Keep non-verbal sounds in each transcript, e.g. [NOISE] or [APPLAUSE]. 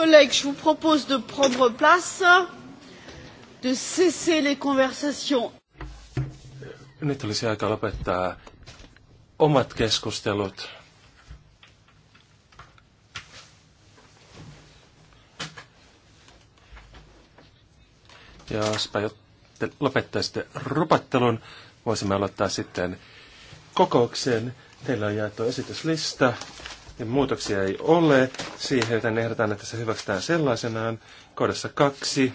collègues je vous propose de prendre place de cesser les conversations. Nyt olisi aika lopettaa omat keskustelut. Ja jospa lopettaisitte rupattelun, voisimme aloittaa sitten kokouksen. Teillä on jaettu esityslista ja muutoksia ei ole siihen, joten ehdotan, että se hyväksytään sellaisenaan. Kohdassa kaksi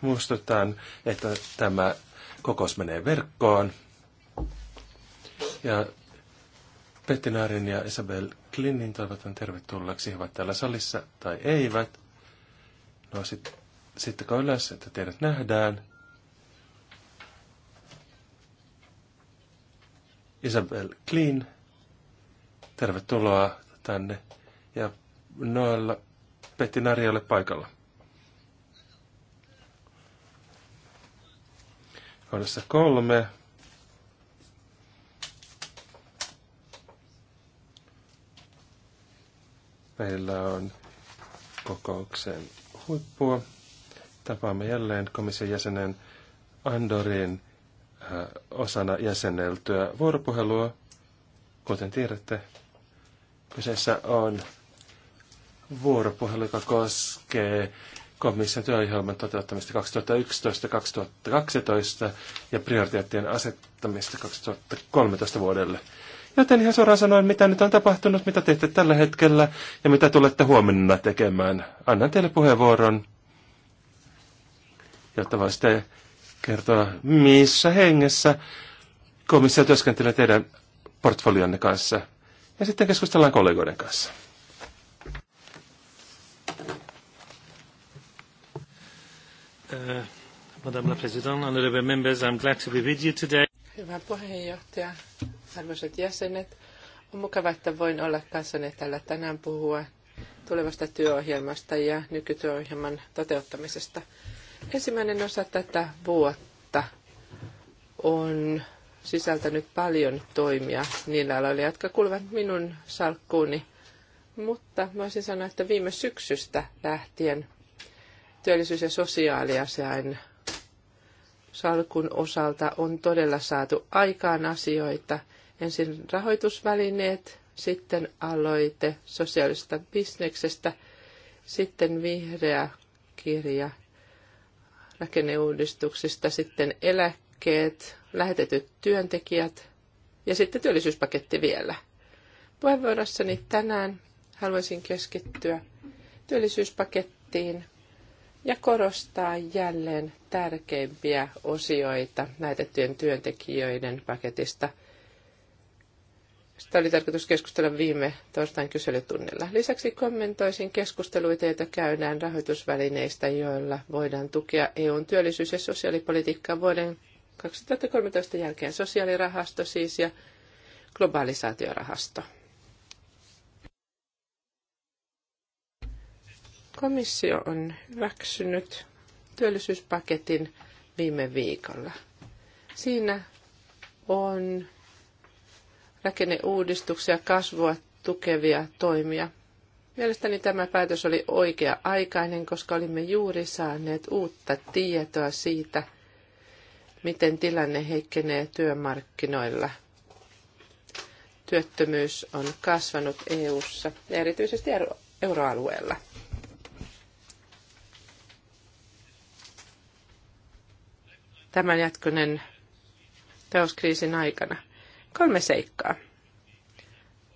muistutan, että tämä kokous menee verkkoon. Ja Naarin ja Isabel Klinin toivotan tervetulleeksi, he ovat täällä salissa tai eivät. No sitten sit kun ylös, että teidät nähdään. Isabel Klin. Tervetuloa tänne. Ja Noella Petti Narjalle paikalla. Kohdassa kolme. Meillä on kokouksen huippua. Tapaamme jälleen komission jäsenen Andorin äh, osana jäseneltyä vuoropuhelua. Kuten tiedätte, Kyseessä on vuoropuhelu, joka koskee komission työohjelman toteuttamista 2011-2012 ja prioriteettien asettamista 2013 vuodelle. Joten ihan suoraan sanoen, mitä nyt on tapahtunut, mitä teette tällä hetkellä ja mitä tulette huomenna tekemään. Annan teille puheenvuoron, jotta voisitte kertoa, missä hengessä komissio työskentelee teidän portfolionne kanssa. Ja sitten keskustellaan kollegoiden kanssa. Uh, Madame la Présidente, honorable members, I'm glad to be with you today. Hyvä puheenjohtaja, arvoisat jäsenet. On mukava, että voin olla kanssanne täällä tänään puhua tulevasta työohjelmasta ja nykytyöohjelman toteuttamisesta. Ensimmäinen osa tätä vuotta on sisältänyt paljon toimia niillä aloilla, jotka kuuluvat minun salkkuuni. Mutta voisin sanoa, että viime syksystä lähtien työllisyys- ja sosiaaliasiain salkun osalta on todella saatu aikaan asioita. Ensin rahoitusvälineet, sitten aloite sosiaalista bisneksestä, sitten vihreä kirja rakenneuudistuksista, sitten eläkkeet, lähetetyt työntekijät ja sitten työllisyyspaketti vielä. Puheenvuorossani tänään haluaisin keskittyä työllisyyspakettiin ja korostaa jälleen tärkeimpiä osioita lähetettyjen työntekijöiden paketista. Sitä oli tarkoitus keskustella viime torstain kyselytunnilla. Lisäksi kommentoisin keskusteluita, joita käydään rahoitusvälineistä, joilla voidaan tukea EUn työllisyys- ja sosiaalipolitiikkaa vuoden 2013 jälkeen sosiaalirahasto siis ja globalisaatiorahasto. Komissio on hyväksynyt työllisyyspaketin viime viikolla. Siinä on rakenneuudistuksia, kasvua tukevia toimia. Mielestäni tämä päätös oli oikea-aikainen, koska olimme juuri saaneet uutta tietoa siitä – miten tilanne heikkenee työmarkkinoilla. Työttömyys on kasvanut EU:ssa, ja erityisesti euroalueella. Tämän jatkunen talouskriisin aikana. Kolme seikkaa.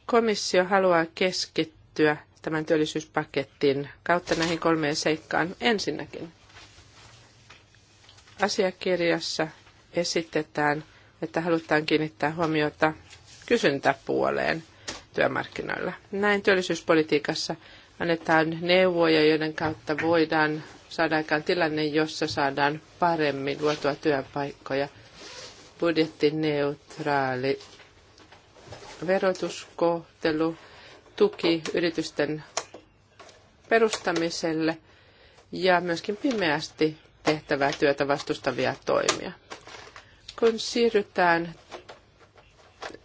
Komissio haluaa keskittyä tämän työllisyyspaketin kautta näihin kolmeen seikkaan. Ensinnäkin Asiakirjassa esitetään, että halutaan kiinnittää huomiota kysyntäpuoleen työmarkkinoilla. Näin työllisyyspolitiikassa annetaan neuvoja, joiden kautta voidaan saada aikaan tilanne, jossa saadaan paremmin luotua työpaikkoja. Budjettineutraali verotuskohtelu, tuki yritysten perustamiselle ja myöskin pimeästi tehtävää työtä vastustavia toimia. Kun siirrytään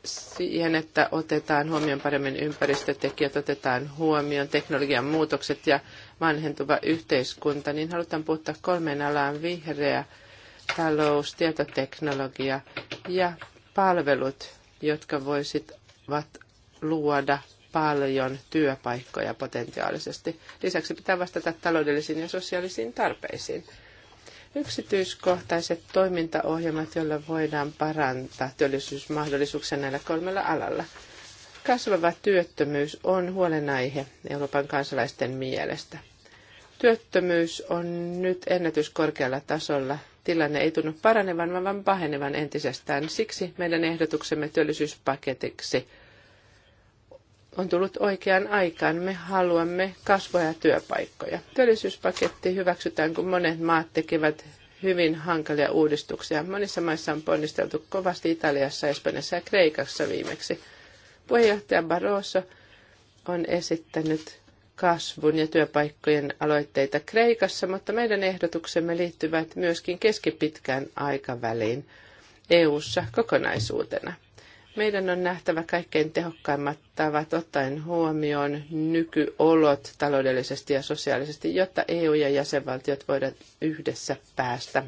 siihen, että otetaan huomioon paremmin ympäristötekijät, otetaan huomioon teknologian muutokset ja vanhentuva yhteiskunta, niin halutaan puhuttaa kolmeen alaan vihreä talous, tietoteknologia ja palvelut, jotka voisivat luoda paljon työpaikkoja potentiaalisesti. Lisäksi pitää vastata taloudellisiin ja sosiaalisiin tarpeisiin yksityiskohtaiset toimintaohjelmat, joilla voidaan parantaa työllisyysmahdollisuuksia näillä kolmella alalla. Kasvava työttömyys on huolenaihe Euroopan kansalaisten mielestä. Työttömyys on nyt ennätyskorkealla tasolla. Tilanne ei tunnu paranevan, vaan pahenevan entisestään. Siksi meidän ehdotuksemme työllisyyspaketiksi – on tullut oikeaan aikaan. Me haluamme kasvua ja työpaikkoja. Työllisyyspaketti hyväksytään, kun monet maat tekevät hyvin hankalia uudistuksia. Monissa maissa on ponnisteltu kovasti Italiassa, Espanjassa ja Kreikassa viimeksi. Puheenjohtaja Barroso on esittänyt kasvun ja työpaikkojen aloitteita Kreikassa, mutta meidän ehdotuksemme liittyvät myöskin keskipitkään aikaväliin EU-ssa kokonaisuutena. Meidän on nähtävä kaikkein tehokkaimmat tavat ottaen huomioon nykyolot taloudellisesti ja sosiaalisesti, jotta EU ja jäsenvaltiot voivat yhdessä päästä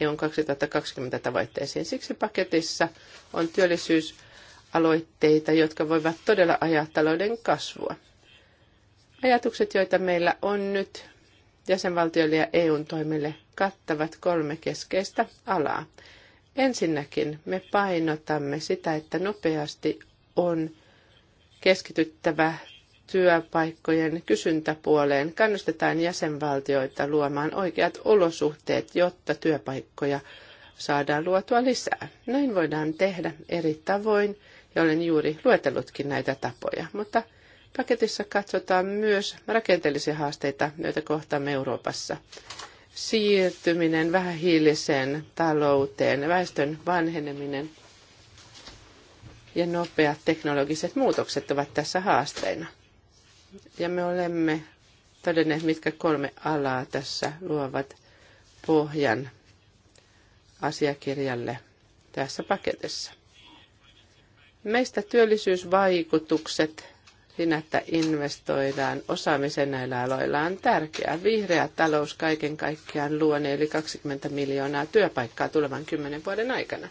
EUn 2020 tavoitteisiin. Siksi paketissa on työllisyysaloitteita, jotka voivat todella ajaa talouden kasvua. Ajatukset, joita meillä on nyt jäsenvaltioille ja EUn toimille, kattavat kolme keskeistä alaa. Ensinnäkin me painotamme sitä, että nopeasti on keskityttävä työpaikkojen kysyntäpuoleen. Kannustetaan jäsenvaltioita luomaan oikeat olosuhteet, jotta työpaikkoja saadaan luotua lisää. Näin voidaan tehdä eri tavoin, ja olen juuri luetellutkin näitä tapoja. Mutta paketissa katsotaan myös rakenteellisia haasteita, joita kohtaamme Euroopassa siirtyminen vähähiiliseen talouteen, väestön vanheneminen ja nopeat teknologiset muutokset ovat tässä haasteina. Ja me olemme todenneet, mitkä kolme alaa tässä luovat pohjan asiakirjalle tässä paketissa. Meistä työllisyysvaikutukset siinä, että investoidaan osaamiseen näillä aloilla on tärkeää. Vihreä talous kaiken kaikkiaan luo eli 20 miljoonaa työpaikkaa tulevan kymmenen vuoden aikana.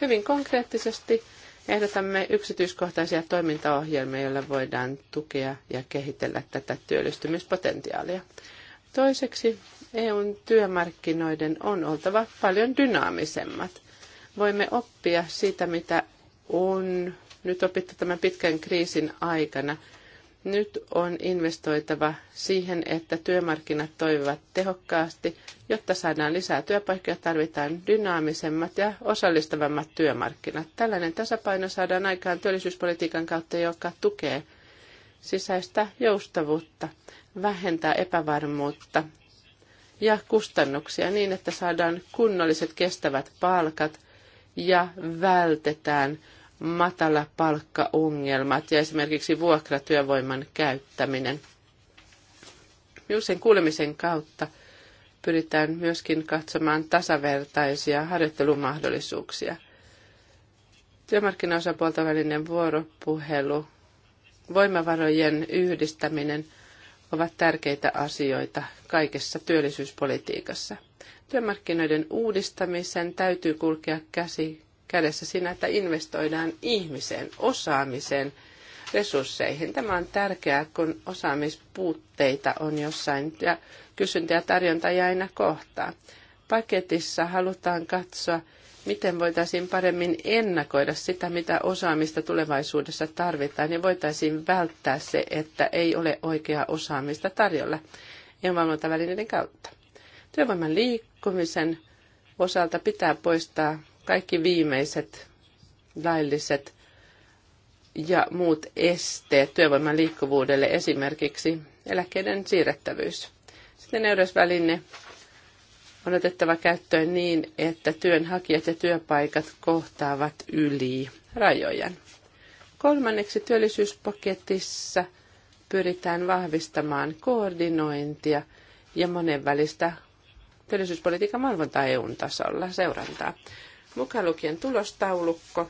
Hyvin konkreettisesti ehdotamme yksityiskohtaisia toimintaohjelmia, joilla voidaan tukea ja kehitellä tätä työllistymispotentiaalia. Toiseksi EUn työmarkkinoiden on oltava paljon dynaamisemmat. Voimme oppia siitä, mitä on nyt opittu tämän pitkän kriisin aikana. Nyt on investoitava siihen, että työmarkkinat toimivat tehokkaasti, jotta saadaan lisää työpaikkoja, tarvitaan dynaamisemmat ja osallistavammat työmarkkinat. Tällainen tasapaino saadaan aikaan työllisyyspolitiikan kautta, joka tukee sisäistä joustavuutta, vähentää epävarmuutta ja kustannuksia niin, että saadaan kunnolliset kestävät palkat ja vältetään – matalapalkkaongelmat ja esimerkiksi vuokratyövoiman käyttäminen. sen kuulemisen kautta pyritään myöskin katsomaan tasavertaisia harjoittelumahdollisuuksia. Työmarkkinaosapuolta välinen vuoropuhelu, voimavarojen yhdistäminen ovat tärkeitä asioita kaikessa työllisyyspolitiikassa. Työmarkkinoiden uudistamisen täytyy kulkea käsi kädessä siinä, että investoidaan ihmisen osaamisen resursseihin. Tämä on tärkeää, kun osaamispuutteita on jossain ja kysyntä ja tarjonta ei aina kohtaa. Paketissa halutaan katsoa, miten voitaisiin paremmin ennakoida sitä, mitä osaamista tulevaisuudessa tarvitaan, ja niin voitaisiin välttää se, että ei ole oikeaa osaamista tarjolla ilmanvalvontavälineiden kautta. Työvoiman liikkumisen osalta pitää poistaa kaikki viimeiset lailliset ja muut esteet työvoiman liikkuvuudelle, esimerkiksi eläkkeiden siirrettävyys. Sitten eudosväline on otettava käyttöön niin, että työnhakijat ja työpaikat kohtaavat yli rajojen. Kolmanneksi työllisyyspaketissa pyritään vahvistamaan koordinointia ja monenvälistä työllisyyspolitiikan valvontaa EUn tasolla seurantaa mukaan lukien tulostaulukko,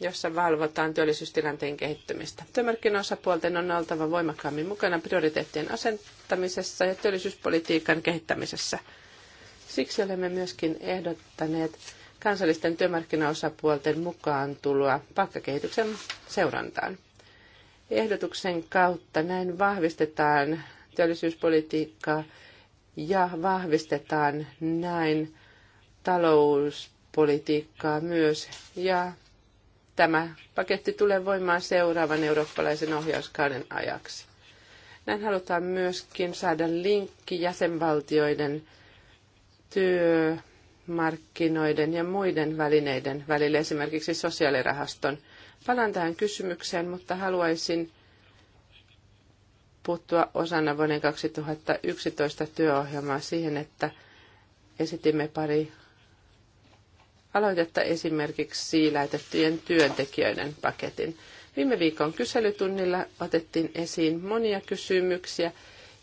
jossa valvotaan työllisyystilanteen kehittymistä. Työmarkkinaosapuolten on oltava voimakkaammin mukana prioriteettien asentamisessa ja työllisyyspolitiikan kehittämisessä. Siksi olemme myöskin ehdottaneet kansallisten työmarkkinaosapuolten mukaan tuloa palkkakehityksen seurantaan. Ehdotuksen kautta näin vahvistetaan työllisyyspolitiikkaa ja vahvistetaan näin talous politiikkaa myös. Ja tämä paketti tulee voimaan seuraavan eurooppalaisen ohjauskauden ajaksi. Näin halutaan myöskin saada linkki jäsenvaltioiden työmarkkinoiden ja muiden välineiden välille, esimerkiksi sosiaalirahaston. Palaan tähän kysymykseen, mutta haluaisin puuttua osana vuoden 2011 työohjelmaa siihen, että esitimme pari aloitetta esimerkiksi lähetettyjen työntekijöiden paketin. Viime viikon kyselytunnilla otettiin esiin monia kysymyksiä.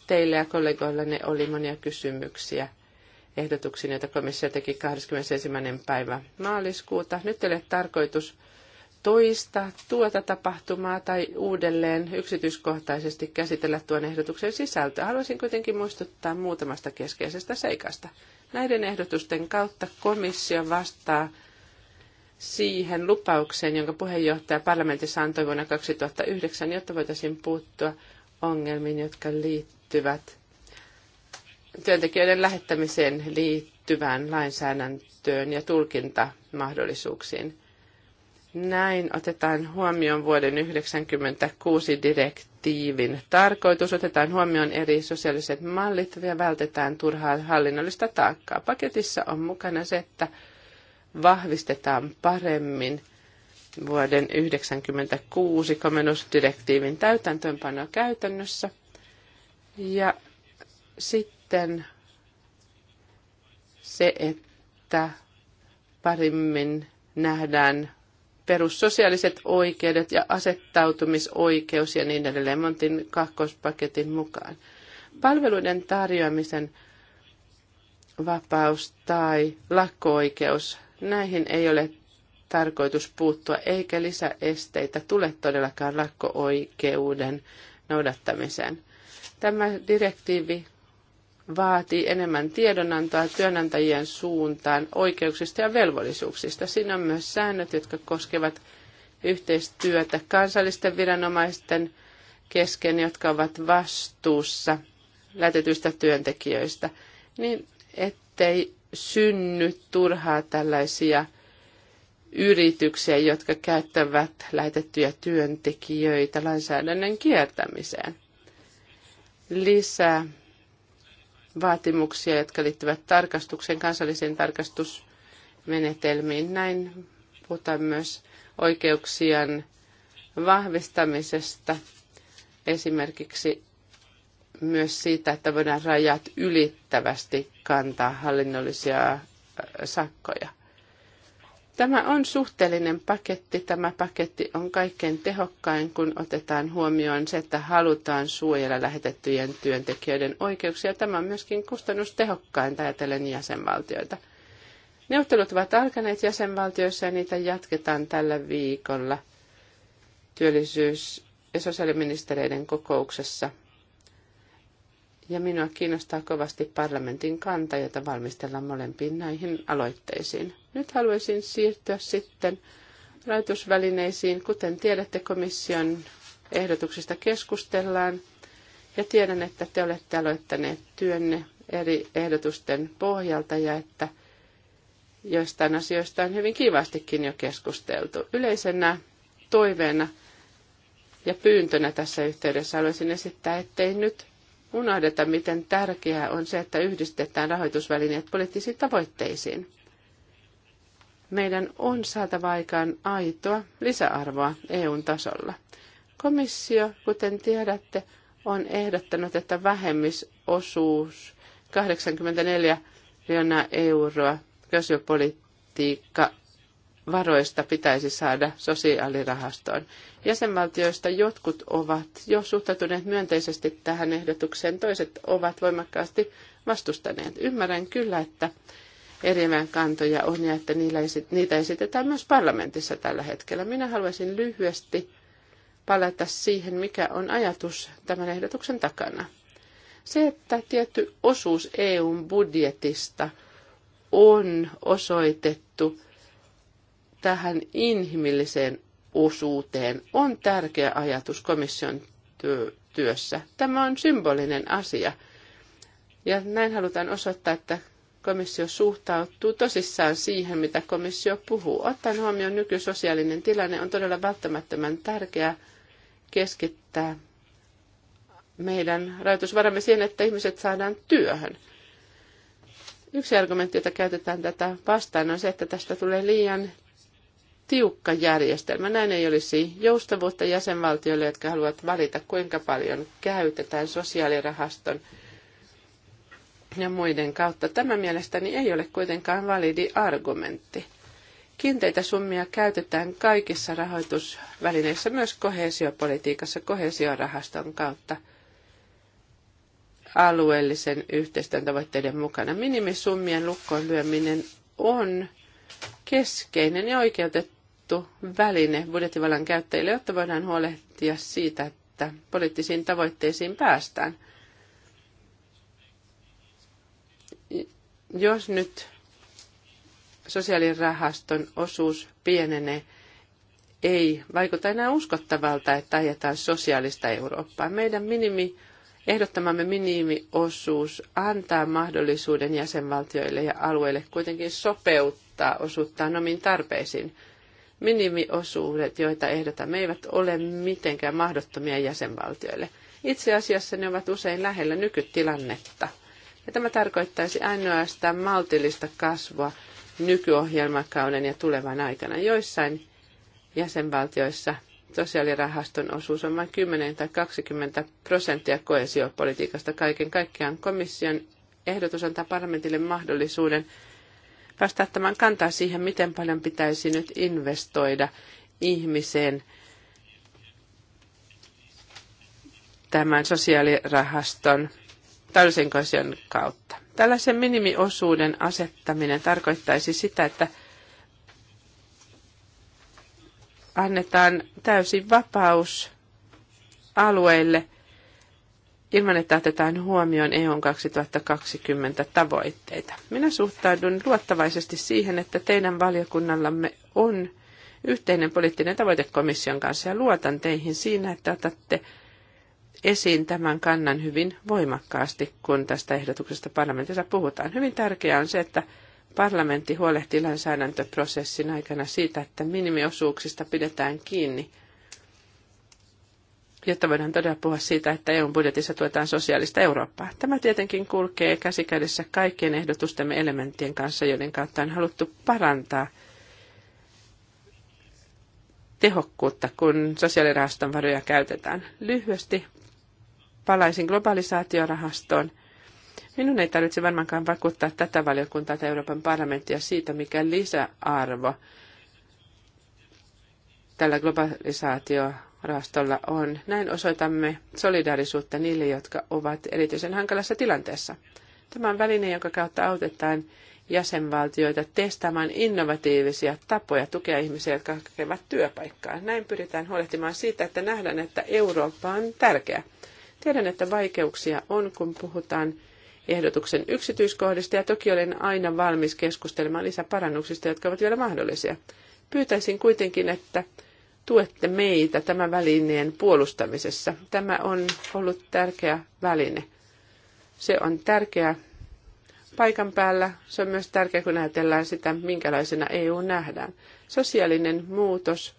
teille ja kollegoillanne oli monia kysymyksiä ehdotuksiin, joita komissio teki 21. päivä maaliskuuta. Nyt ei ole tarkoitus toista tuota tapahtumaa tai uudelleen yksityiskohtaisesti käsitellä tuon ehdotuksen sisältöä. Haluaisin kuitenkin muistuttaa muutamasta keskeisestä seikasta. Näiden ehdotusten kautta komissio vastaa siihen lupaukseen, jonka puheenjohtaja parlamentissa antoi vuonna 2009, jotta voitaisiin puuttua ongelmiin, jotka liittyvät työntekijöiden lähettämiseen liittyvään lainsäädäntöön ja tulkintamahdollisuuksiin. Näin otetaan huomioon vuoden 1996 direktiivin tarkoitus, otetaan huomioon eri sosiaaliset mallit ja vältetään turhaa hallinnollista taakkaa. Paketissa on mukana se, että vahvistetaan paremmin vuoden 1996 komennusdirektiivin täytäntöönpanoa käytännössä. Ja sitten se, että paremmin nähdään perussosiaaliset oikeudet ja asettautumisoikeus ja niin edelleen Montin kakkospaketin mukaan. Palveluiden tarjoamisen vapaus tai lakko-oikeus, näihin ei ole tarkoitus puuttua eikä lisäesteitä tule todellakaan lakko-oikeuden noudattamiseen. Tämä direktiivi vaatii enemmän tiedonantoa työnantajien suuntaan oikeuksista ja velvollisuuksista. Siinä on myös säännöt, jotka koskevat yhteistyötä kansallisten viranomaisten kesken, jotka ovat vastuussa lähetetyistä työntekijöistä, niin ettei synny turhaa tällaisia yrityksiä, jotka käyttävät lähetettyjä työntekijöitä lainsäädännön kiertämiseen. Lisää vaatimuksia, jotka liittyvät tarkastukseen, kansallisiin tarkastusmenetelmiin. Näin puhutaan myös oikeuksien vahvistamisesta, esimerkiksi myös siitä, että voidaan rajat ylittävästi kantaa hallinnollisia sakkoja – Tämä on suhteellinen paketti. Tämä paketti on kaikkein tehokkain, kun otetaan huomioon se, että halutaan suojella lähetettyjen työntekijöiden oikeuksia. Tämä on myöskin kustannustehokkain ajatellen jäsenvaltioita. Neuvottelut ovat alkaneet jäsenvaltioissa ja niitä jatketaan tällä viikolla työllisyys- ja sosiaaliministereiden kokouksessa – ja minua kiinnostaa kovasti parlamentin kanta, jota valmistellaan molempiin näihin aloitteisiin. Nyt haluaisin siirtyä sitten rajoitusvälineisiin. Kuten tiedätte, komission ehdotuksista keskustellaan ja tiedän, että te olette aloittaneet työnne eri ehdotusten pohjalta ja että joistain asioista on hyvin kivastikin jo keskusteltu. Yleisenä toiveena ja pyyntönä tässä yhteydessä haluaisin esittää, ettei nyt unohdeta, miten tärkeää on se, että yhdistetään rahoitusvälineet poliittisiin tavoitteisiin. Meidän on saatava aikaan aitoa lisäarvoa EUn tasolla. Komissio, kuten tiedätte, on ehdottanut, että vähemmisosuus 84 miljoonaa euroa kösypolitiikka varoista pitäisi saada sosiaalirahastoon. Jäsenvaltioista jotkut ovat jo suhtautuneet myönteisesti tähän ehdotukseen, toiset ovat voimakkaasti vastustaneet. Ymmärrän kyllä, että eriävän kantoja on ja että niitä esitetään myös parlamentissa tällä hetkellä. Minä haluaisin lyhyesti palata siihen, mikä on ajatus tämän ehdotuksen takana. Se, että tietty osuus eu budjetista on osoitettu – tähän inhimilliseen osuuteen on tärkeä ajatus komission työssä. Tämä on symbolinen asia. Ja näin halutaan osoittaa, että komissio suhtautuu tosissaan siihen, mitä komissio puhuu. Ottaen huomioon nykysosiaalinen tilanne on todella välttämättömän tärkeää keskittää meidän rajoitusvaramme siihen, että ihmiset saadaan työhön. Yksi argumentti, jota käytetään tätä vastaan, on se, että tästä tulee liian tiukka järjestelmä. Näin ei olisi joustavuutta jäsenvaltioille, jotka haluavat valita, kuinka paljon käytetään sosiaalirahaston ja muiden kautta. Tämä mielestäni ei ole kuitenkaan validi argumentti. Kiinteitä summia käytetään kaikissa rahoitusvälineissä, myös kohesiopolitiikassa kohesiorahaston kautta alueellisen yhteistyön tavoitteiden mukana. Minimisummien lukkoon lyöminen on keskeinen ja oikeutettu väline budjettivallan käyttäjille, jotta voidaan huolehtia siitä, että poliittisiin tavoitteisiin päästään. Jos nyt sosiaalirahaston osuus pienenee, ei vaikuta enää uskottavalta, että ajetaan sosiaalista Eurooppaa. Meidän minimi, ehdottamamme minimiosuus antaa mahdollisuuden jäsenvaltioille ja alueille kuitenkin sopeuttaa nostaa osuuttaan nomin tarpeisiin. Minimiosuudet, joita ehdotamme, eivät ole mitenkään mahdottomia jäsenvaltioille. Itse asiassa ne ovat usein lähellä nykytilannetta. Ja tämä tarkoittaisi ainoastaan maltillista kasvua nykyohjelmakauden ja tulevan aikana. Joissain jäsenvaltioissa sosiaalirahaston osuus on vain 10 tai 20 prosenttia koesiopolitiikasta kaiken kaikkiaan. Komission ehdotus antaa parlamentille mahdollisuuden päästä tämän kantaa siihen, miten paljon pitäisi nyt investoida ihmiseen tämän sosiaalirahaston täysin kautta. Tällaisen minimiosuuden asettaminen tarkoittaisi sitä, että annetaan täysin vapaus alueille – ilman, että otetaan huomioon EUn 2020 tavoitteita. Minä suhtaudun luottavaisesti siihen, että teidän valiokunnallamme on yhteinen poliittinen tavoite komission kanssa ja luotan teihin siinä, että otatte esiin tämän kannan hyvin voimakkaasti, kun tästä ehdotuksesta parlamentissa puhutaan. Hyvin tärkeää on se, että parlamentti huolehtii lainsäädäntöprosessin aikana siitä, että minimiosuuksista pidetään kiinni – jotta voidaan todella puhua siitä, että EUn budjetissa tuetaan sosiaalista Eurooppaa. Tämä tietenkin kulkee käsikädessä kaikkien ehdotustemme elementtien kanssa, joiden kautta on haluttu parantaa tehokkuutta, kun sosiaalirahaston varoja käytetään. Lyhyesti palaisin globalisaatiorahastoon. Minun ei tarvitse varmaankaan vakuuttaa tätä valiokuntaa tai Euroopan parlamenttia siitä, mikä lisäarvo tällä globalisaatiorahastolla rahastolla on. Näin osoitamme solidaarisuutta niille, jotka ovat erityisen hankalassa tilanteessa. Tämä on väline, jonka kautta autetaan jäsenvaltioita testaamaan innovatiivisia tapoja tukea ihmisiä, jotka hakevat työpaikkaa. Näin pyritään huolehtimaan siitä, että nähdään, että Eurooppa on tärkeä. Tiedän, että vaikeuksia on, kun puhutaan ehdotuksen yksityiskohdista, ja toki olen aina valmis keskustelemaan lisäparannuksista, jotka ovat vielä mahdollisia. Pyytäisin kuitenkin, että tuette meitä tämän välineen puolustamisessa. Tämä on ollut tärkeä väline. Se on tärkeä paikan päällä. Se on myös tärkeä, kun ajatellaan sitä, minkälaisena EU nähdään. Sosiaalinen muutos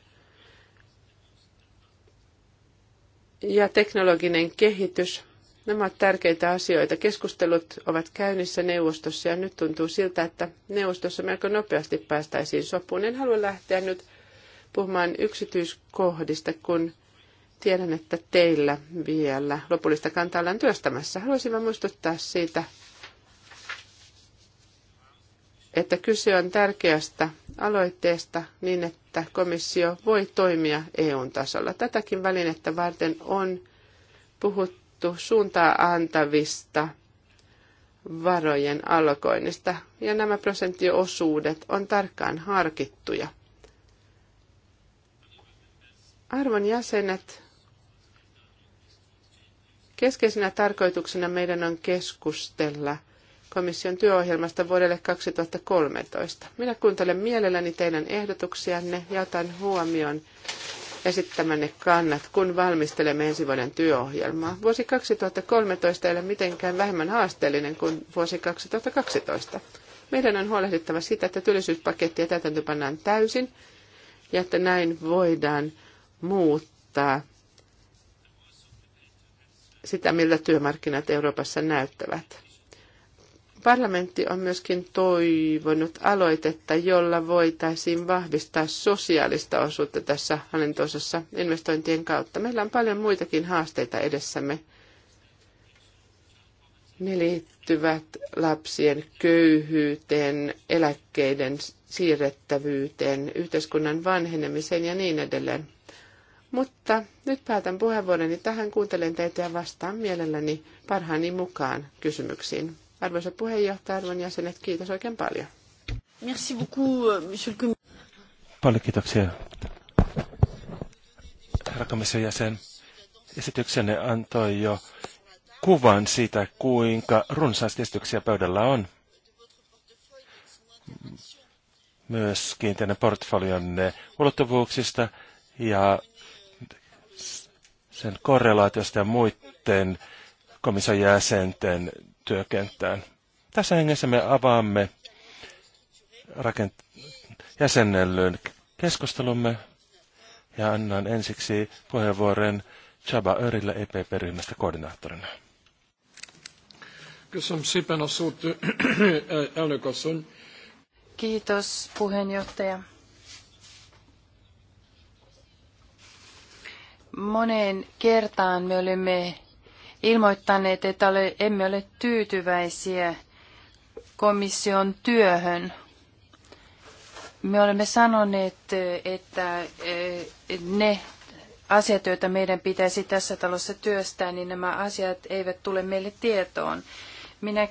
ja teknologinen kehitys. Nämä ovat tärkeitä asioita. Keskustelut ovat käynnissä neuvostossa ja nyt tuntuu siltä, että neuvostossa melko nopeasti päästäisiin sopuun. En halua lähteä nyt puhumaan yksityiskohdista, kun tiedän, että teillä vielä lopullista kantaa ollaan työstämässä. Haluaisin vain muistuttaa siitä, että kyse on tärkeästä aloitteesta niin, että komissio voi toimia EUn tasolla. Tätäkin välinettä varten on puhuttu suuntaa antavista varojen alkoinnista, ja nämä prosenttiosuudet on tarkkaan harkittuja. Arvon jäsenet, keskeisenä tarkoituksena meidän on keskustella komission työohjelmasta vuodelle 2013. Minä kuuntelen mielelläni teidän ehdotuksianne ja otan huomioon esittämänne kannat, kun valmistelemme ensi vuoden työohjelmaa. Vuosi 2013 ei ole mitenkään vähemmän haasteellinen kuin vuosi 2012. Meidän on huolehdittava sitä, että työllisyyspaketti ja täytäntö pannaan täysin ja että näin voidaan muuttaa sitä, millä työmarkkinat Euroopassa näyttävät. Parlamentti on myöskin toivonut aloitetta, jolla voitaisiin vahvistaa sosiaalista osuutta tässä hallintoosassa investointien kautta. Meillä on paljon muitakin haasteita edessämme. Ne liittyvät lapsien köyhyyteen, eläkkeiden siirrettävyyteen, yhteiskunnan vanhenemiseen ja niin edelleen. Mutta nyt päätän puheenvuoroni tähän. Kuuntelen teitä ja vastaan mielelläni parhaani mukaan kysymyksiin. Arvoisa puheenjohtaja, arvon jäsenet, kiitos oikein paljon. Merci beaucoup, monsieur le Paljon kiitoksia, herra komission jäsen. Esityksenne antoi jo kuvan siitä, kuinka runsaasti esityksiä pöydällä on. Myös kiinteänne portfolionne ulottuvuuksista ja sen korrelaatiosta ja muiden komission jäsenten työkenttään. Tässä hengessä me avaamme rakent- jäsennellyn keskustelumme ja annan ensiksi puheenvuoron Chaba Örillä EPP-ryhmästä koordinaattorina. [CLEARS THROAT] Kiitos puheenjohtaja. moneen kertaan me olemme ilmoittaneet, että ole, emme ole tyytyväisiä komission työhön. Me olemme sanoneet, että eh, ne asiat, joita meidän pitäisi tässä talossa työstää, niin nämä asiat eivät tule meille tietoon. Minä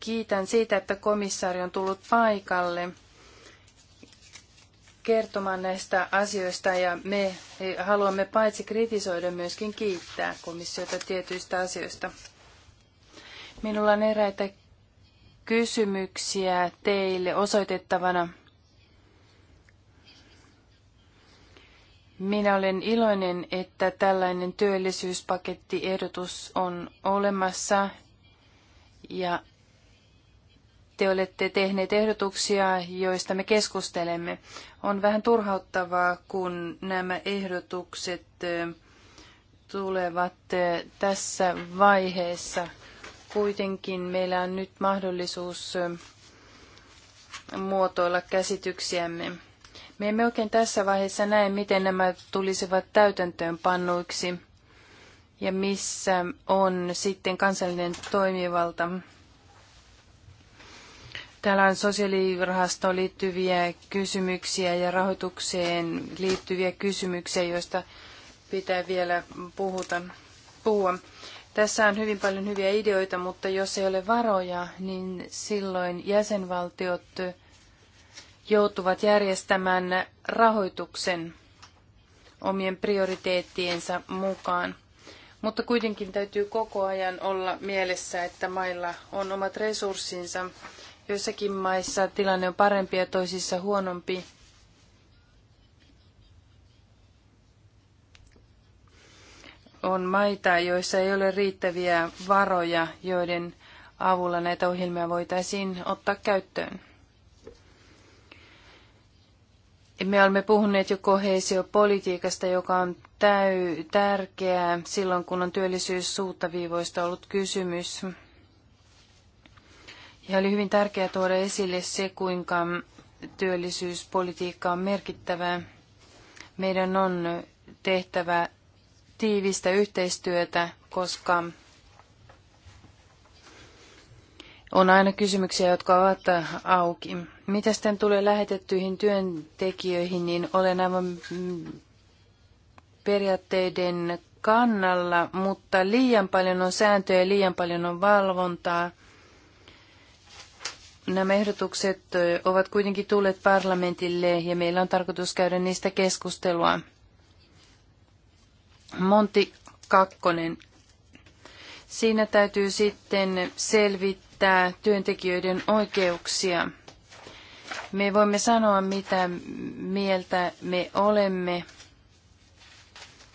kiitän siitä, että komissaari on tullut paikalle kertomaan näistä asioista ja me haluamme paitsi kritisoida myöskin kiittää komissiota tietyistä asioista. Minulla on eräitä kysymyksiä teille osoitettavana. Minä olen iloinen, että tällainen työllisyyspakettiehdotus on olemassa ja te olette tehneet ehdotuksia, joista me keskustelemme. On vähän turhauttavaa, kun nämä ehdotukset tulevat tässä vaiheessa. Kuitenkin meillä on nyt mahdollisuus muotoilla käsityksiämme. Me emme oikein tässä vaiheessa näe, miten nämä tulisivat täytäntöön pannuiksi ja missä on sitten kansallinen toimivalta. Täällä on sosiaalirahastoon liittyviä kysymyksiä ja rahoitukseen liittyviä kysymyksiä, joista pitää vielä puhuta, puhua. Tässä on hyvin paljon hyviä ideoita, mutta jos ei ole varoja, niin silloin jäsenvaltiot joutuvat järjestämään rahoituksen omien prioriteettiensa mukaan. Mutta kuitenkin täytyy koko ajan olla mielessä, että mailla on omat resurssinsa Joissakin maissa tilanne on parempi ja toisissa huonompi. On maita, joissa ei ole riittäviä varoja, joiden avulla näitä ohjelmia voitaisiin ottaa käyttöön. Me olemme puhuneet jo kohesiopolitiikasta, joka on täy, tärkeää silloin, kun on työllisyys suuttaviivoista ollut kysymys. Ja oli hyvin tärkeää tuoda esille se, kuinka työllisyyspolitiikka on merkittävää. Meidän on tehtävä tiivistä yhteistyötä, koska on aina kysymyksiä, jotka ovat auki. Mitä sitten tulee lähetettyihin työntekijöihin, niin olen aivan periaatteiden kannalla, mutta liian paljon on sääntöjä, liian paljon on valvontaa – Nämä ehdotukset ovat kuitenkin tulleet parlamentille ja meillä on tarkoitus käydä niistä keskustelua. Monti kakkonen. Siinä täytyy sitten selvittää työntekijöiden oikeuksia. Me voimme sanoa, mitä mieltä me olemme,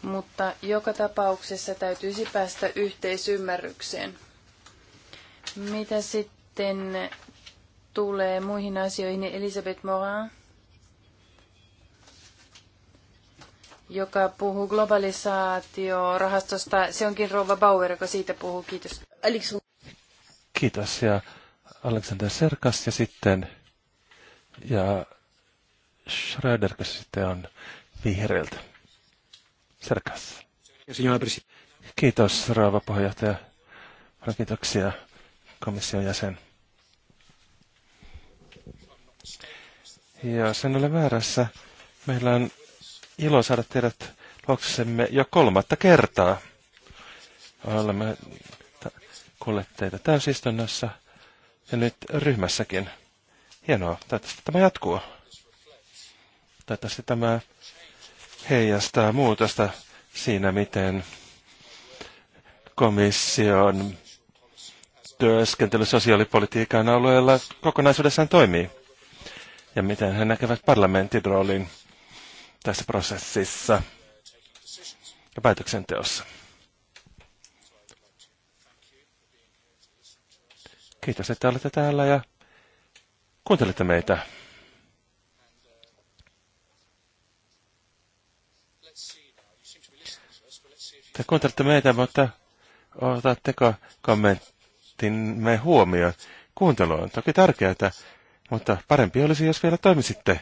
mutta joka tapauksessa täytyisi päästä yhteisymmärrykseen. Mitä sitten tulee muihin asioihin, niin Elisabeth Morin, joka puhuu globalisaatiorahastosta. Se onkin Rova Bauer, joka siitä puhuu. Kiitos. Kiitos. Ja Alexander Serkas ja sitten ja Schröder, sitten on vihreiltä. Serkas. Kiitos, Rova puheenjohtaja. Kiitoksia komission jäsen. Ja sen ole väärässä. Meillä on ilo saada teidät luoksemme jo kolmatta kertaa. Olemme kuulleet teitä täysistunnossa ja nyt ryhmässäkin. Hienoa. Toivottavasti tämä jatkuu. Toivottavasti tämä heijastaa muutosta siinä, miten komission työskentely sosiaalipolitiikan alueella kokonaisuudessaan toimii ja miten he näkevät parlamentin roolin tässä prosessissa ja päätöksenteossa. Kiitos, että olette täällä ja kuuntelette meitä. Te kuuntelette meitä, mutta otatteko kommenttimme huomioon? Kuuntelu on toki tärkeää, mutta parempi olisi, jos vielä toimisitte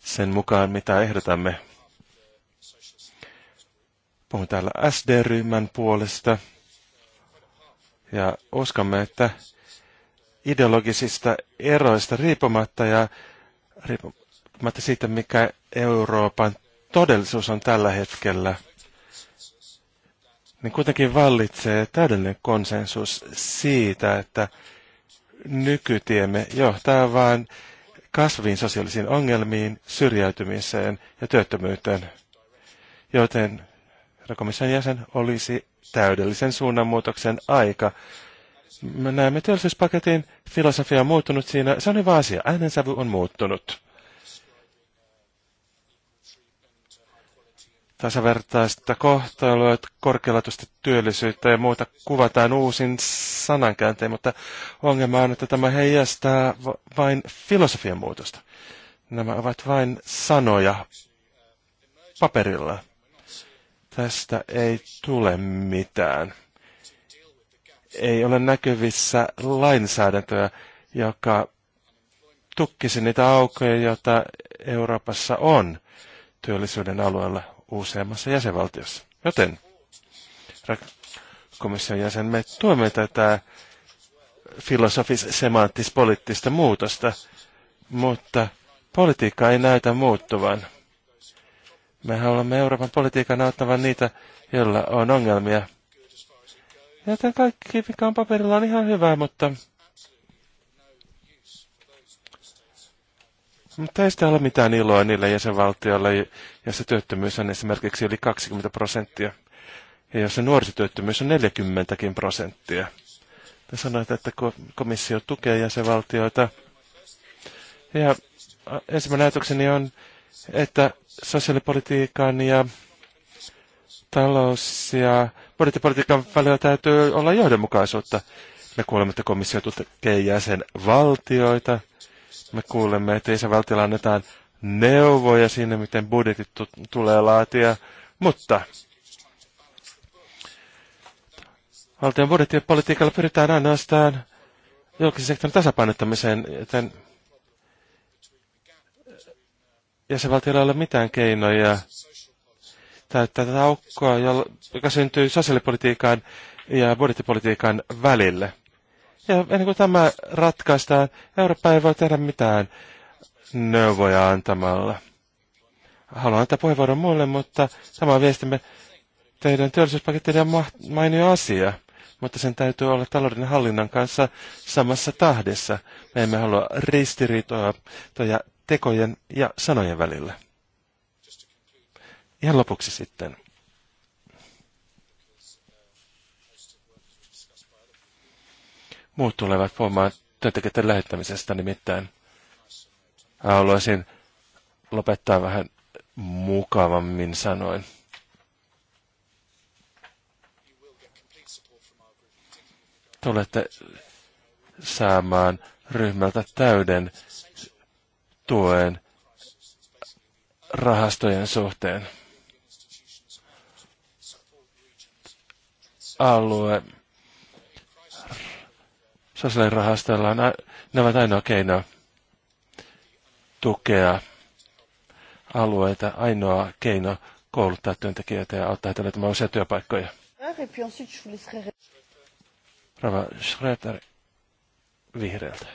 sen mukaan, mitä ehdotamme. Puhun täällä SD-ryhmän puolesta ja uskomme, että ideologisista eroista riippumatta ja riippumatta siitä, mikä Euroopan todellisuus on tällä hetkellä, niin kuitenkin vallitsee täydellinen konsensus siitä, että nykytiemme johtaa vain kasviin sosiaalisiin ongelmiin, syrjäytymiseen ja työttömyyteen. Joten komission jäsen olisi täydellisen suunnanmuutoksen aika. Me näemme työllisyyspaketin filosofia on muuttunut siinä, se on hyvä asia, äänensävy on muuttunut. tasavertaista kohtailua, korkealaatuista työllisyyttä ja muuta kuvataan uusin sanankääntein, mutta ongelma on, että tämä heijastaa vain filosofian muutosta. Nämä ovat vain sanoja paperilla. Tästä ei tule mitään. Ei ole näkyvissä lainsäädäntöä, joka tukkisi niitä aukoja, joita Euroopassa on työllisyyden alueella useammassa jäsenvaltiossa. Joten, komission jäsen, me tuemme tätä filosofis-semanttis-poliittista muutosta, mutta politiikka ei näytä muuttuvan. Me haluamme Euroopan politiikan auttavan niitä, joilla on ongelmia. Joten kaikki, mikä on paperilla, on ihan hyvää, mutta Mutta ei sitä ole mitään iloa niille jäsenvaltioille, jossa työttömyys on esimerkiksi yli 20 prosenttia. Ja jos se nuorisotyöttömyys on 40 prosenttia. Te sanoit, että komissio tukee jäsenvaltioita. Ja ensimmäinen ajatukseni on, että sosiaalipolitiikan ja talous- ja budjettipolitiikan välillä täytyy olla johdonmukaisuutta. Me kuulemme, että komissio tukee jäsenvaltioita. Me kuulemme, että isävaltiolla annetaan neuvoja siinä, miten budjetit tulee laatia, mutta valtion politiikalla pyritään ainoastaan julkisen sektorin tasapainottamiseen, joten jäsenvaltiolla ei ole mitään keinoja täyttää tätä aukkoa, joka syntyy sosiaalipolitiikan ja budjettipolitiikan välille. Ja ennen kuin tämä ratkaistaan, Eurooppa ei voi tehdä mitään neuvoja antamalla. Haluan antaa puheenvuoron muille, mutta sama viestimme, teidän työllisyyspaketteiden on mainio asia, mutta sen täytyy olla talouden hallinnan kanssa samassa tahdissa. Me emme halua ristiriitoja tekojen ja sanojen välillä. Ihan lopuksi sitten. muut tulevat puhumaan työntekijöiden lähettämisestä nimittäin. Haluaisin lopettaa vähän mukavammin sanoin. Tulette saamaan ryhmältä täyden tuen rahastojen suhteen. Alue sosiaalirahastoilla on, ne ovat ainoa keino tukea alueita, ainoa keino kouluttaa työntekijöitä ja auttaa heitä löytämään uusia työpaikkoja. Rava Schröter vihreältä.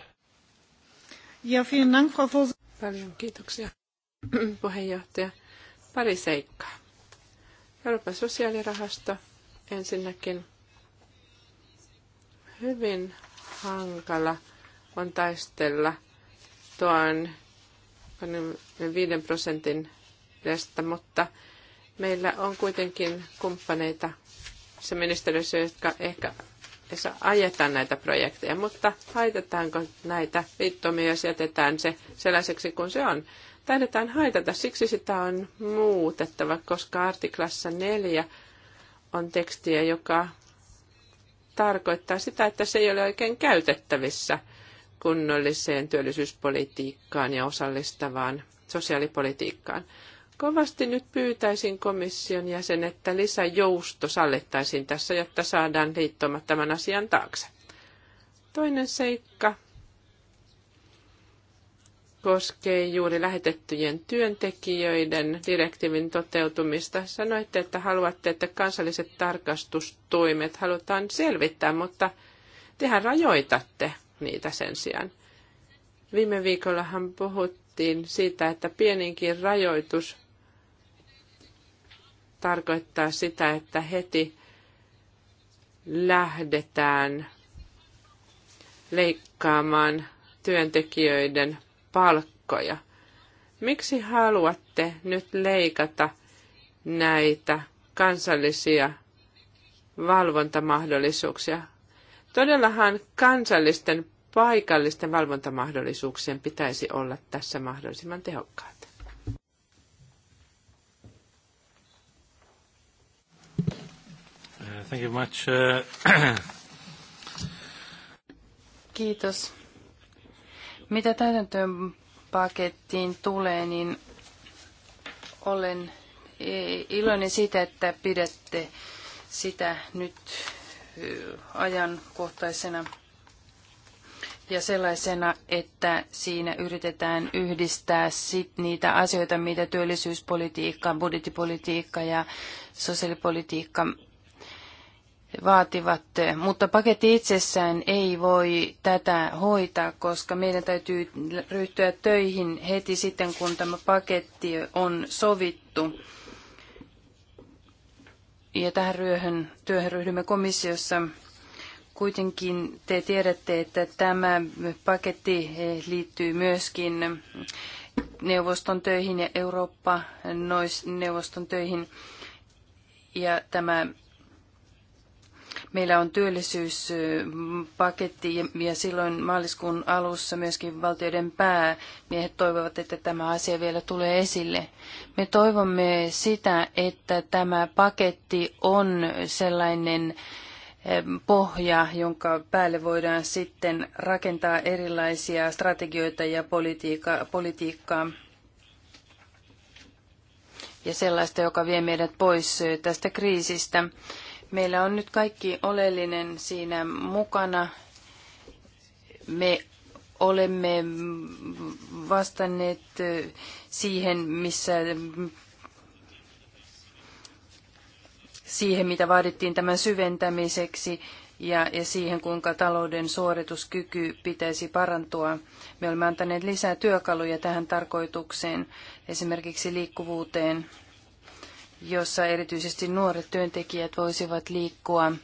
Ja finnan, Paljon kiitoksia, [CLEARS THROAT] puheenjohtaja. Pari seikkaa. Euroopan sosiaalirahasto ensinnäkin hyvin hankala on taistella tuon 5 prosentin edestä, mutta meillä on kuitenkin kumppaneita se ministeriössä, jotka ehkä ajetaan näitä projekteja, mutta haitetaanko näitä viittomia, jos jätetään se sellaiseksi kuin se on? Taidetaan haitata, siksi sitä on muutettava, koska artiklassa neljä on tekstiä, joka tarkoittaa sitä, että se ei ole oikein käytettävissä kunnolliseen työllisyyspolitiikkaan ja osallistavaan sosiaalipolitiikkaan. Kovasti nyt pyytäisin komission jäsen, että lisäjousto sallittaisiin tässä, jotta saadaan liittoma tämän asian taakse. Toinen seikka koskee juuri lähetettyjen työntekijöiden direktiivin toteutumista. Sanoitte, että haluatte, että kansalliset tarkastustoimet halutaan selvittää, mutta tehän rajoitatte niitä sen sijaan. Viime viikollahan puhuttiin siitä, että pieninkin rajoitus tarkoittaa sitä, että heti lähdetään leikkaamaan työntekijöiden palkkoja. Miksi haluatte nyt leikata näitä kansallisia valvontamahdollisuuksia? Todellahan kansallisten paikallisten valvontamahdollisuuksien pitäisi olla tässä mahdollisimman tehokkaat. Uh, thank you much. Uh, [COUGHS] Kiitos. Mitä täytäntöönpakettiin tulee, niin olen iloinen siitä, että pidätte sitä nyt ajankohtaisena ja sellaisena, että siinä yritetään yhdistää sit niitä asioita, mitä työllisyyspolitiikka, budjettipolitiikka ja sosiaalipolitiikka vaativat, mutta paketti itsessään ei voi tätä hoitaa, koska meidän täytyy ryhtyä töihin heti sitten, kun tämä paketti on sovittu. Ja tähän ryöhön, työhön ryhdymme komissiossa. Kuitenkin te tiedätte, että tämä paketti liittyy myöskin neuvoston töihin ja Eurooppa-neuvoston töihin. Ja tämä Meillä on työllisyyspaketti ja silloin maaliskuun alussa myöskin valtioiden päämiehet toivovat, että tämä asia vielä tulee esille. Me toivomme sitä, että tämä paketti on sellainen eh, pohja, jonka päälle voidaan sitten rakentaa erilaisia strategioita ja politiika, politiikkaa ja sellaista, joka vie meidät pois eh, tästä kriisistä. Meillä on nyt kaikki oleellinen siinä mukana. Me olemme vastanneet siihen, missä siihen, mitä vaadittiin tämän syventämiseksi ja, ja siihen, kuinka talouden suorituskyky pitäisi parantua. Me olemme antaneet lisää työkaluja tähän tarkoitukseen, esimerkiksi liikkuvuuteen jossa erityisesti nuoret työntekijät voisivat liikkua ähm,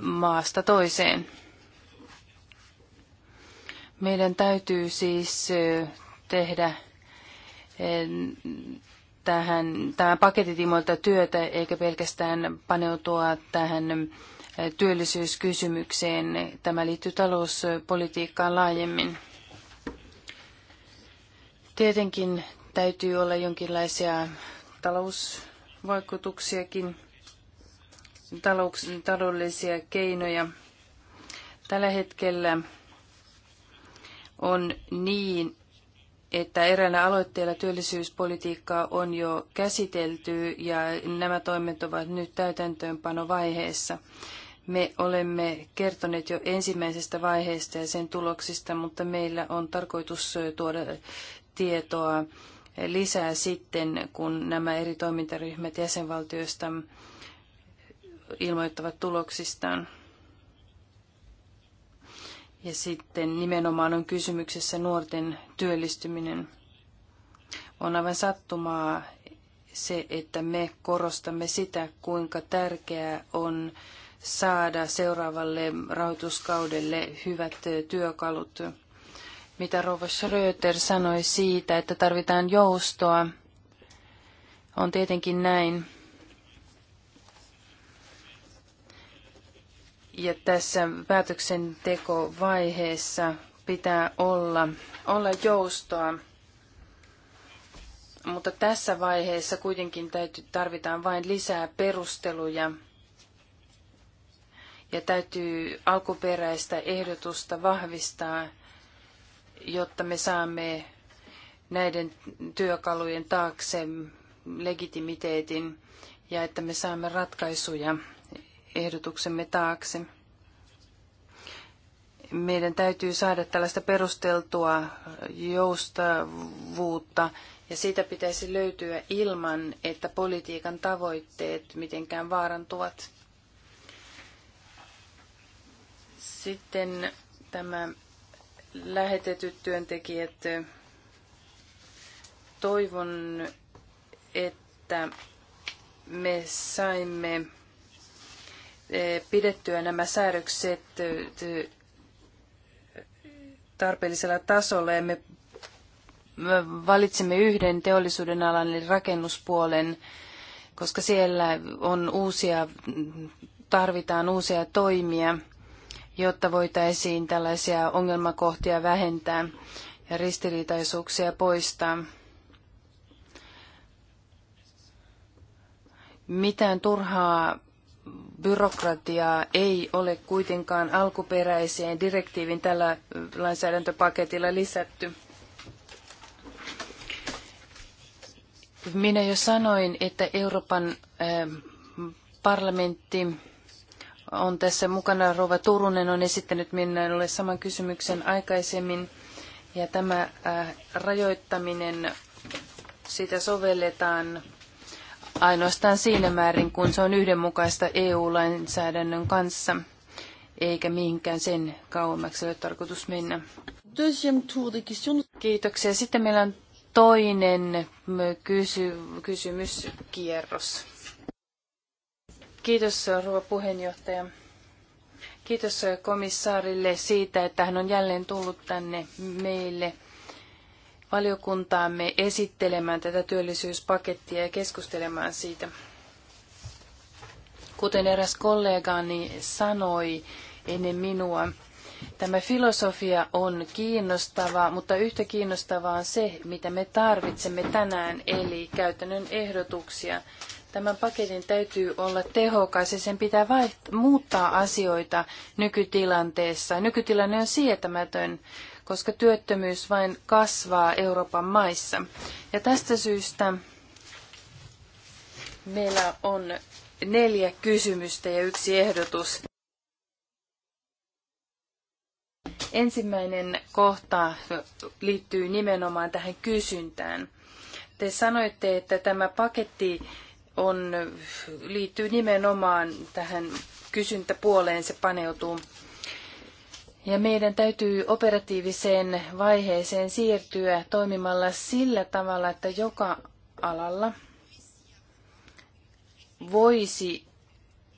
maasta toiseen. Meidän täytyy siis tehdä tähän, tämän paketitimoilta työtä, eikä pelkästään paneutua tähän työllisyyskysymykseen. Tämä liittyy talouspolitiikkaan laajemmin. Tietenkin täytyy olla jonkinlaisia talousvaikutuksiakin, talous, taloudellisia keinoja. Tällä hetkellä on niin, että eräällä aloitteilla työllisyyspolitiikkaa on jo käsitelty ja nämä toimet ovat nyt täytäntöönpanovaiheessa. Me olemme kertoneet jo ensimmäisestä vaiheesta ja sen tuloksista, mutta meillä on tarkoitus tuoda tietoa lisää sitten, kun nämä eri toimintaryhmät jäsenvaltioista ilmoittavat tuloksistaan. Ja sitten nimenomaan on kysymyksessä nuorten työllistyminen. On aivan sattumaa se, että me korostamme sitä, kuinka tärkeää on saada seuraavalle rahoituskaudelle hyvät työkalut mitä Rova Schröter sanoi siitä, että tarvitaan joustoa. On tietenkin näin. Ja tässä päätöksentekovaiheessa pitää olla, olla joustoa. Mutta tässä vaiheessa kuitenkin täytyy, tarvitaan vain lisää perusteluja ja täytyy alkuperäistä ehdotusta vahvistaa jotta me saamme näiden työkalujen taakse legitimiteetin ja että me saamme ratkaisuja ehdotuksemme taakse. Meidän täytyy saada tällaista perusteltua joustavuutta ja siitä pitäisi löytyä ilman, että politiikan tavoitteet mitenkään vaarantuvat. Sitten tämä lähetetyt työntekijät. Toivon, että me saimme pidettyä nämä säädökset tarpeellisella tasolla ja me valitsimme yhden teollisuuden alan eli rakennuspuolen, koska siellä on uusia, tarvitaan uusia toimia jotta voitaisiin tällaisia ongelmakohtia vähentää ja ristiriitaisuuksia poistaa. Mitään turhaa byrokratiaa ei ole kuitenkaan alkuperäiseen direktiivin tällä lainsäädäntöpaketilla lisätty. Minä jo sanoin, että Euroopan eh, parlamentti on tässä mukana. Rova Turunen on esittänyt minulle saman kysymyksen aikaisemmin. Ja tämä äh, rajoittaminen, sitä sovelletaan ainoastaan siinä määrin, kun se on yhdenmukaista EU-lainsäädännön kanssa, eikä mihinkään sen kauemmaksi ole tarkoitus mennä. Kiitoksia. Sitten meillä on toinen äh, kysy- kysymyskierros. Kiitos rouva puheenjohtaja. Kiitos komissaarille siitä, että hän on jälleen tullut tänne meille valiokuntaamme esittelemään tätä työllisyyspakettia ja keskustelemaan siitä. Kuten eräs kollegani sanoi ennen minua, tämä filosofia on kiinnostava, mutta yhtä kiinnostavaa on se, mitä me tarvitsemme tänään, eli käytännön ehdotuksia Tämän paketin täytyy olla tehokas ja sen pitää vaiht- muuttaa asioita nykytilanteessa. Nykytilanne on sietämätön, koska työttömyys vain kasvaa Euroopan maissa. Ja tästä syystä meillä on neljä kysymystä ja yksi ehdotus. Ensimmäinen kohta liittyy nimenomaan tähän kysyntään. Te sanoitte, että tämä paketti on, liittyy nimenomaan tähän kysyntäpuoleen, se paneutuu. Ja meidän täytyy operatiiviseen vaiheeseen siirtyä toimimalla sillä tavalla, että joka alalla voisi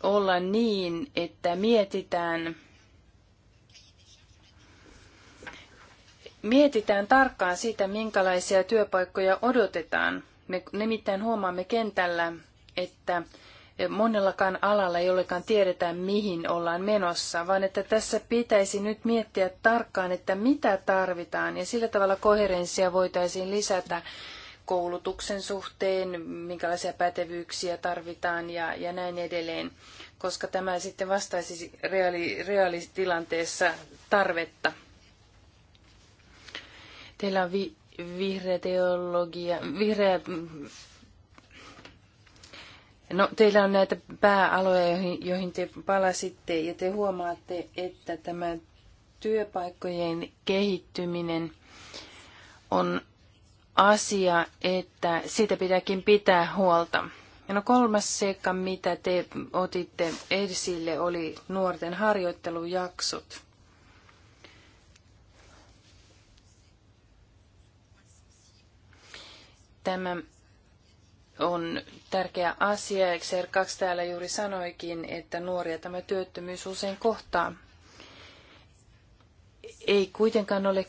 olla niin, että mietitään, mietitään tarkkaan sitä, minkälaisia työpaikkoja odotetaan – me nimittäin huomaamme kentällä, että monellakaan alalla ei olekaan tiedetä, mihin ollaan menossa, vaan että tässä pitäisi nyt miettiä tarkkaan, että mitä tarvitaan, ja sillä tavalla koherenssia voitaisiin lisätä koulutuksen suhteen, minkälaisia pätevyyksiä tarvitaan ja, ja näin edelleen, koska tämä sitten vastaisi reaali, reaalitilanteessa tarvetta. Teillä on vi- vihreä teologia, vihreä... No, teillä on näitä pääaloja, joihin, joihin te palasitte, ja te huomaatte, että tämä työpaikkojen kehittyminen on asia, että siitä pitääkin pitää huolta. Ja no kolmas seikka, mitä te otitte esille, oli nuorten harjoittelujaksot. Tämä on tärkeä asia. Xer 2 täällä juuri sanoikin, että nuoria tämä työttömyys usein kohtaa. Ei kuitenkaan ole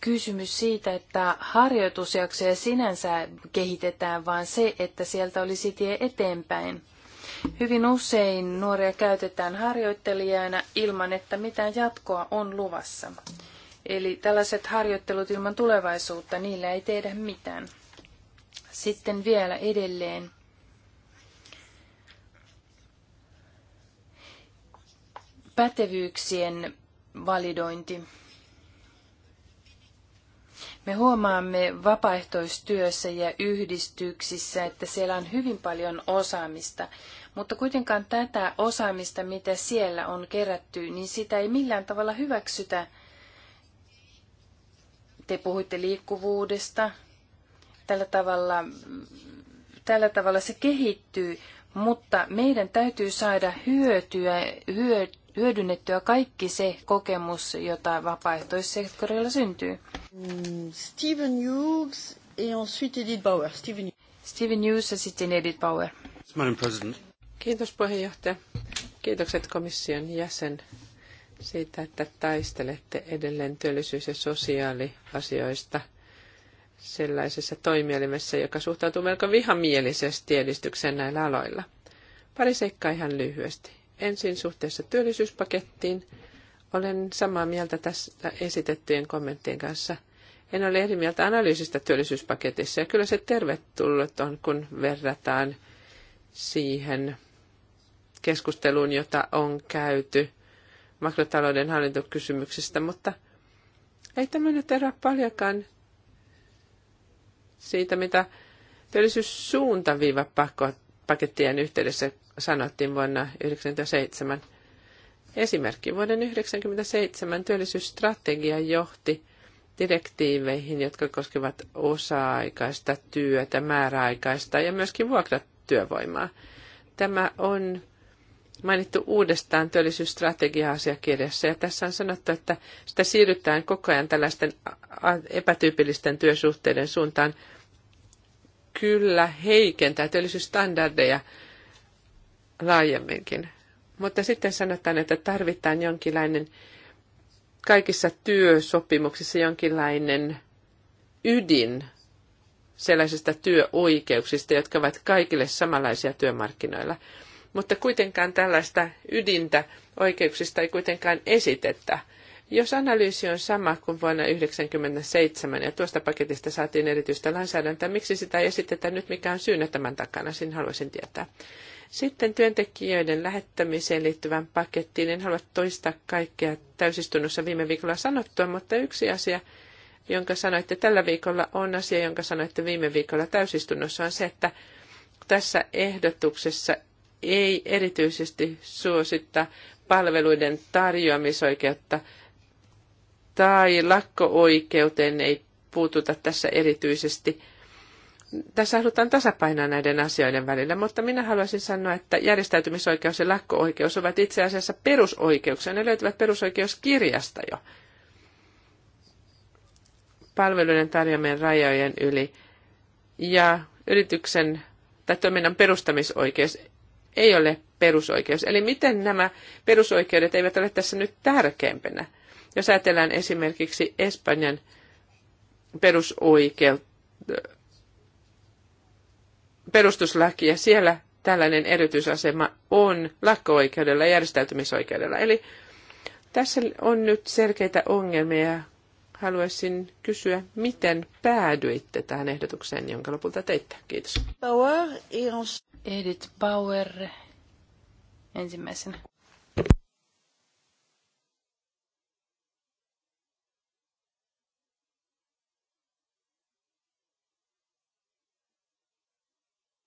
kysymys siitä, että harjoitusjaksoja sinänsä kehitetään, vaan se, että sieltä olisi tie eteenpäin. Hyvin usein nuoria käytetään harjoittelijana ilman, että mitään jatkoa on luvassa. Eli tällaiset harjoittelut ilman tulevaisuutta, niillä ei tehdä mitään. Sitten vielä edelleen. Pätevyyksien validointi. Me huomaamme vapaaehtoistyössä ja yhdistyksissä, että siellä on hyvin paljon osaamista, mutta kuitenkaan tätä osaamista, mitä siellä on kerätty, niin sitä ei millään tavalla hyväksytä. Te puhuitte liikkuvuudesta, Tällä tavalla, tällä tavalla se kehittyy, mutta meidän täytyy saada hyötyä, hyödynnettyä kaikki se kokemus, jota vapaaehtoissektorilla syntyy. Mm, Stephen Hughes ja sitten Edith Bauer. Stephen, Stephen Hughes ja sitten Edith Bauer. Kiitos puheenjohtaja. Kiitokset komission jäsen siitä, että taistelette edelleen työllisyys- ja sosiaaliasioista – sellaisessa toimielimessä, joka suhtautuu melko vihamielisesti edistykseen näillä aloilla. Pari seikkaa ihan lyhyesti. Ensin suhteessa työllisyyspakettiin. Olen samaa mieltä tässä esitettyjen kommenttien kanssa. En ole eri mieltä analyysistä työllisyyspaketissa, ja kyllä se tervetullut on, kun verrataan siihen keskusteluun, jota on käyty makrotalouden hallintokysymyksistä, mutta ei tämä nyt eroa paljonkaan siitä, mitä työllisyyssuuntaviiva yhteydessä sanottiin vuonna 1997. Esimerkki vuoden 1997 työllisyysstrategia johti direktiiveihin, jotka koskevat osa-aikaista työtä, määräaikaista ja myöskin vuokratyövoimaa. Tämä on mainittu uudestaan työllisyysstrategia-asiakirjassa ja tässä on sanottu, että sitä siirrytään koko ajan tällaisten epätyypillisten työsuhteiden suuntaan. Kyllä heikentää työllisyysstandardeja laajemminkin. Mutta sitten sanotaan, että tarvitaan jonkinlainen kaikissa työsopimuksissa jonkinlainen ydin sellaisista työoikeuksista, jotka ovat kaikille samanlaisia työmarkkinoilla mutta kuitenkaan tällaista ydintä oikeuksista ei kuitenkaan esitetä. Jos analyysi on sama kuin vuonna 1997 ja tuosta paketista saatiin erityistä lainsäädäntöä, miksi sitä ei esitetä nyt, mikä on syynä tämän takana, sen haluaisin tietää. Sitten työntekijöiden lähettämiseen liittyvän pakettiin, en halua toistaa kaikkea täysistunnossa viime viikolla sanottua, mutta yksi asia, jonka sanoitte tällä viikolla, on asia, jonka sanoitte viime viikolla täysistunnossa, on se, että tässä ehdotuksessa ei erityisesti suosittaa palveluiden tarjoamisoikeutta tai lakko-oikeuteen ei puututa tässä erityisesti. Tässä halutaan tasapainoa näiden asioiden välillä, mutta minä haluaisin sanoa, että järjestäytymisoikeus ja lakko-oikeus ovat itse asiassa perusoikeuksia. Ne löytyvät perusoikeuskirjasta jo. Palveluiden tarjoamien rajojen yli ja yrityksen tai toiminnan perustamisoikeus ei ole perusoikeus. Eli miten nämä perusoikeudet eivät ole tässä nyt tärkeimpänä? Jos ajatellaan esimerkiksi Espanjan perusoikeutta, perustuslaki ja siellä tällainen erityisasema on lakko-oikeudella ja järjestäytymisoikeudella. Eli tässä on nyt selkeitä ongelmia ja haluaisin kysyä, miten päädyitte tähän ehdotukseen, jonka lopulta teitte. Kiitos. Edith Bauer ensimmäisenä.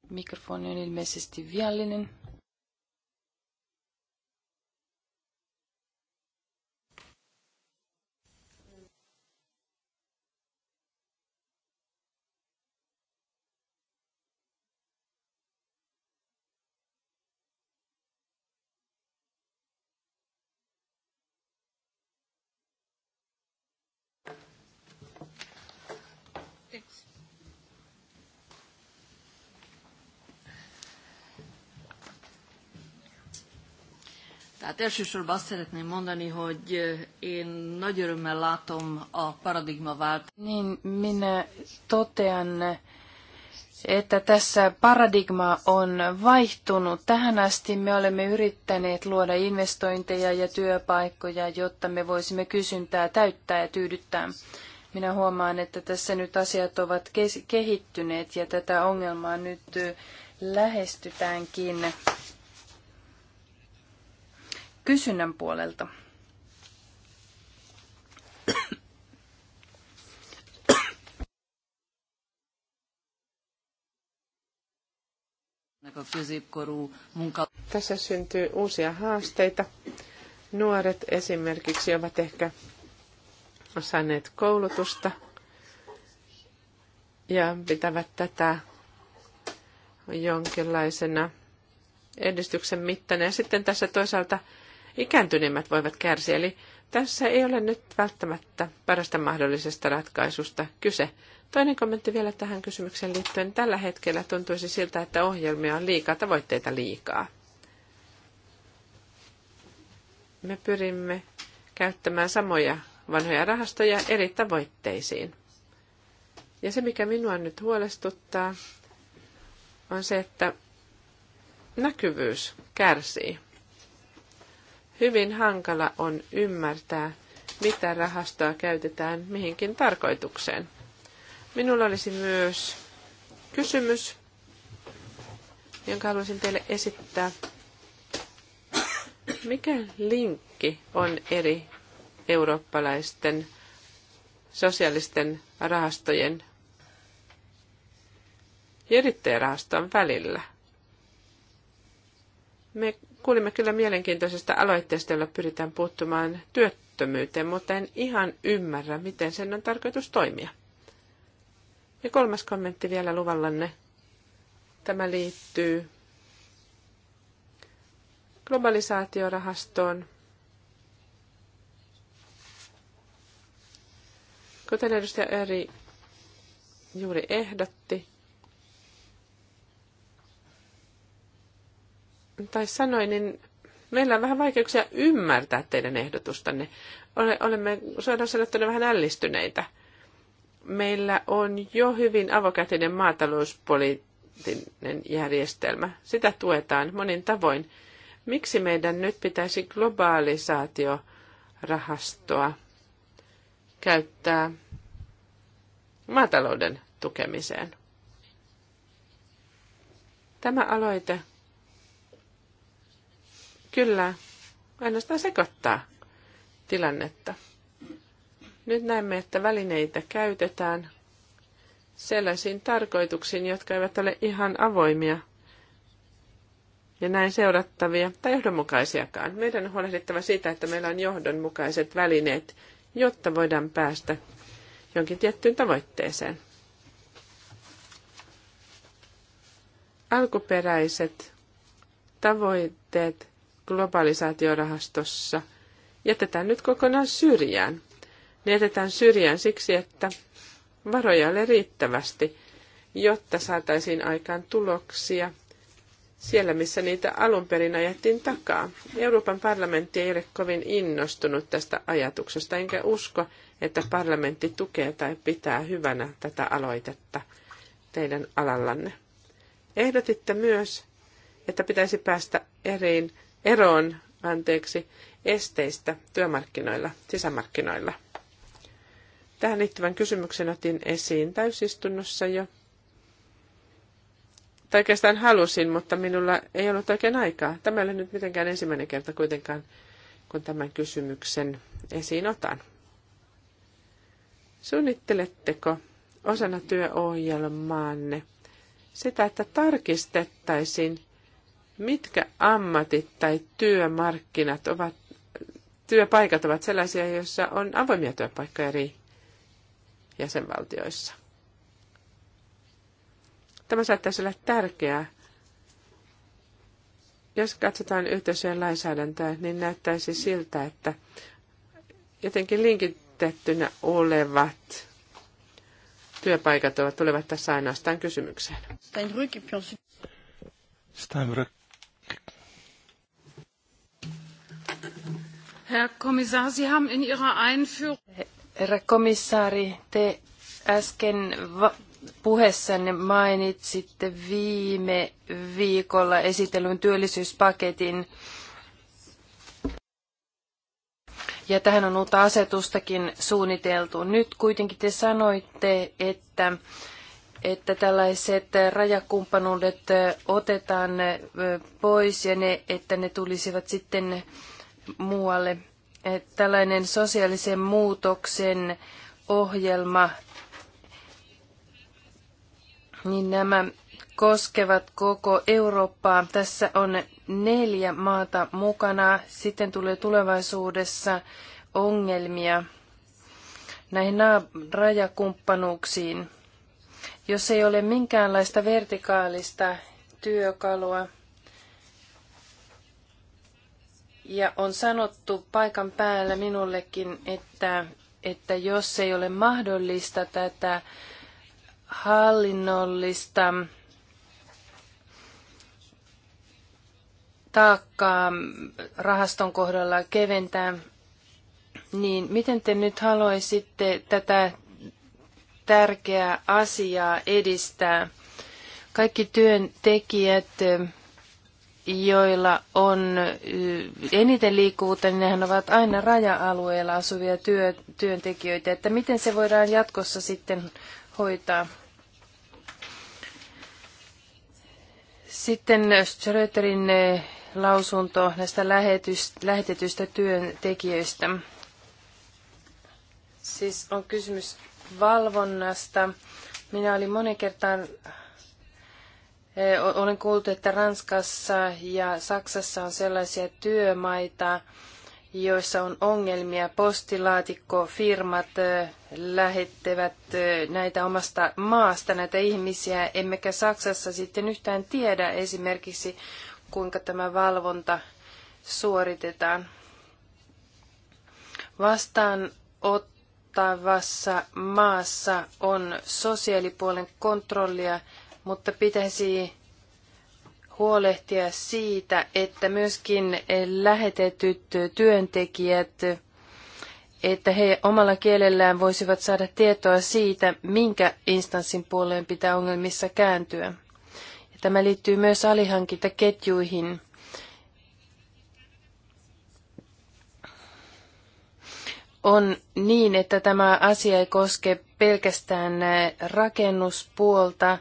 Mikrofoni on ilmeisesti viallinen. Hát elsősorban azt szeretném mondani, hogy én nagy örömmel látom a vált. Niin minä totean, että tässä paradigma on vaihtunut. Tähän asti me olemme yrittäneet luoda investointeja ja työpaikkoja, jotta me voisimme kysyntää täyttää ja tyydyttää. Minä huomaan, että tässä nyt asiat ovat kehittyneet ja tätä ongelmaa nyt lähestytäänkin kysynnän puolelta. Tässä syntyy uusia haasteita. Nuoret esimerkiksi ovat ehkä saaneet koulutusta ja pitävät tätä jonkinlaisena edistyksen mittana. Ja sitten tässä toisaalta ikääntyneimmät voivat kärsiä. Eli tässä ei ole nyt välttämättä parasta mahdollisesta ratkaisusta kyse. Toinen kommentti vielä tähän kysymykseen liittyen. Tällä hetkellä tuntuisi siltä, että ohjelmia on liikaa, tavoitteita liikaa. Me pyrimme käyttämään samoja vanhoja rahastoja eri tavoitteisiin. Ja se, mikä minua nyt huolestuttaa, on se, että näkyvyys kärsii. Hyvin hankala on ymmärtää, mitä rahastoa käytetään mihinkin tarkoitukseen. Minulla olisi myös kysymys, jonka haluaisin teille esittää. Mikä linkki on eri eurooppalaisten sosiaalisten rahastojen ja yrittäjärahaston välillä? Me Kuulimme kyllä mielenkiintoisesta aloitteesta, jolla pyritään puuttumaan työttömyyteen, mutta en ihan ymmärrä, miten sen on tarkoitus toimia. Ja kolmas kommentti vielä luvallanne. Tämä liittyy globalisaatiorahastoon. Kuten edustaja Öri juuri ehdotti, tai sanoin, niin meillä on vähän vaikeuksia ymmärtää teidän ehdotustanne. Olemme suoraan sanottuna vähän ällistyneitä. Meillä on jo hyvin avokätinen maatalouspoliittinen järjestelmä. Sitä tuetaan monin tavoin. Miksi meidän nyt pitäisi globaalisaatiorahastoa käyttää maatalouden tukemiseen? Tämä aloite kyllä ainoastaan sekoittaa tilannetta. Nyt näemme, että välineitä käytetään sellaisiin tarkoituksiin, jotka eivät ole ihan avoimia ja näin seurattavia tai johdonmukaisiakaan. Meidän on huolehdittava siitä, että meillä on johdonmukaiset välineet, jotta voidaan päästä jonkin tiettyyn tavoitteeseen. Alkuperäiset tavoitteet globalisaatiorahastossa jätetään nyt kokonaan syrjään. Ne jätetään syrjään siksi, että varoja ole riittävästi, jotta saataisiin aikaan tuloksia siellä, missä niitä alun perin ajettiin takaa. Euroopan parlamentti ei ole kovin innostunut tästä ajatuksesta, enkä usko, että parlamentti tukee tai pitää hyvänä tätä aloitetta teidän alallanne. Ehdotitte myös, että pitäisi päästä eriin eroon anteeksi, esteistä työmarkkinoilla, sisämarkkinoilla. Tähän liittyvän kysymyksen otin esiin täysistunnossa jo. Tai oikeastaan halusin, mutta minulla ei ollut oikein aikaa. Tämä ei ole nyt mitenkään ensimmäinen kerta kuitenkaan, kun tämän kysymyksen esiin otan. Suunnitteletteko osana työohjelmaanne sitä, että tarkistettaisiin mitkä ammatit tai työmarkkinat ovat, työpaikat ovat sellaisia, joissa on avoimia työpaikkoja eri jäsenvaltioissa. Tämä saattaisi olla tärkeää. Jos katsotaan yhteisöjen lainsäädäntöä, niin näyttäisi siltä, että jotenkin linkitettynä olevat työpaikat ovat, tulevat tässä ainoastaan kysymykseen. Steinbrück Herr Kommissar, Sie haben in Ihrer Einführung... Herra komissaari, te äsken puheessanne mainitsitte viime viikolla esitellyn työllisyyspaketin. Ja tähän on uutta asetustakin suunniteltu. Nyt kuitenkin te sanoitte, että, että tällaiset rajakumppanuudet otetaan pois ja ne, että ne tulisivat sitten muualle. tällainen sosiaalisen muutoksen ohjelma, niin nämä koskevat koko Eurooppaa. Tässä on neljä maata mukana. Sitten tulee tulevaisuudessa ongelmia näihin rajakumppanuuksiin. Jos ei ole minkäänlaista vertikaalista työkalua, ja on sanottu paikan päällä minullekin, että, että jos ei ole mahdollista tätä hallinnollista taakkaa rahaston kohdalla keventää, niin miten te nyt haluaisitte tätä tärkeää asiaa edistää? Kaikki työntekijät joilla on eniten liikkuvuutta, niin nehän ovat aina raja-alueella asuvia työ, työntekijöitä, että miten se voidaan jatkossa sitten hoitaa. Sitten Schröterin e, lausunto näistä lähetetyistä työntekijöistä. Siis on kysymys valvonnasta. Minä olin monen kertaan olen kuullut, että Ranskassa ja Saksassa on sellaisia työmaita, joissa on ongelmia. Postilaatikkofirmat lähettävät näitä omasta maasta näitä ihmisiä, emmekä Saksassa sitten yhtään tiedä esimerkiksi, kuinka tämä valvonta suoritetaan. Vastaan ottavassa maassa on sosiaalipuolen kontrollia mutta pitäisi huolehtia siitä, että myöskin lähetetyt työntekijät, että he omalla kielellään voisivat saada tietoa siitä, minkä instanssin puoleen pitää ongelmissa kääntyä. Tämä liittyy myös alihankintaketjuihin. On niin, että tämä asia ei koske pelkästään rakennuspuolta,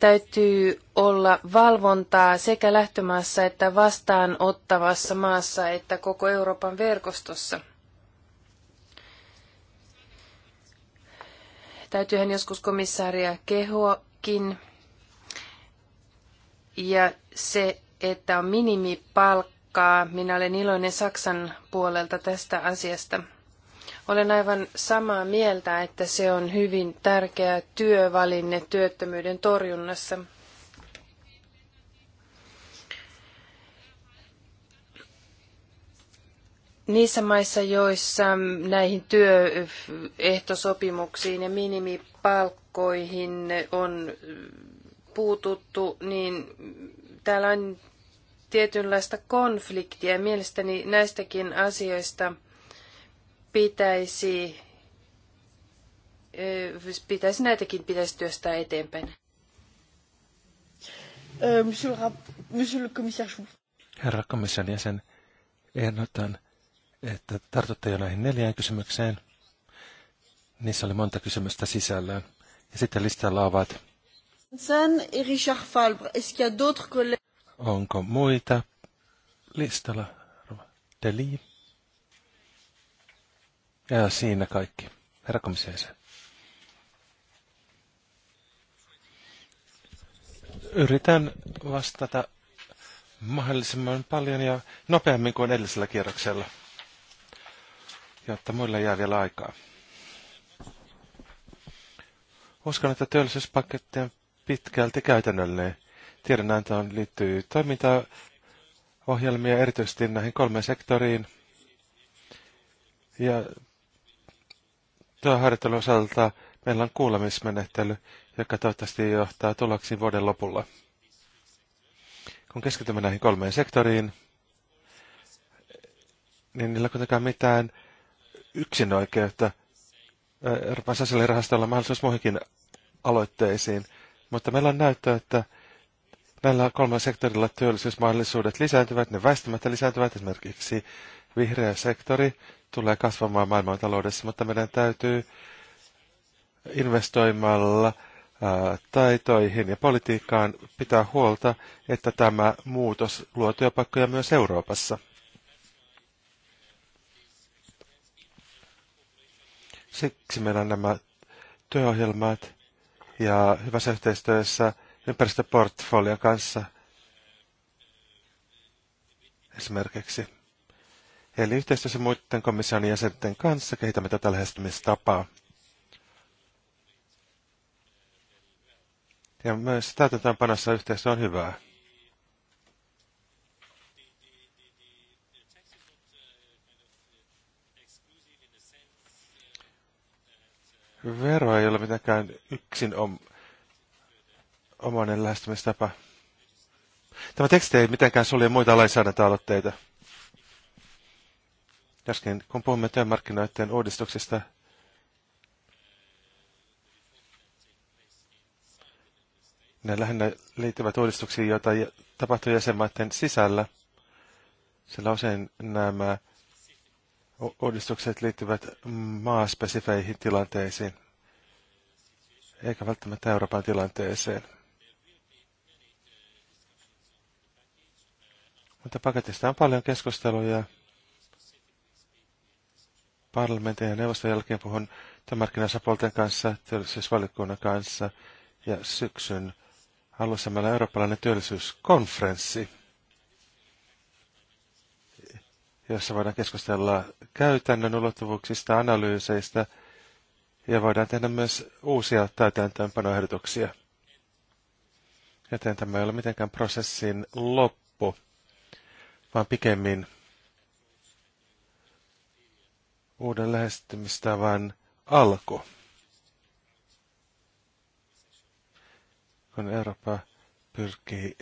täytyy olla valvontaa sekä lähtömaassa että vastaanottavassa maassa että koko Euroopan verkostossa. Täytyyhän joskus komissaaria kehoakin. Ja se, että on minimipalkkaa. Minä olen iloinen Saksan puolelta tästä asiasta. Olen aivan samaa mieltä, että se on hyvin tärkeä työvalinne työttömyyden torjunnassa. Niissä maissa, joissa näihin työehtosopimuksiin ja minimipalkkoihin on puututtu, niin täällä on tietynlaista konfliktia. Mielestäni näistäkin asioista – pitäisi, pitäisi näitäkin pitäisi työstää eteenpäin. Herra komission jäsen, ehdotan, että tartutte jo näihin neljään kysymykseen. Niissä oli monta kysymystä sisällään. Ja sitten listalla ovat... Richard Falbre. Onko muita listalla? Deli. Ja siinä kaikki. Herra komissiaisen. Yritän vastata mahdollisimman paljon ja nopeammin kuin edellisellä kierroksella, jotta muille jää vielä aikaa. Uskon, että työllisyyspaketti on pitkälti käytännöllinen. Tiedonantoon liittyy toimintaohjelmia erityisesti näihin kolmeen sektoriin. Ja työharjoittelun osalta meillä on kuulemismenettely, joka toivottavasti johtaa tuloksiin vuoden lopulla. Kun keskitymme näihin kolmeen sektoriin, niin niillä kuitenkaan mitään yksinoikeutta. Euroopan sosiaalirahastolla on mahdollisuus muihinkin aloitteisiin, mutta meillä on näyttöä, että näillä kolmella sektorilla työllisyysmahdollisuudet lisääntyvät, ne väistämättä lisääntyvät, esimerkiksi vihreä sektori, tulee kasvamaan maailmantaloudessa, mutta meidän täytyy investoimalla taitoihin ja politiikkaan pitää huolta, että tämä muutos luo työpaikkoja myös Euroopassa. Siksi meillä on nämä työohjelmat ja hyvässä yhteistyössä ympäristöportfolion kanssa esimerkiksi. Eli yhteistyössä muiden komission jäsenten kanssa kehitämme tätä lähestymistapaa. Ja myös täytäntöönpanossa yhteistyö on hyvää. Vero ei ole mitenkään yksin om, omainen lähestymistapa. Tämä teksti ei mitenkään sulje muita lainsäädäntöaloitteita. Äsken, kun puhumme työmarkkinoiden uudistuksista, ne lähinnä liittyvät uudistuksiin, joita tapahtuu jäsenmaiden sisällä, sillä usein nämä uudistukset liittyvät maaspesifeihin tilanteisiin, eikä välttämättä Euroopan tilanteeseen. Mutta paketista on paljon keskusteluja parlamentin ja neuvoston jälkeen puhun työmarkkinasapuolten kanssa, työllisyysvaliokunnan kanssa ja syksyn alussa meillä on eurooppalainen työllisyyskonferenssi, jossa voidaan keskustella käytännön ulottuvuuksista, analyyseistä ja voidaan tehdä myös uusia täytäntöönpanoehdotuksia. Joten tämä ei ole mitenkään prosessin loppu, vaan pikemmin – uuden lähestymistavan alku. Kun Eurooppa pyrkii,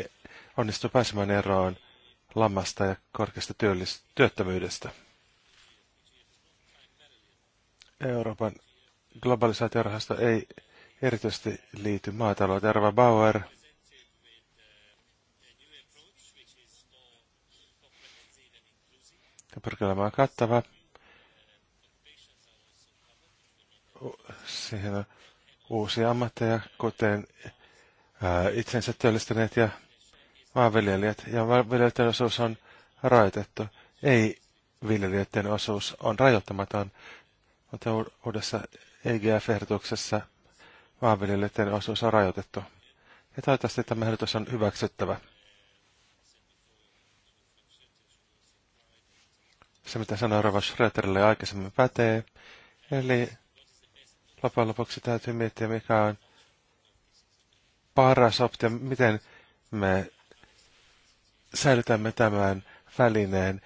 onnistua pääsemään eroon lamasta ja korkeasta työttömyydestä. Euroopan globalisaatiorahasto ei erityisesti liity maatalouteen. Erva Bauer ja pyrkii olemaan kattava siihen on uusia ammatteja, kuten ää, itsensä työllistäneet ja maanviljelijät. Ja maanviljelijöiden osuus on rajoitettu. Ei viljelijöiden osuus on rajoittamaton, mutta uudessa EGF-ehdotuksessa maanviljelijöiden osuus on rajoitettu. Ja toivottavasti tämä ehdotus on hyväksyttävä. Se, mitä sanoi Rova Schröterille aikaisemmin pätee, eli loppujen lopuksi täytyy miettiä, mikä on paras optio, miten me säilytämme tämän välineen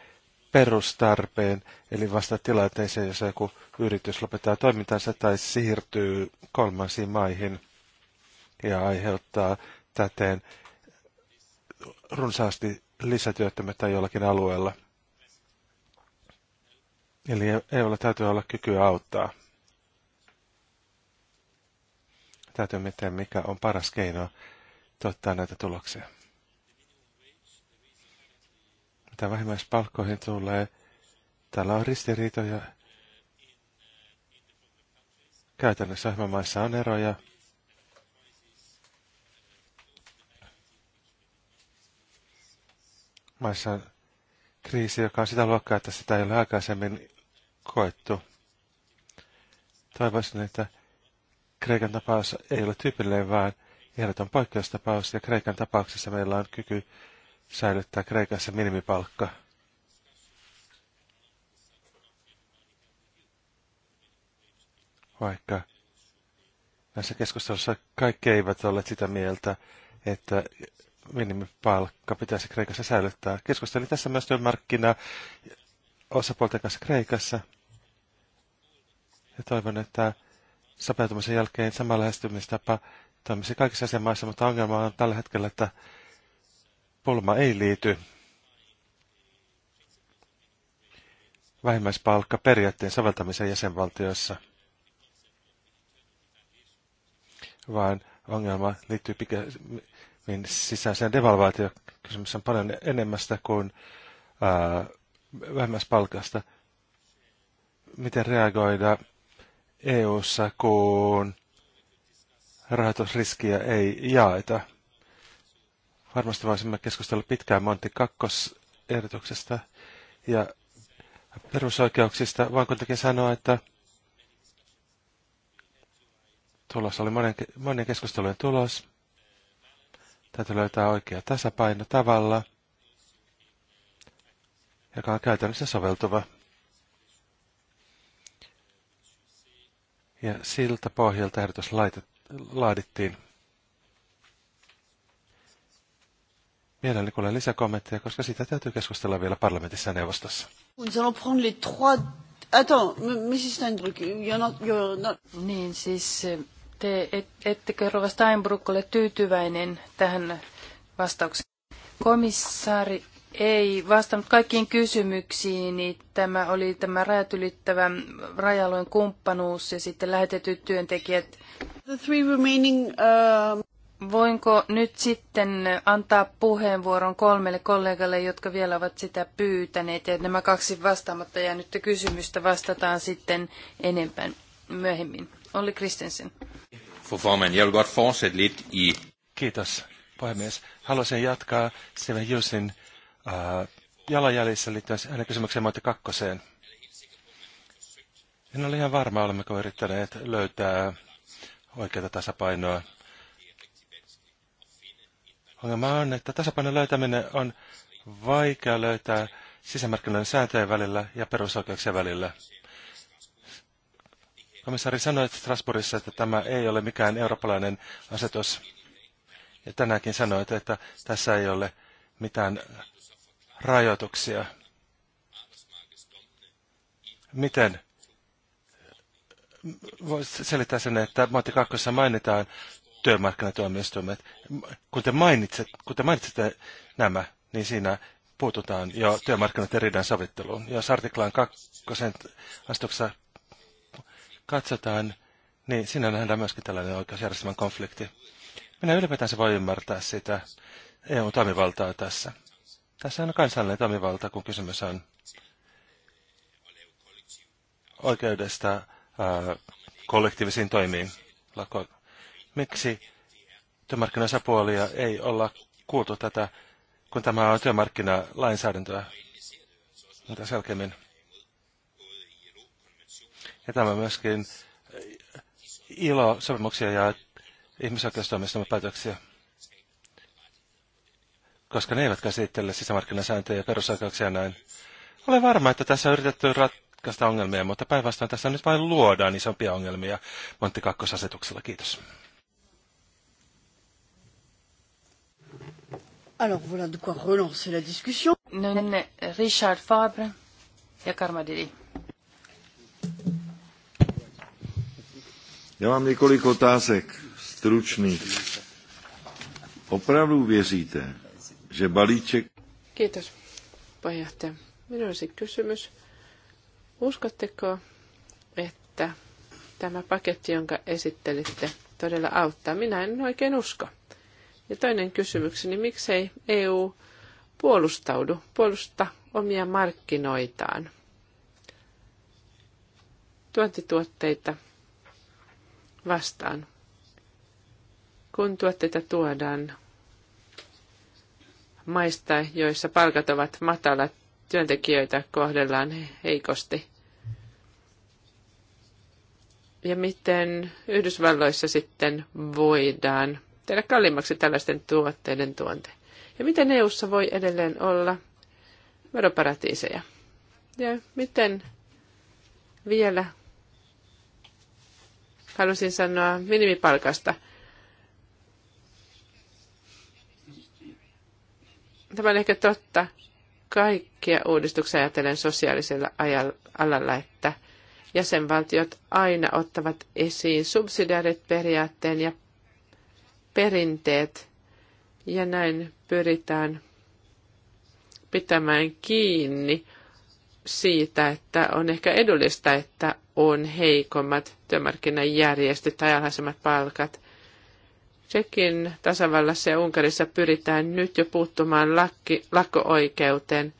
perustarpeen, eli vasta tilanteeseen, jossa joku yritys lopettaa toimintansa tai siirtyy kolmansiin maihin ja aiheuttaa täten runsaasti lisätyöttömyyttä jollakin alueella. Eli ei ole täytyy olla kykyä auttaa. Täytyy miettiä, mikä on paras keino tuottaa näitä tuloksia. Mitä vähimmäispalkkoihin tulee, täällä on ristiriitoja. Käytännössä ohjelmamaissa on eroja. Maissa on kriisi, joka on sitä luokkaa, että sitä ei ole aikaisemmin koettu. Toivoisin, että Kreikan tapaus ei ole tyypillinen, vaan ehdoton poikkeustapaus, ja Kreikan tapauksessa meillä on kyky säilyttää Kreikassa minimipalkka. Vaikka näissä keskustelussa kaikki eivät ole sitä mieltä, että minimipalkka pitäisi Kreikassa säilyttää. Keskustelin tässä myös työmarkkina osapuolten kanssa Kreikassa. Ja toivon, että Sapeutumisen jälkeen sama lähestymistapa toimisi kaikissa jäsenmaissa, mutta ongelma on tällä hetkellä, että pulma ei liity vähimmäispalkka periaatteen soveltamiseen jäsenvaltioissa, vaan ongelma liittyy pikemmin sisäiseen devalvaatioon. Kysymys on paljon enemmästä kuin ää, vähimmäispalkasta. Miten reagoida EU-ssa, kun rahoitusriskiä ei jaeta. Varmasti voisimme keskustella pitkään Monti kakkosehdotuksesta ja perusoikeuksista, Voin kuitenkin sanoa, että tulos oli monen, monen keskustelujen tulos. Täytyy löytää oikea tasapaino tavalla, joka on käytännössä soveltuva. Ja siltä pohjalta ehdotus laadittiin. Mielelläni kuulen kommentteja, koska siitä täytyy keskustella vielä parlamentissa ja neuvostossa. Niin, siis eh, te et, ettekö Rova Steinbrück ole tyytyväinen tähän vastaukseen? Komissaari ei vastannut kaikkiin kysymyksiin. Niin tämä oli tämä rajat ylittävä rajalojen kumppanuus ja sitten lähetetyt työntekijät. The three remaining, uh... Voinko nyt sitten antaa puheenvuoron kolmelle kollegalle, jotka vielä ovat sitä pyytäneet, ja nämä kaksi vastaamatta jäänyttä kysymystä vastataan sitten enempän myöhemmin. Olli Kristensen. Kiitos, puhemies. Haluaisin jatkaa Seven Jussin jalanjäljissä liittyen hänen kysymykseen Moitti kakkoseen. En ole ihan varma, olemmeko yrittäneet löytää oikeaa tasapainoa. Ongelma on, että tasapainon löytäminen on vaikea löytää sisämarkkinoiden sääntöjen välillä ja perusoikeuksien välillä. Komissaari sanoi Strasbourgissa, että tämä ei ole mikään eurooppalainen asetus. Ja tänäänkin sanoit, että tässä ei ole mitään rajoituksia. Miten voisi selittää sen, että Matti 2. mainitaan työmarkkinatuomioistuimet. Kun te, mainitset, kun te mainitsette nämä, niin siinä puututaan jo työmarkkinat riidan sovitteluun. Jos artiklaan kakkosen astuksessa katsotaan, niin siinä nähdään myöskin tällainen oikeusjärjestelmän konflikti. Minä ylipäätään se voi ymmärtää sitä eu toimivaltaa tässä. Tässä on kansallinen toimivalta, kun kysymys on oikeudesta ää, kollektiivisiin toimiin. Lako. Miksi työmarkkinasapuolia ei olla kuultu tätä, kun tämä on työmarkkinalainsäädäntöä mitä selkeämmin? Ja tämä myöskin ilo sopimuksia ja ihmisoikeustoimistamme päätöksiä koska ne eivät käsittele sisämarkkinasääntöjä ja perusoikeuksia näin. Olen varma, että tässä on yritetty ratkaista ongelmia, mutta päinvastoin tässä nyt vain luodaan isompia ongelmia Montti kakkosasetuksella. Kiitos. Alors voilà de quoi relancer la discussion. Richard Fabre ja Karmadili. Já mám několik otázek stručných. Opravdu věříte, že Kiitos, puheenjohtaja. Minulla olisi kysymys. Uskotteko, että tämä paketti, jonka esittelitte, todella auttaa? Minä en oikein usko. Ja toinen kysymykseni, miksei EU puolustaudu, puolusta omia markkinoitaan? Tuontituotteita vastaan. Kun tuotteita tuodaan maista, joissa palkat ovat matalat, työntekijöitä kohdellaan heikosti. Ja miten Yhdysvalloissa sitten voidaan tehdä kalliimmaksi tällaisten tuotteiden tuonte? Ja miten EU:ssa voi edelleen olla veroparatiiseja? Ja miten vielä halusin sanoa minimipalkasta – tämä on ehkä totta kaikkia uudistuksia ajatellen sosiaalisella alalla, että jäsenvaltiot aina ottavat esiin subsidiaarit periaatteen ja perinteet, ja näin pyritään pitämään kiinni siitä, että on ehkä edullista, että on heikommat työmarkkinajärjestöt tai alhaisemmat palkat. Tsekin tasavallassa ja Unkarissa pyritään nyt jo puuttumaan lakki, lakko-oikeuteen.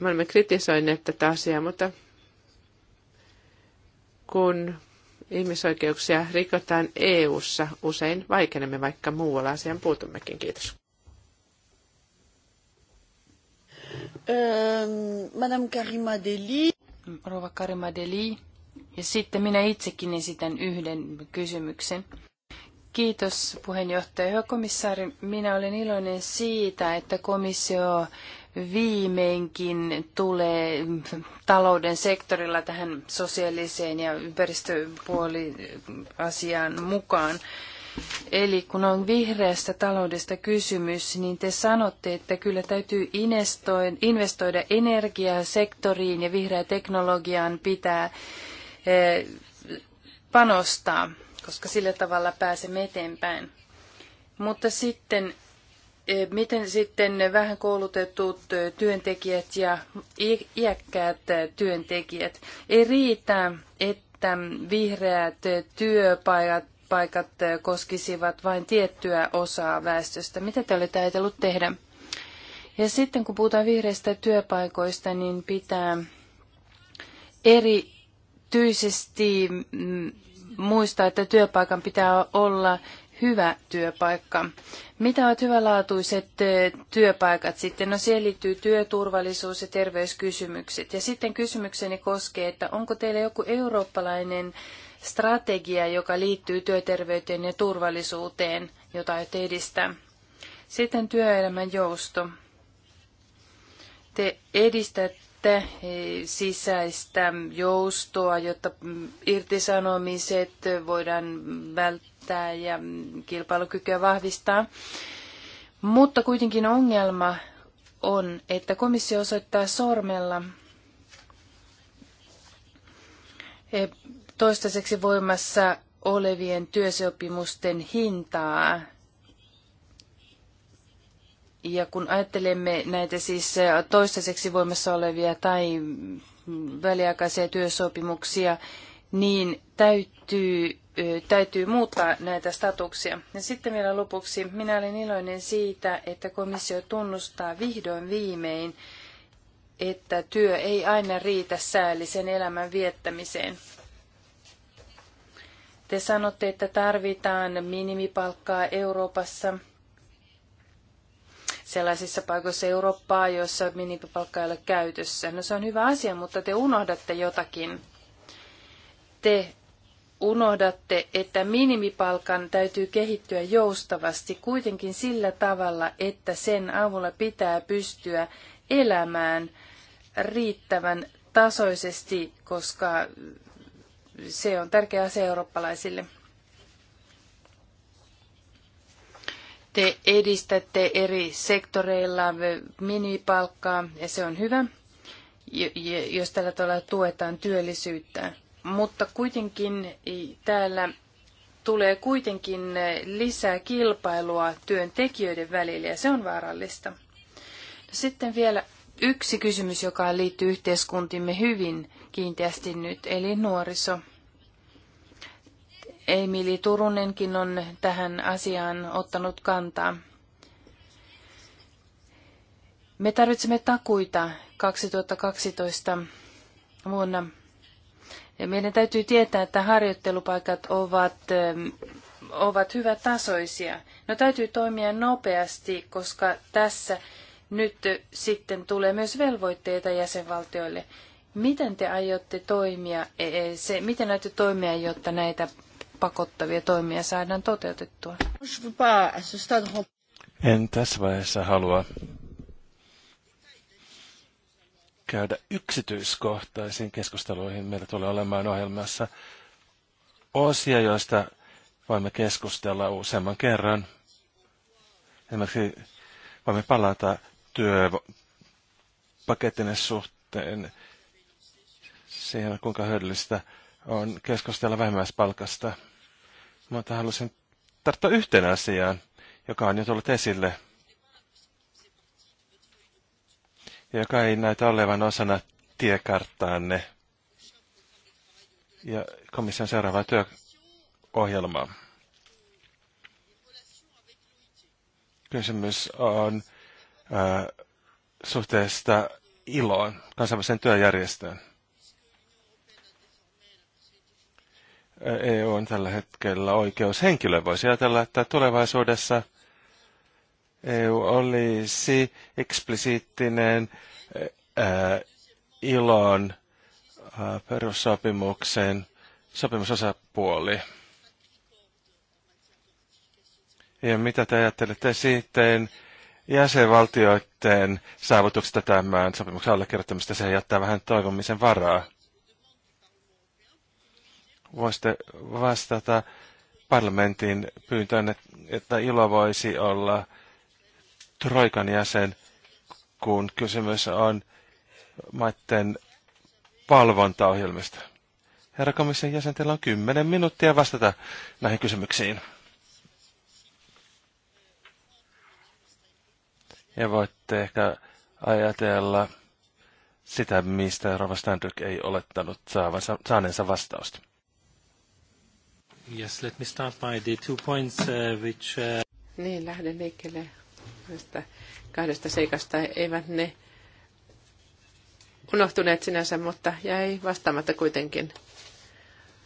Me olemme kritisoineet tätä asiaa, mutta kun ihmisoikeuksia rikotaan EU-ssa, usein vaikenemme, vaikka muualla asiaan puutummekin. Kiitos. Ähm, Madame Karima Deli. Rova Karima Deli. Ja sitten minä itsekin esitän yhden kysymyksen. Kiitos puheenjohtaja. Hyvä komissaari, minä olen iloinen siitä, että komissio viimeinkin tulee talouden sektorilla tähän sosiaaliseen ja ympäristöpuoliasiaan mukaan. Eli kun on vihreästä taloudesta kysymys, niin te sanotte, että kyllä täytyy investoida energiasektoriin ja vihreään teknologiaan pitää eh, panostaa koska sillä tavalla pääsemme eteenpäin. Mutta sitten, eh, miten sitten vähän koulutetut eh, työntekijät ja iäkkäät eh, työntekijät? Ei riitä, että vihreät työpaikat paikat koskisivat vain tiettyä osaa väestöstä. Mitä te olette ajatellut tehdä? Ja sitten kun puhutaan vihreistä työpaikoista, niin pitää erityisesti mm, muistaa, että työpaikan pitää olla hyvä työpaikka. Mitä ovat hyvälaatuiset eh, työpaikat sitten? No siihen liittyy työturvallisuus ja terveyskysymykset. Ja sitten kysymykseni koskee, että onko teillä joku eurooppalainen strategia, joka liittyy työterveyteen ja turvallisuuteen, jota et edistää. Sitten työelämän jousto. Te edistätte sitten eh, sisäistä joustoa, jotta mm, irtisanomiset voidaan välttää ja mm, kilpailukykyä vahvistaa. Mutta kuitenkin ongelma on, että komissio osoittaa sormella eh, toistaiseksi voimassa olevien työsopimusten hintaa ja kun ajattelemme näitä siis äh, toistaiseksi voimassa olevia tai väliaikaisia työsopimuksia, niin täytyy, äh, täytyy muuttaa näitä statuksia. Ja sitten vielä lopuksi, minä olen iloinen siitä, että komissio tunnustaa vihdoin viimein, että työ ei aina riitä säällisen elämän viettämiseen. Te sanotte, että tarvitaan minimipalkkaa Euroopassa – sellaisissa paikoissa Eurooppaa, joissa minimipalkka ei ole käytössä. No se on hyvä asia, mutta te unohdatte jotakin. Te unohdatte, että minimipalkan täytyy kehittyä joustavasti kuitenkin sillä tavalla, että sen avulla pitää pystyä elämään riittävän tasoisesti, koska se on tärkeä asia eurooppalaisille. Te edistätte eri sektoreilla minipalkkaa ja se on hyvä, jos tällä tavalla tuetaan työllisyyttä. Mutta kuitenkin täällä tulee kuitenkin lisää kilpailua työntekijöiden välillä ja se on vaarallista. No sitten vielä yksi kysymys, joka liittyy yhteiskuntimme hyvin kiinteästi nyt, eli nuoriso. Emili Turunenkin on tähän asiaan ottanut kantaa. Me tarvitsemme takuita 2012 vuonna. Ja meidän täytyy tietää, että harjoittelupaikat ovat, ähm, ovat hyvätasoisia. No täytyy toimia nopeasti, koska tässä nyt sitten tulee myös velvoitteita jäsenvaltioille. Miten te aiotte toimia, e, e, se, miten aiotte toimia, jotta näitä pakottavia toimia saadaan toteutettua. En tässä vaiheessa halua käydä yksityiskohtaisiin keskusteluihin. Meillä tulee olemaan ohjelmassa osia, joista voimme keskustella useamman kerran. Esimerkiksi voimme palata työpakettinen suhteen siihen, kuinka hyödyllistä on keskustella vähimmäispalkasta. Mutta halusin tarttua yhteen asiaan, joka on jo tullut esille. Ja joka ei näytä olevan osana tiekarttaanne ja komission seuraavaa työohjelmaa. Kysymys on äh, suhteesta iloon, kansainväliseen työjärjestöön. EU on tällä hetkellä oikeushenkilö. Voisi ajatella, että tulevaisuudessa EU olisi eksplisiittinen ää, ilon ää, perussopimuksen sopimusosapuoli. Ja mitä te ajattelette sitten jäsenvaltioiden saavutuksesta tämän sopimuksen allekirjoittamista? Se jättää vähän toivomisen varaa voisitte vastata parlamentin pyyntöön, että ilo voisi olla Troikan jäsen, kun kysymys on maiden valvontaohjelmista. Herra komission jäsen, teillä on kymmenen minuuttia vastata näihin kysymyksiin. Ja voitte ehkä ajatella sitä, mistä Rova Standrick ei olettanut saavansa, saaneensa vastausta. Yes, let me start by the two points uh, which... Uh... Niin, lähden liikkeelle näistä kahdesta seikasta. Eivät ne unohtuneet sinänsä, mutta jäi vastaamatta kuitenkin.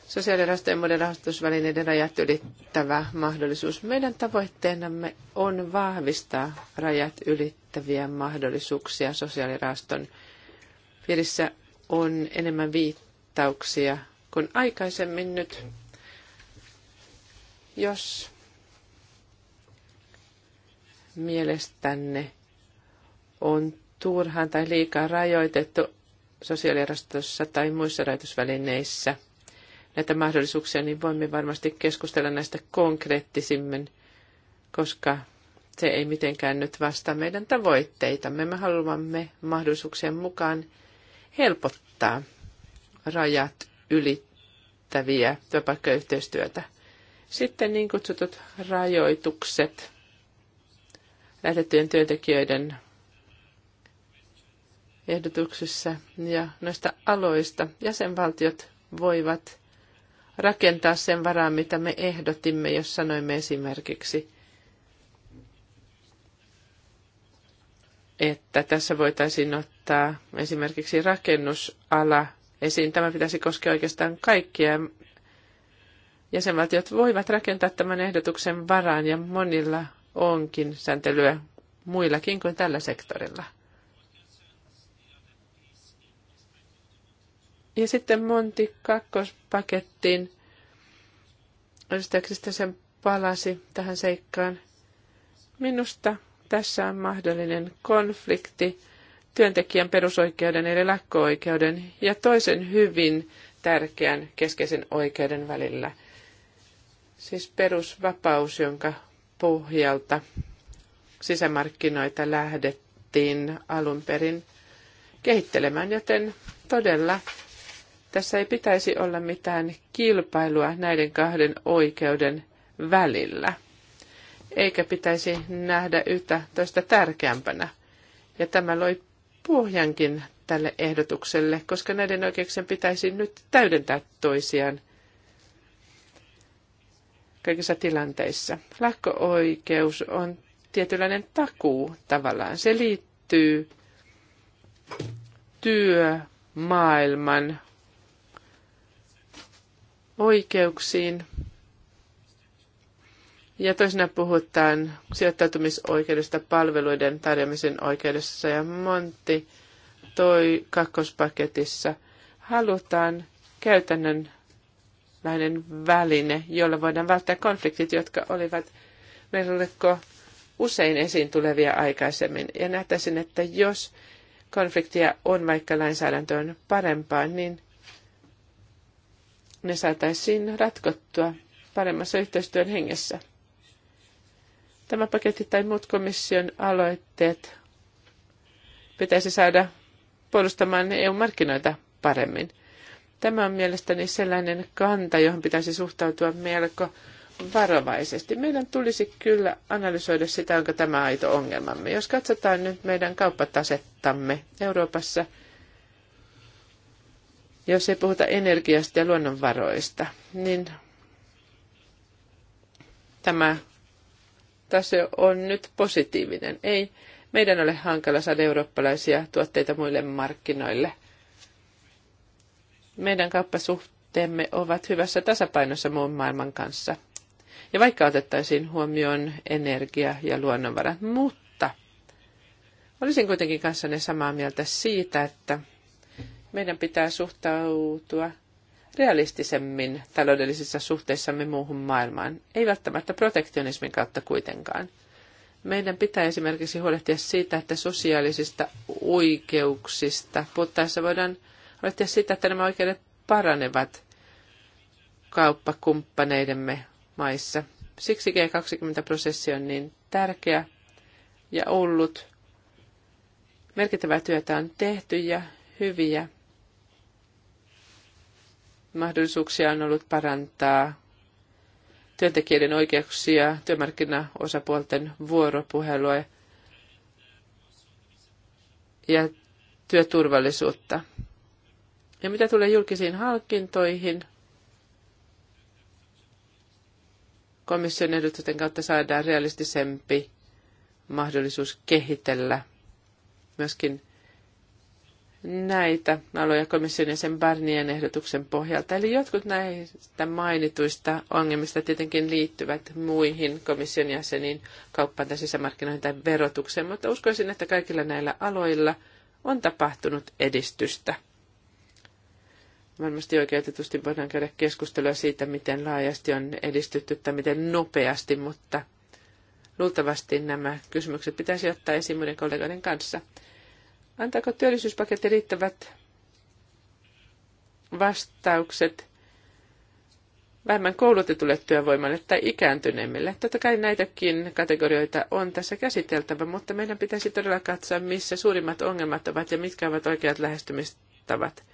Sosiaalirahastojen ja muiden rahoitusvälineiden rajat ylittävä mahdollisuus. Meidän tavoitteenamme on vahvistaa rajat ylittäviä mahdollisuuksia. Sosiaalirahaston piirissä on enemmän viittauksia kuin aikaisemmin nyt jos mielestänne on turhaan tai liikaa rajoitettu sosiaalirastossa tai muissa rajoitusvälineissä näitä mahdollisuuksia, niin voimme varmasti keskustella näistä konkreettisimmin, koska se ei mitenkään nyt vastaa meidän tavoitteitamme. Me haluamme mahdollisuuksien mukaan helpottaa rajat ylittäviä työpaikkayhteistyötä. Sitten niin kutsutut rajoitukset lähetettyjen työntekijöiden ehdotuksissa ja noista aloista. Jäsenvaltiot voivat rakentaa sen varaan, mitä me ehdotimme, jos sanoimme esimerkiksi, että tässä voitaisiin ottaa esimerkiksi rakennusala esiin. Tämä pitäisi koskea oikeastaan kaikkia jäsenvaltiot voivat rakentaa tämän ehdotuksen varaan ja monilla onkin sääntelyä muillakin kuin tällä sektorilla. Ja sitten Monti kakkospakettiin. Ystäväksistä sen palasi tähän seikkaan. Minusta tässä on mahdollinen konflikti työntekijän perusoikeuden eli lakko-oikeuden ja toisen hyvin tärkeän keskeisen oikeuden välillä – Siis perusvapaus, jonka pohjalta sisämarkkinoita lähdettiin alun perin kehittelemään, joten todella tässä ei pitäisi olla mitään kilpailua näiden kahden oikeuden välillä, eikä pitäisi nähdä yhtä toista tärkeämpänä. Ja tämä loi pohjankin tälle ehdotukselle, koska näiden oikeuksien pitäisi nyt täydentää toisiaan kaikissa tilanteissa. Lakko-oikeus on tietynlainen takuu tavallaan. Se liittyy työmaailman oikeuksiin. Ja toisena puhutaan sijoittautumisoikeudesta, palveluiden tarjoamisen oikeudessa ja Montti toi kakkospaketissa. Halutaan käytännön lainen väline, jolla voidaan välttää konfliktit, jotka olivat melko usein esiin tulevia aikaisemmin. Ja nähtäisin, että jos konfliktia on, vaikka lainsäädäntö on parempaa, niin ne saataisiin ratkottua paremmassa yhteistyön hengessä. Tämä paketti tai muut komission aloitteet pitäisi saada puolustamaan EU-markkinoita paremmin. Tämä on mielestäni sellainen kanta, johon pitäisi suhtautua melko varovaisesti. Meidän tulisi kyllä analysoida sitä, onko tämä aito ongelmamme. Jos katsotaan nyt meidän kauppatasettamme Euroopassa, jos ei puhuta energiasta ja luonnonvaroista, niin tämä tase on nyt positiivinen. Ei meidän ole hankala saada eurooppalaisia tuotteita muille markkinoille – meidän kauppasuhteemme ovat hyvässä tasapainossa muun maailman kanssa. Ja vaikka otettaisiin huomioon energia ja luonnonvarat, mutta olisin kuitenkin kanssanne samaa mieltä siitä, että meidän pitää suhtautua realistisemmin taloudellisissa suhteissamme muuhun maailmaan, ei välttämättä protektionismin kautta kuitenkaan. Meidän pitää esimerkiksi huolehtia siitä, että sosiaalisista oikeuksista puhuttaessa voidaan Olette sitä, että nämä oikeudet paranevat kauppakumppaneidemme maissa. Siksi G20-prosessi on niin tärkeä ja ollut. Merkittävää työtä on tehty ja hyviä mahdollisuuksia on ollut parantaa työntekijöiden oikeuksia, työmarkkinaosapuolten vuoropuhelua ja työturvallisuutta. Ja mitä tulee julkisiin hankintoihin, komission ehdotusten kautta saadaan realistisempi mahdollisuus kehitellä myöskin näitä aloja komission ja sen Barnien ehdotuksen pohjalta. Eli jotkut näistä mainituista ongelmista tietenkin liittyvät muihin komission jäseniin, kauppaan tai sisämarkkinoihin tai verotukseen, mutta uskoisin, että kaikilla näillä aloilla on tapahtunut edistystä varmasti oikeutetusti voidaan käydä keskustelua siitä, miten laajasti on edistytty tai miten nopeasti, mutta luultavasti nämä kysymykset pitäisi ottaa esiin muiden kollegoiden kanssa. Antaako työllisyyspaketti riittävät vastaukset vähemmän koulutetulle työvoimalle tai ikääntyneemmille? Totta kai näitäkin kategorioita on tässä käsiteltävä, mutta meidän pitäisi todella katsoa, missä suurimmat ongelmat ovat ja mitkä ovat oikeat lähestymistavat –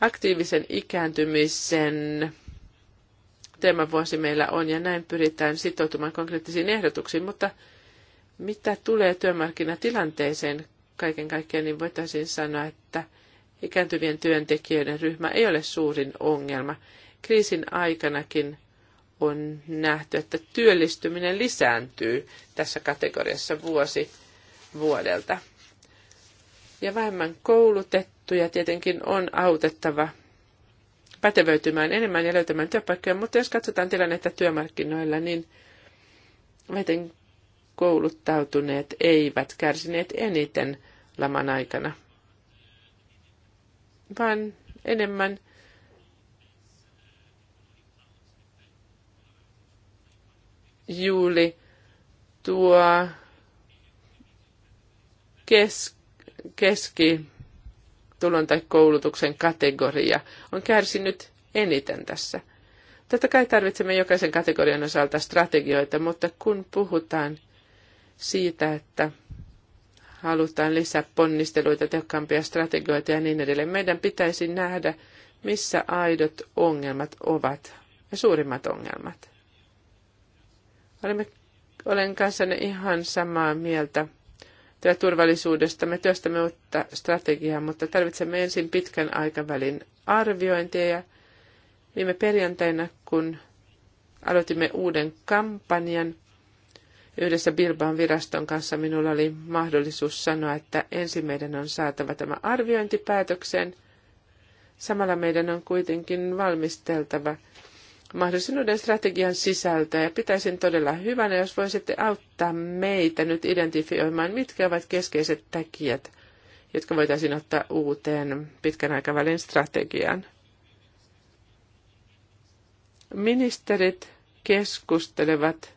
aktiivisen ikääntymisen teemavuosi meillä on ja näin pyritään sitoutumaan konkreettisiin ehdotuksiin, mutta mitä tulee työmarkkinatilanteeseen kaiken kaikkiaan, niin voitaisiin sanoa, että ikääntyvien työntekijöiden ryhmä ei ole suurin ongelma. Kriisin aikanakin on nähty, että työllistyminen lisääntyy tässä kategoriassa vuosi vuodelta. Ja vähemmän koulutettu koulutettuja tietenkin on autettava pätevöitymään enemmän ja löytämään työpaikkoja, mutta jos katsotaan tilannetta työmarkkinoilla, niin vähiten kouluttautuneet eivät kärsineet eniten laman aikana, vaan enemmän juuli tuo kes, keski tulon tai koulutuksen kategoria on kärsinyt eniten tässä. Totta kai tarvitsemme jokaisen kategorian osalta strategioita, mutta kun puhutaan siitä, että halutaan lisää ponnisteluita, tehokkaampia strategioita ja niin edelleen, meidän pitäisi nähdä, missä aidot ongelmat ovat ja suurimmat ongelmat. Olemme, olen kanssanne ihan samaa mieltä työturvallisuudesta. Me työstämme uutta strategiaa, mutta tarvitsemme ensin pitkän aikavälin arviointia. Ja viime perjantaina, kun aloitimme uuden kampanjan, yhdessä Bilbaan viraston kanssa minulla oli mahdollisuus sanoa, että ensin meidän on saatava tämä arviointipäätökseen. Samalla meidän on kuitenkin valmisteltava – mahdollisuuden strategian sisältöä ja pitäisin todella hyvänä, jos voisitte auttaa meitä nyt identifioimaan, mitkä ovat keskeiset tekijät, jotka voitaisiin ottaa uuteen pitkän aikavälin strategiaan. Ministerit keskustelevat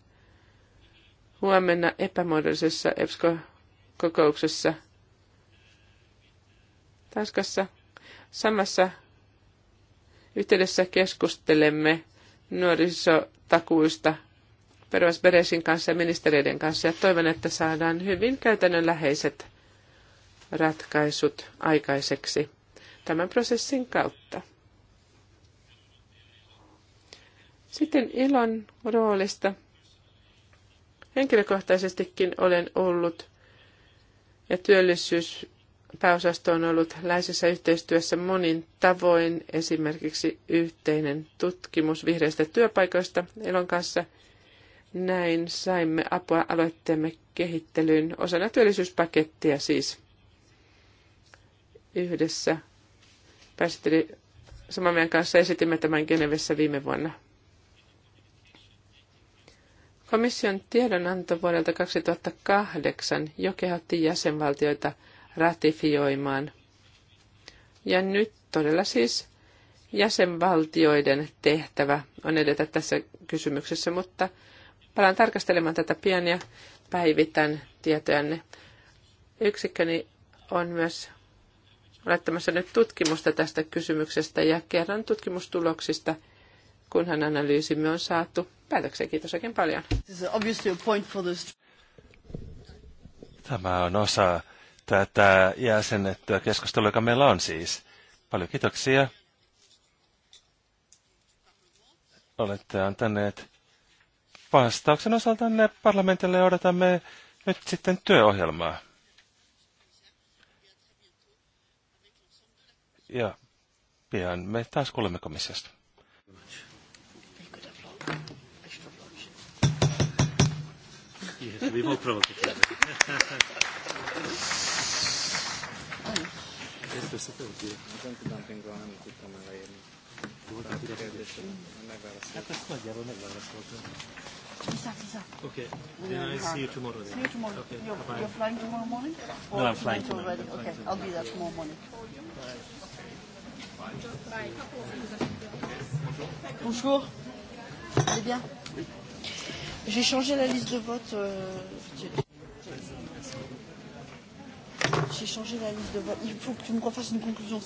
huomenna epämuodollisessa EPSCO-kokouksessa Tanskassa. Samassa yhteydessä keskustelemme nuorisotakuista Beresin kanssa ja ministereiden kanssa ja toivon, että saadaan hyvin käytännönläheiset ratkaisut aikaiseksi tämän prosessin kautta. Sitten ilon roolista. Henkilökohtaisestikin olen ollut ja työllisyys pääosasto on ollut läheisessä yhteistyössä monin tavoin, esimerkiksi yhteinen tutkimus vihreistä työpaikoista Elon kanssa. Näin saimme apua aloitteemme kehittelyyn osana työllisyyspakettia siis yhdessä. Pääsihteeri Samamian kanssa esitimme tämän Genevessä viime vuonna. Komission tiedonanto vuodelta 2008 jo kehotti jäsenvaltioita – ratifioimaan. Ja nyt todella siis jäsenvaltioiden tehtävä on edetä tässä kysymyksessä, mutta palaan tarkastelemaan tätä pian ja päivitän tietojanne. Yksikköni on myös laittamassa nyt tutkimusta tästä kysymyksestä ja kerran tutkimustuloksista, kunhan analyysimme on saatu päätökseen. Kiitos oikein paljon. Tämä on osa tätä jäsennettyä keskustelua, joka meillä on siis. Paljon kiitoksia. Olette antaneet vastauksen osaltanne parlamentille ja odotamme nyt sitten työohjelmaa. Ja pian me taas kuulemme komissiosta. Yes, we more provocative. [LAUGHS] Aina. Este se pelkii. Miten kun on tinkoa hän kukkamalla ilmi? Dacă scoate, iar o nevoie Exactly, exactly. Okay. Then I see you tomorrow. Then. See you tomorrow. Okay. You're, Bye. you're flying tomorrow morning? Or no, I'm flying tomorrow. Already? Flying okay, tomorrow. I'll be there tomorrow morning. Bye. Bonjour. Allez bien. J'ai changé la liste de vote. Euh, J'ai changé la liste de vote. Il faut que tu me refasses une conclusion.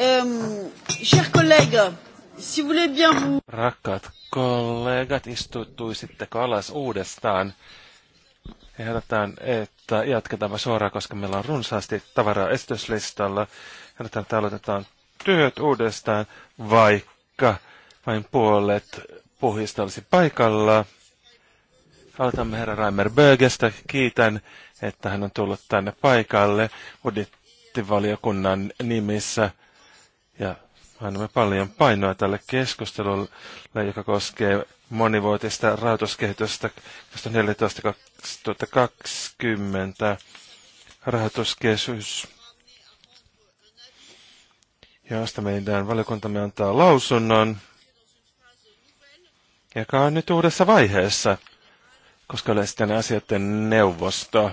Euh, chers collègues, si vous voulez bien vous... Rakkaat kollegat, istutuisitteko alas uudestaan? Ehdotetaan, että jatketaan suoraan, koska meillä on runsaasti tavaraa estyslistalla. Ehdotetaan, että aloitetaan työt uudestaan, vaikka vain puolet puhista olisi paikalla. Aloitamme herra Raimer Bögestä. Kiitän, että hän on tullut tänne paikalle budjettivaliokunnan nimissä. Ja annamme paljon painoa tälle keskustelulle, joka koskee monivuotista rahoituskehitystä 2014-2020 ja josta meidän valiokuntamme antaa lausunnon, joka on nyt uudessa vaiheessa, koska sitten asioiden neuvosto,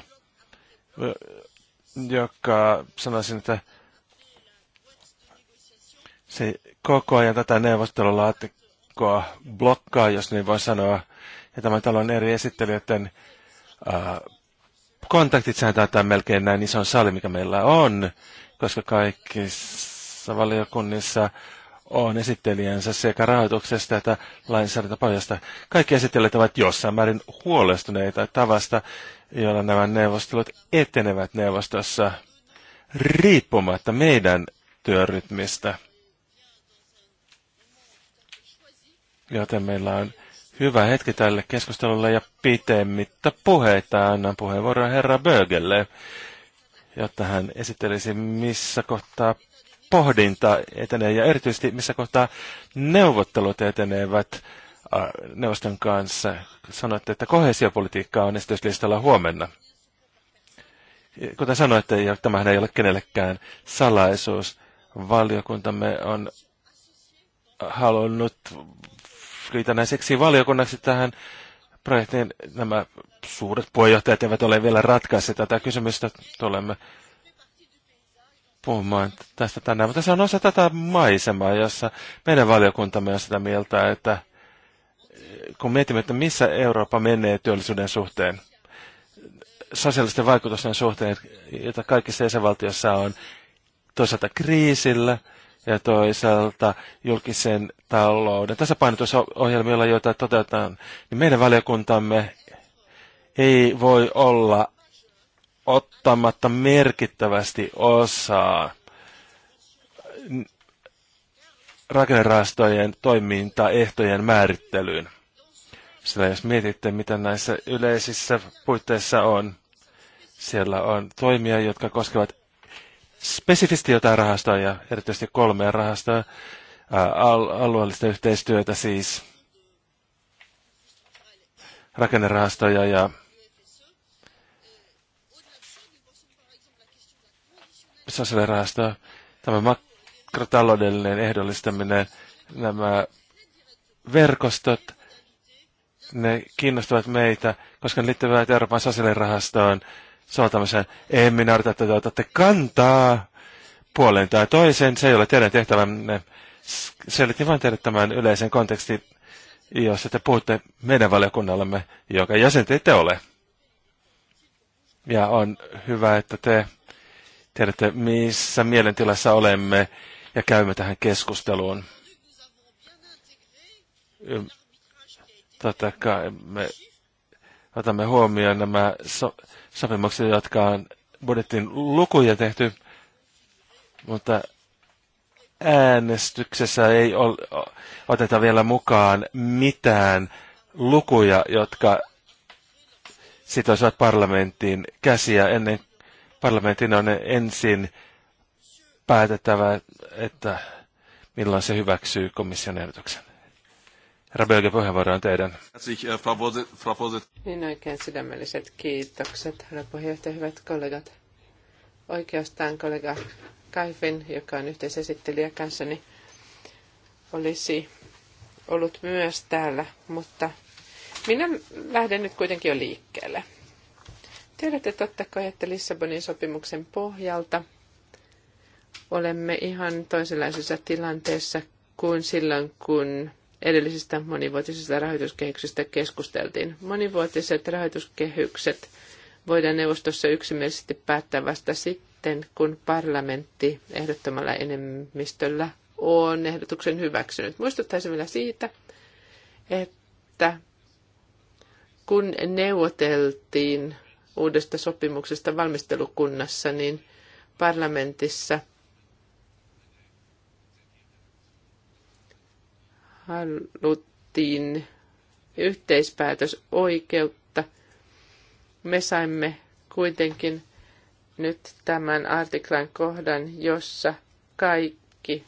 joka sanoisin, että se koko ajan tätä neuvostelulaatikkoa blokkaa, jos niin voi sanoa. Ja tämän talon eri esittelijöiden äh, kontaktit sääntää tämän melkein näin ison sali, mikä meillä on, koska kaikissa valiokunnissa on esittelijänsä sekä rahoituksesta että lainsäädäntöpohjasta. Kaikki esittelijät ovat jossain määrin huolestuneita tavasta, jolla nämä neuvostelut etenevät neuvostossa riippumatta meidän työrytmistä. Joten meillä on hyvä hetki tälle keskustelulle ja pitemmittä puheita annan puheenvuoron herra Bögelle, jotta hän esittelisi missä kohtaa pohdinta etenee ja erityisesti missä kohtaa neuvottelut etenevät äh, neuvoston kanssa. Sanoitte, että kohesiopolitiikka on esityslistalla huomenna. Kuten sanoitte, ja tämähän ei ole kenellekään salaisuus, valiokuntamme on halunnut liitännäiseksi valiokunnaksi tähän projektiin. Nämä suuret puheenjohtajat eivät ole vielä ratkaisseet tätä kysymystä. Tulemme puhumaan tästä tänään, mutta se on osa tätä maisemaa, jossa meidän valiokuntamme on sitä mieltä, että kun mietimme, että missä Eurooppa menee työllisyyden suhteen, sosiaalisten vaikutusten suhteen, jota kaikissa jäsenvaltioissa on, toisaalta kriisillä – ja toisaalta julkisen talouden tasapainotusohjelmilla, joita toteutetaan, niin meidän valiokuntamme ei voi olla ottamatta merkittävästi osaa rakennerahastojen toimintaehtojen määrittelyyn. Sillä jos mietitte, mitä näissä yleisissä puitteissa on, siellä on toimia, jotka koskevat spesifisti jotain rahastoa ja erityisesti kolmea rahastoa, al- alueellista yhteistyötä siis, rakennerahastoja ja sosiaalirahastoa. Tämä makrotaloudellinen ehdollistaminen, nämä verkostot, ne kiinnostavat meitä, koska ne liittyvät Euroopan sosiaalirahastoon, tämmöisen, En minä arvita, että te otatte kantaa puoleen tai toiseen. Se ei ole teidän tehtävänne. Selitin vain teille tämän yleisen kontekstin, jossa te puhutte meidän valiokunnallamme, joka jäsen te ette ole. Ja on hyvä, että te tiedätte, missä mielentilassa olemme ja käymme tähän keskusteluun. Totta kai me otamme huomioon nämä so- sopimukset, jotka on budjetin lukuja tehty, mutta äänestyksessä ei ol, oteta vielä mukaan mitään lukuja, jotka sitoisivat parlamenttiin käsiä ennen parlamentin on ensin päätettävä, että milloin se hyväksyy komission ehdotuksen. Herra Belge, puheenvuoro teidän. Äh, niin oikein sydämelliset kiitokset, herra puheenjohtaja, hyvät kollegat. Oikeastaan kollega Kaifin, joka on yhteisesittelijä kanssani, olisi ollut myös täällä, mutta minä lähden nyt kuitenkin jo liikkeelle. Tiedätte totta kai, että Lissabonin sopimuksen pohjalta olemme ihan toisenlaisessa tilanteessa kuin silloin, kun edellisistä monivuotisista rahoituskehyksistä keskusteltiin. Monivuotiset rahoituskehykset voidaan neuvostossa yksimielisesti päättää vasta sitten, kun parlamentti ehdottomalla enemmistöllä on ehdotuksen hyväksynyt. Muistuttaisin vielä siitä, että kun neuvoteltiin uudesta sopimuksesta valmistelukunnassa, niin parlamentissa – haluttiin yhteispäätösoikeutta. Me saimme kuitenkin nyt tämän artiklan kohdan, jossa kaikki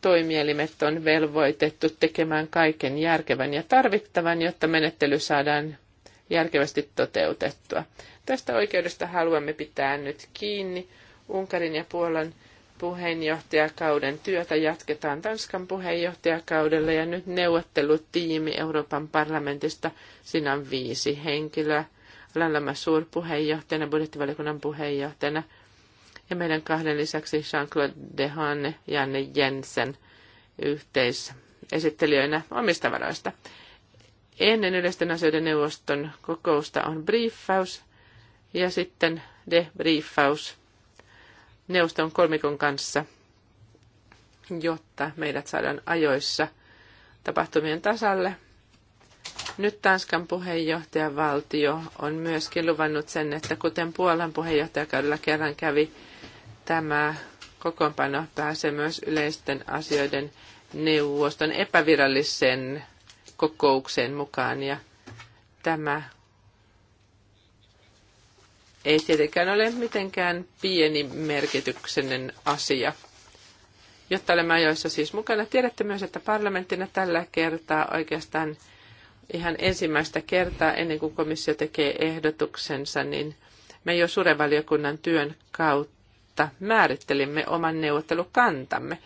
toimielimet on velvoitettu tekemään kaiken järkevän ja tarvittavan, jotta menettely saadaan järkevästi toteutettua. Tästä oikeudesta haluamme pitää nyt kiinni. Unkarin ja Puolan puheenjohtajakauden työtä jatketaan Tanskan puheenjohtajakaudella ja nyt neuvottelutiimi Euroopan parlamentista, siinä on viisi henkilöä, Lallama Suur puheenjohtajana, budjettivaliokunnan puheenjohtajana ja meidän kahden lisäksi Jean-Claude Dehaene, ja Janne Jensen yhteisesittelijöinä omista varoista. Ennen yleisten asioiden neuvoston kokousta on briefaus ja sitten debriefaus neuvoston kolmikon kanssa, jotta meidät saadaan ajoissa tapahtumien tasalle. Nyt Tanskan puheenjohtajavaltio on myöskin luvannut sen, että kuten Puolan puheenjohtajakaudella kerran kävi, tämä kokoonpano pääsee myös yleisten asioiden neuvoston epäviralliseen kokoukseen mukaan. Ja tämä ei tietenkään ole mitenkään pieni merkityksinen asia. Jotta olemme ajoissa siis mukana, tiedätte myös, että parlamenttina tällä kertaa oikeastaan ihan ensimmäistä kertaa ennen kuin komissio tekee ehdotuksensa, niin me jo surevaliokunnan työn kautta määrittelimme oman neuvottelukantamme.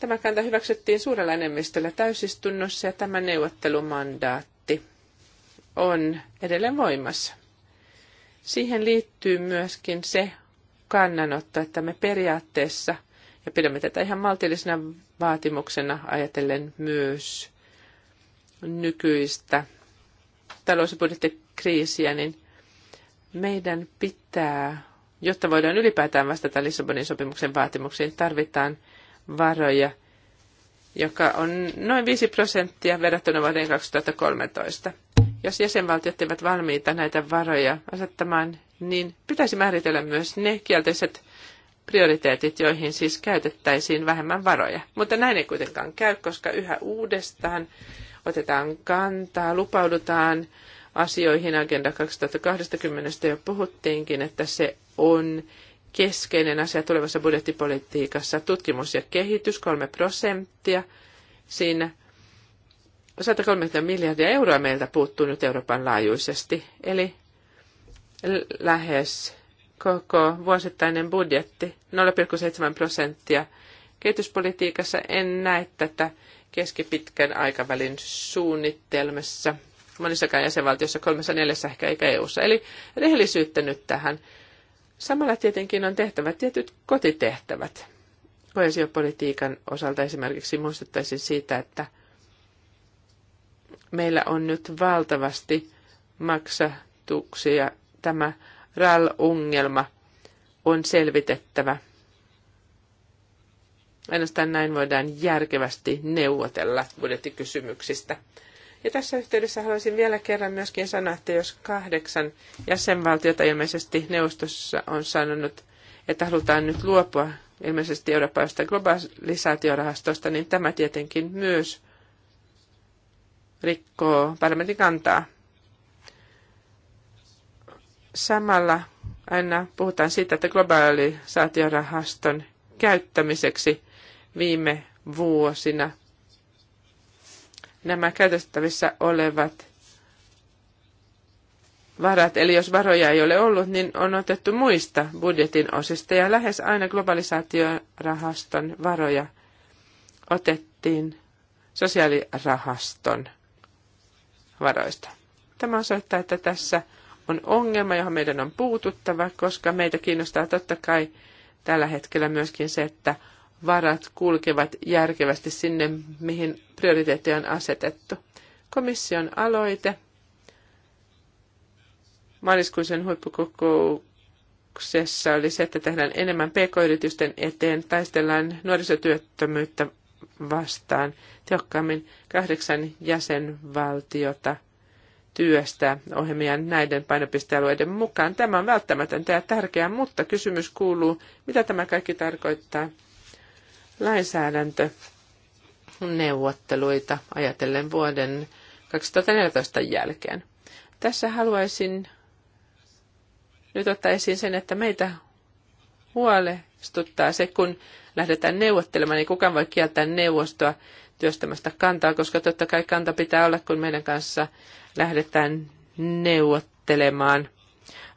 Tämä kanta hyväksyttiin suurella enemmistöllä täysistunnossa ja tämä neuvottelumandaatti on edelleen voimassa. Siihen liittyy myöskin se kannanotto, että me periaatteessa, ja pidämme tätä ihan maltillisena vaatimuksena ajatellen myös nykyistä talous- ja budjettikriisiä, niin meidän pitää, jotta voidaan ylipäätään vastata Lissabonin sopimuksen vaatimuksiin, tarvitaan varoja, joka on noin 5 prosenttia verrattuna vuoteen 2013 jos jäsenvaltiot eivät valmiita näitä varoja asettamaan, niin pitäisi määritellä myös ne kielteiset prioriteetit, joihin siis käytettäisiin vähemmän varoja. Mutta näin ei kuitenkaan käy, koska yhä uudestaan otetaan kantaa, lupaudutaan asioihin. Agenda 2020 jo puhuttiinkin, että se on keskeinen asia tulevassa budjettipolitiikassa. Tutkimus ja kehitys kolme prosenttia. Siinä 130 miljardia euroa meiltä puuttuu nyt Euroopan laajuisesti, eli lähes koko vuosittainen budjetti, 0,7 prosenttia. Kehityspolitiikassa en näe tätä keskipitkän aikavälin suunnitelmassa. monissakaan jäsenvaltiossa, kolmessa, neljässä ehkä eikä EU-ssa. Eli rehellisyyttä nyt tähän. Samalla tietenkin on tehtävä tietyt kotitehtävät. Koesiopolitiikan osalta esimerkiksi muistuttaisin siitä, että – meillä on nyt valtavasti maksatuksia. Tämä RAL-ongelma on selvitettävä. Ainoastaan näin voidaan järkevästi neuvotella budjettikysymyksistä. Ja tässä yhteydessä haluaisin vielä kerran myöskin sanoa, että jos kahdeksan jäsenvaltiota ilmeisesti neuvostossa on sanonut, että halutaan nyt luopua ilmeisesti eurooppalaisesta globalisaatiorahastosta, niin tämä tietenkin myös rikkoo parlamentin kantaa. Samalla aina puhutaan siitä, että globaalisaatiorahaston käyttämiseksi viime vuosina nämä käytettävissä olevat varat, eli jos varoja ei ole ollut, niin on otettu muista budjetin osista ja lähes aina globalisaatiorahaston varoja otettiin sosiaalirahaston varoista. Tämä osoittaa, että tässä on ongelma, johon meidän on puututtava, koska meitä kiinnostaa totta kai tällä hetkellä myöskin se, että varat kulkevat järkevästi sinne, mihin prioriteetti on asetettu. Komission aloite maaliskuisen huippukokouksessa oli se, että tehdään enemmän pk-yritysten eteen, taistellaan nuorisotyöttömyyttä vastaan tehokkaammin kahdeksan jäsenvaltiota työstää ohjelmia näiden painopistealueiden mukaan. Tämä on välttämätöntä ja tärkeää, mutta kysymys kuuluu, mitä tämä kaikki tarkoittaa lainsäädäntöneuvotteluita ajatellen vuoden 2014 jälkeen. Tässä haluaisin nyt ottaa esiin sen, että meitä huolestuttaa se, kun lähdetään neuvottelemaan, niin kukaan voi kieltää neuvostoa työstämästä kantaa, koska totta kai kanta pitää olla, kun meidän kanssa lähdetään neuvottelemaan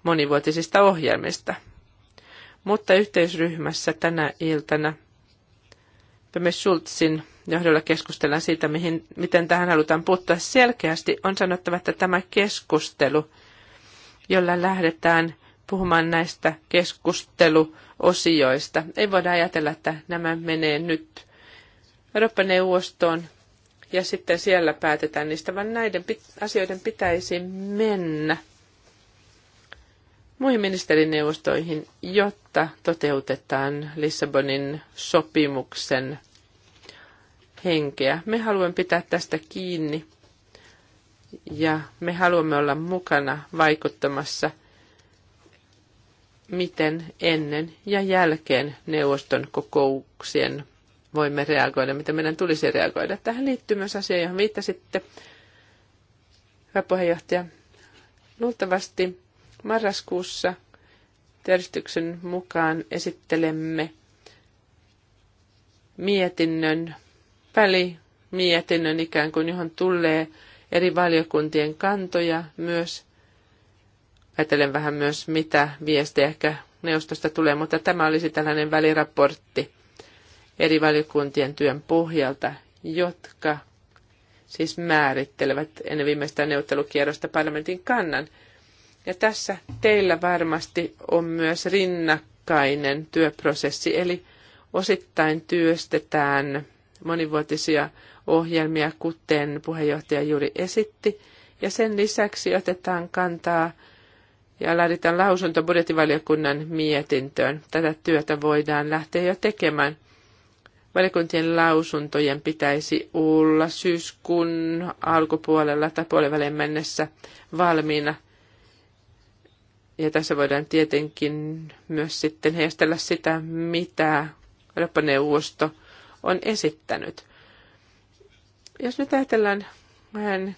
monivuotisista ohjelmista. Mutta yhteisryhmässä tänä iltana Peme Schultzin johdolla keskustellaan siitä, mihin, miten tähän halutaan puuttua selkeästi. On sanottava, että tämä keskustelu, jolla lähdetään puhumaan näistä keskusteluosioista. Ei voida ajatella, että nämä menee nyt Eurooppa-neuvostoon ja sitten siellä päätetään niistä, vaan näiden asioiden pitäisi mennä muihin ministerineuvostoihin, jotta toteutetaan Lissabonin sopimuksen henkeä. Me haluamme pitää tästä kiinni ja me haluamme olla mukana vaikuttamassa miten ennen ja jälkeen neuvoston kokouksien voimme reagoida, miten meidän tulisi reagoida. Tähän liittyy myös asia, johon viittasitte, hyvä puheenjohtaja. Luultavasti marraskuussa järjestyksen mukaan esittelemme mietinnön, välimietinnön ikään kuin, johon tulee eri valiokuntien kantoja myös Ajattelen vähän myös, mitä viestejä ehkä neuvostosta tulee, mutta tämä olisi tällainen väliraportti eri valiokuntien työn pohjalta, jotka siis määrittelevät ennen viimeistä neuvottelukierrosta parlamentin kannan. Ja tässä teillä varmasti on myös rinnakkainen työprosessi, eli osittain työstetään monivuotisia ohjelmia, kuten puheenjohtaja juuri esitti, ja sen lisäksi otetaan kantaa ja laaditaan lausunto budjettivaliokunnan mietintöön. Tätä työtä voidaan lähteä jo tekemään. Valiokuntien lausuntojen pitäisi olla syyskuun alkupuolella tai puolivälin mennessä valmiina. Ja tässä voidaan tietenkin myös sitten heistellä sitä, mitä Eurooppa-neuvosto on esittänyt. Jos nyt ajatellaan vähän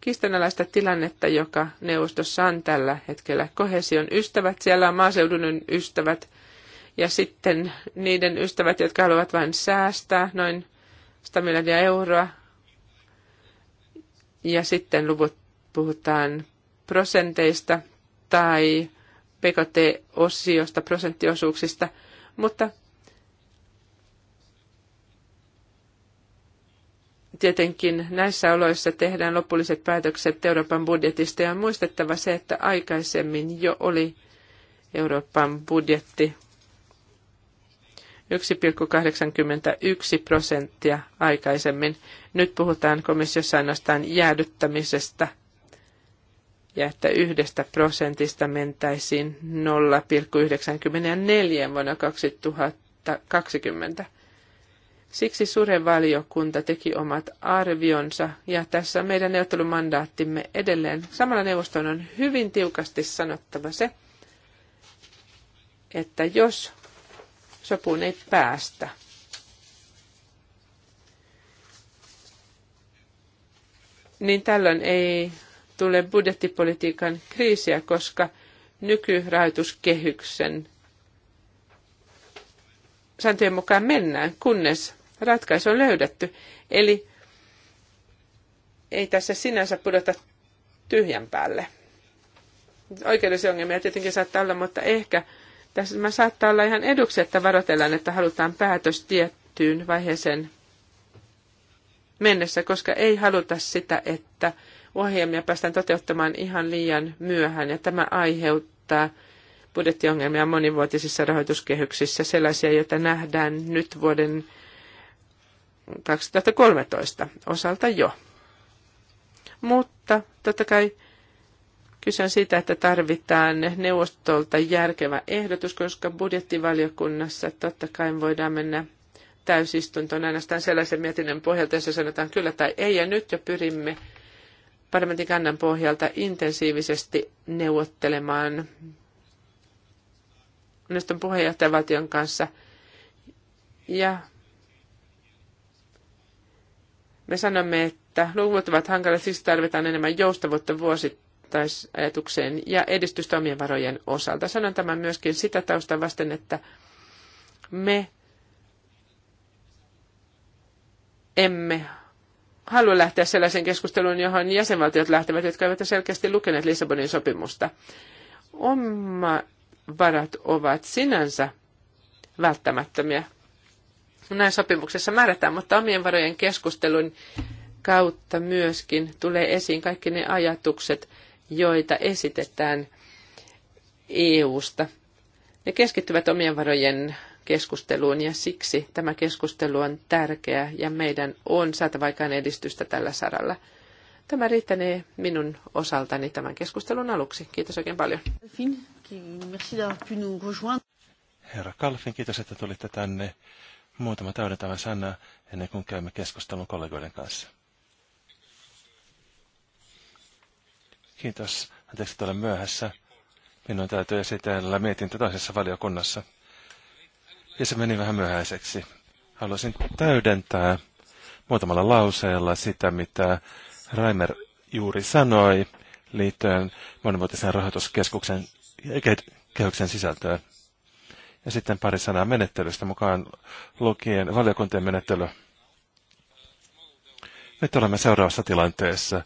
kiistanalaista tilannetta, joka neuvostossa on tällä hetkellä. Kohesion ystävät, siellä on maaseudun ystävät ja sitten niiden ystävät, jotka haluavat vain säästää noin 100 miljardia euroa. Ja sitten luvut puhutaan prosenteista tai PKT-osiosta, prosenttiosuuksista, mutta tietenkin näissä oloissa tehdään lopulliset päätökset Euroopan budjetista ja on muistettava se, että aikaisemmin jo oli Euroopan budjetti 1,81 prosenttia aikaisemmin. Nyt puhutaan komissiossa ainoastaan jäädyttämisestä ja että yhdestä prosentista mentäisiin 0,94 vuonna 2020. Siksi valiokunta teki omat arvionsa ja tässä meidän neuvottelumandaattimme edelleen. Samalla neuvoston on hyvin tiukasti sanottava se, että jos sopuun ei päästä, niin tällöin ei tule budjettipolitiikan kriisiä, koska nykyrahoituskehyksen sääntöjen mukaan mennään, kunnes ratkaisu on löydetty. Eli ei tässä sinänsä pudota tyhjän päälle. Oikeudellisia ongelmia tietenkin saattaa olla, mutta ehkä tässä saattaa olla ihan eduksi, että varoitellaan, että halutaan päätös tiettyyn vaiheeseen mennessä, koska ei haluta sitä, että ohjelmia päästään toteuttamaan ihan liian myöhään, ja tämä aiheuttaa budjettiongelmia monivuotisissa rahoituskehyksissä, sellaisia, joita nähdään nyt vuoden 2013 osalta jo. Mutta totta kai kyse on siitä, että tarvitaan neuvostolta järkevä ehdotus, koska budjettivaliokunnassa totta kai voidaan mennä täysistuntoon ainoastaan sellaisen mietinnön pohjalta, jossa sanotaan kyllä tai ei, ja nyt jo pyrimme parlamentin kannan pohjalta intensiivisesti neuvottelemaan neuvoston puheenjohtajavaltion kanssa ja me sanomme, että luvut ovat hankalat, siksi tarvitaan enemmän joustavuutta vuosittaisajatukseen ja edistystä omien varojen osalta. Sanon tämän myöskin sitä taustaa vasten, että me emme halua lähteä sellaisen keskusteluun, johon jäsenvaltiot lähtevät, jotka eivät selkeästi lukeneet Lissabonin sopimusta. Oma varat ovat sinänsä välttämättömiä näin sopimuksessa määrätään, mutta omien varojen keskustelun kautta myöskin tulee esiin kaikki ne ajatukset, joita esitetään EU-sta. Ne keskittyvät omien varojen keskusteluun ja siksi tämä keskustelu on tärkeä ja meidän on saatava aikaan edistystä tällä saralla. Tämä riittänee minun osaltani tämän keskustelun aluksi. Kiitos oikein paljon. Herra Kalfin, kiitos, että tulitte tänne muutama täydentävä sana ennen kuin käymme keskustelun kollegoiden kanssa. Kiitos. Anteeksi, että olen myöhässä. Minun täytyy esitellä mietintö toisessa valiokunnassa. Ja se meni vähän myöhäiseksi. Haluaisin täydentää muutamalla lauseella sitä, mitä Raimer juuri sanoi liittyen monimuotoisen rahoituskeskuksen kehyksen sisältöön. Ja sitten pari sanaa menettelystä mukaan lukien valiokuntien menettely. Nyt olemme seuraavassa tilanteessa.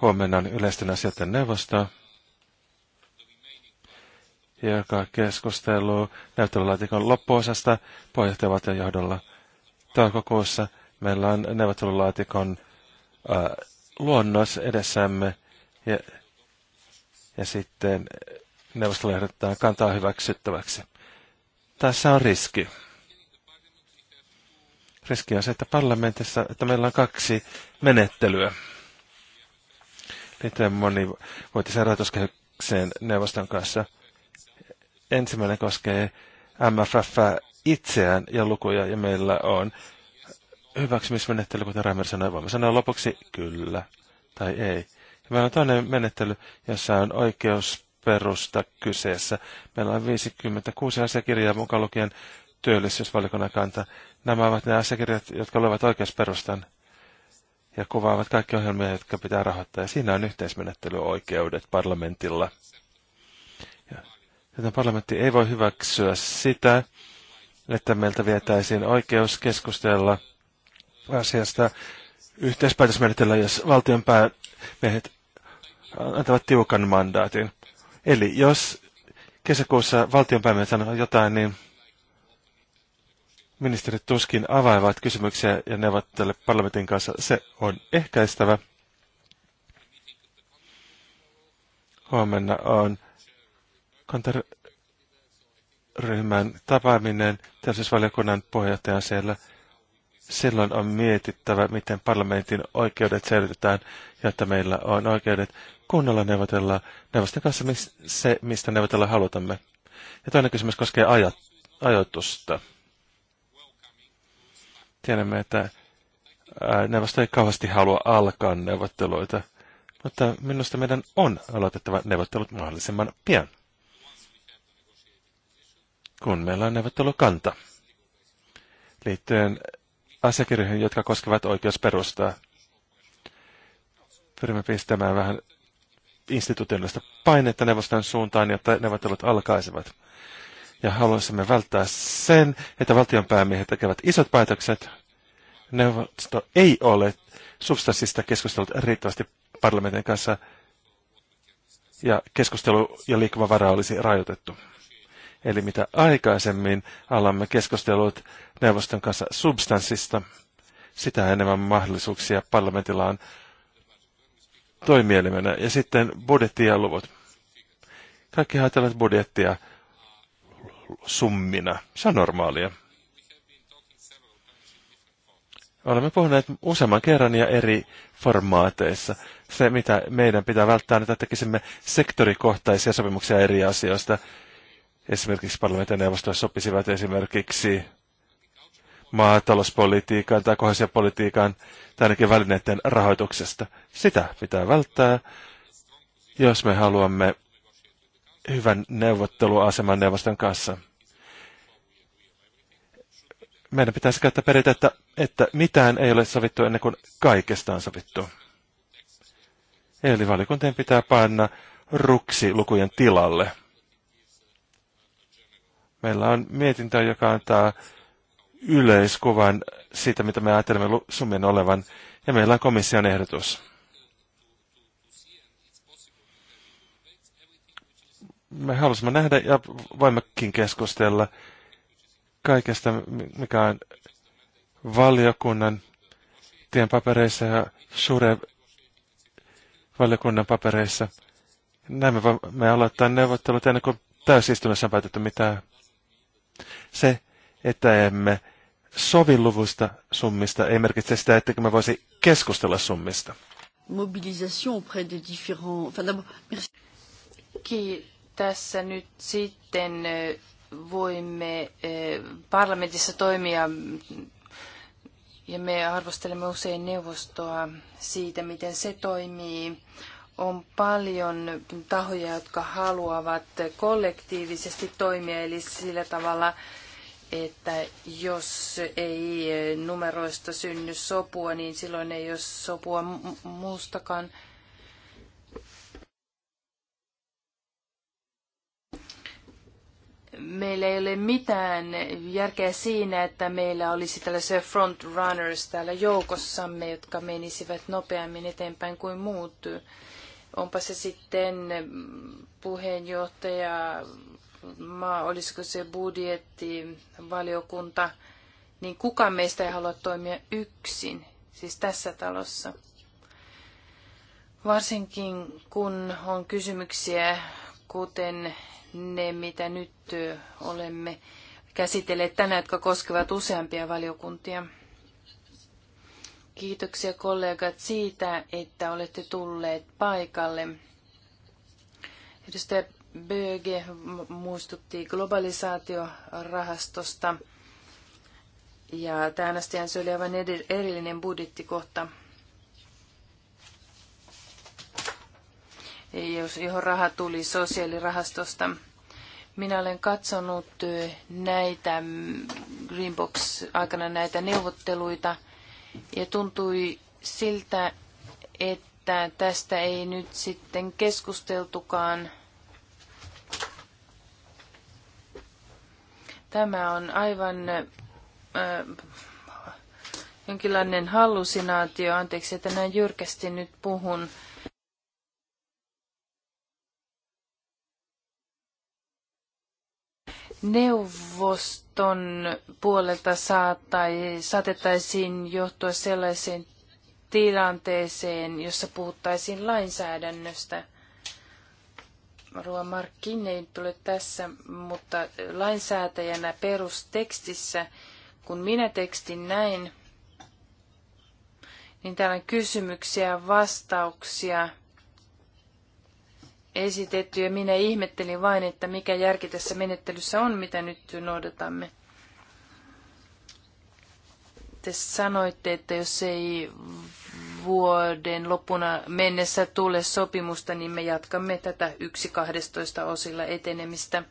Huomenna on yleisten asioiden neuvosto, joka keskustelu neuvottelulaatikon loppuosasta puheenjohtajavaltion johdolla. Toukokuussa meillä on neuvottelulaatikon äh, luonnos edessämme ja, ja sitten neuvostolle ehdottaa kantaa hyväksyttäväksi. Tässä on riski. Riski on se, että parlamentissa, että meillä on kaksi menettelyä. Liittyen monivuotiseen rahoituskehykseen neuvoston kanssa. Ensimmäinen koskee MFF itseään ja lukuja, ja meillä on hyväksymismenettely, kuten Rämer sanoi, voimme sanoa lopuksi kyllä tai ei. Ja meillä on toinen menettely, jossa on oikeus perusta kyseessä. Meillä on 56 asiakirjaa mukaan lukien työllisyysvalikonnan kanta. Nämä ovat ne asiakirjat, jotka luovat oikeusperustan ja kuvaavat kaikki ohjelmia, jotka pitää rahoittaa. Ja siinä on yhteismenettelyoikeudet parlamentilla. Ja, joten parlamentti ei voi hyväksyä sitä, että meiltä vietäisiin oikeus keskustella asiasta yhteispäätösmenetellä, jos valtionpäämiehet antavat tiukan mandaatin. Eli jos kesäkuussa valtionpäivän sanoo jotain, niin ministerit tuskin avaivat kysymyksiä ja neuvottele parlamentin kanssa. Se on ehkäistävä. Huomenna on kantaryhmän tapaaminen terveysvaliokunnan puheenjohtaja siellä silloin on mietittävä, miten parlamentin oikeudet selvitetään, jotta meillä on oikeudet kunnolla neuvotella neuvoston kanssa se, mistä neuvotella halutamme. Ja toinen kysymys koskee ajat, ajoitusta. Tiedämme, että neuvosto ei kauheasti halua alkaa neuvotteluita, mutta minusta meidän on aloitettava neuvottelut mahdollisimman pian, kun meillä on neuvottelukanta liittyen asiakirjoihin, jotka koskevat oikeusperustaa. Pyrimme pistämään vähän instituutiollista painetta neuvoston suuntaan, jotta neuvottelut alkaisivat. Ja haluaisimme välttää sen, että valtionpäämiehet tekevät isot päätökset. Neuvosto ei ole substanssista keskustellut riittävästi parlamentin kanssa, ja keskustelu ja vara olisi rajoitettu. Eli mitä aikaisemmin alamme keskustelut neuvoston kanssa substanssista, sitä enemmän mahdollisuuksia parlamentilla on toimielimenä. Ja sitten budjetti ja luvut. Kaikki ajatellaan budjettia summina. Se on normaalia. Olemme puhuneet useamman kerran ja eri formaateissa. Se, mitä meidän pitää välttää, on, että tekisimme sektorikohtaisia sopimuksia eri asioista esimerkiksi parlamentin neuvostoa sopisivat esimerkiksi maatalouspolitiikan tai politiikan tai ainakin välineiden rahoituksesta. Sitä pitää välttää, jos me haluamme hyvän neuvotteluaseman neuvoston kanssa. Meidän pitäisi käyttää periaatetta, että mitään ei ole sovittu ennen kuin kaikesta on sovittu. Eli valikuntien pitää panna ruksi lukujen tilalle. Meillä on mietintö, joka antaa yleiskuvan siitä, mitä me ajattelemme summien olevan, ja meillä on komission ehdotus. Me halusimme nähdä ja voimmekin keskustella kaikesta, mikä on valiokunnan tien papereissa ja suure valiokunnan papereissa. Näin me voimme aloittaa neuvottelut ennen kuin täysistunnossa on päätetty mitään. Se, että emme sovi luvusta summista, ei merkitse sitä, että me voisi keskustella summista. Mobilisation auprès de différents... Enfin, merci. Ki, tässä nyt sitten voimme parlamentissa toimia ja me arvostelemme usein neuvostoa siitä, miten se toimii on paljon tahoja, jotka haluavat kollektiivisesti toimia, eli sillä tavalla, että jos ei numeroista synny sopua, niin silloin ei ole sopua muustakaan. Meillä ei ole mitään järkeä siinä, että meillä olisi tällaisia frontrunners täällä joukossamme, jotka menisivät nopeammin eteenpäin kuin muut onpa se sitten puheenjohtaja, maa, olisiko se budjetti, valiokunta, niin kukaan meistä ei halua toimia yksin, siis tässä talossa. Varsinkin kun on kysymyksiä, kuten ne, mitä nyt olemme käsitelleet tänään, jotka koskevat useampia valiokuntia. Kiitoksia kollegat siitä, että olette tulleet paikalle. Edustaja Böge muistutti globalisaatiorahastosta. Ja tähän asti se oli aivan erillinen budjettikohta, johon raha tuli sosiaalirahastosta. Minä olen katsonut näitä mm, Greenbox aikana näitä neuvotteluita ja tuntui siltä, että tästä ei nyt sitten keskusteltukaan. Tämä on aivan äh, jonkinlainen hallusinaatio. Anteeksi, että näin jyrkästi nyt puhun. neuvoston puolelta saatettaisiin johtua sellaiseen tilanteeseen, jossa puhuttaisiin lainsäädännöstä. Rua Markkin ei tule tässä, mutta lainsäätäjänä perustekstissä, kun minä tekstin näin, niin täällä on kysymyksiä ja vastauksia – esitetty ja minä ihmettelin vain, että mikä järki tässä menettelyssä on, mitä nyt noudatamme. Te sanoitte, että jos ei vuoden lopuna mennessä tule sopimusta, niin me jatkamme tätä yksi 1.12. osilla etenemistä.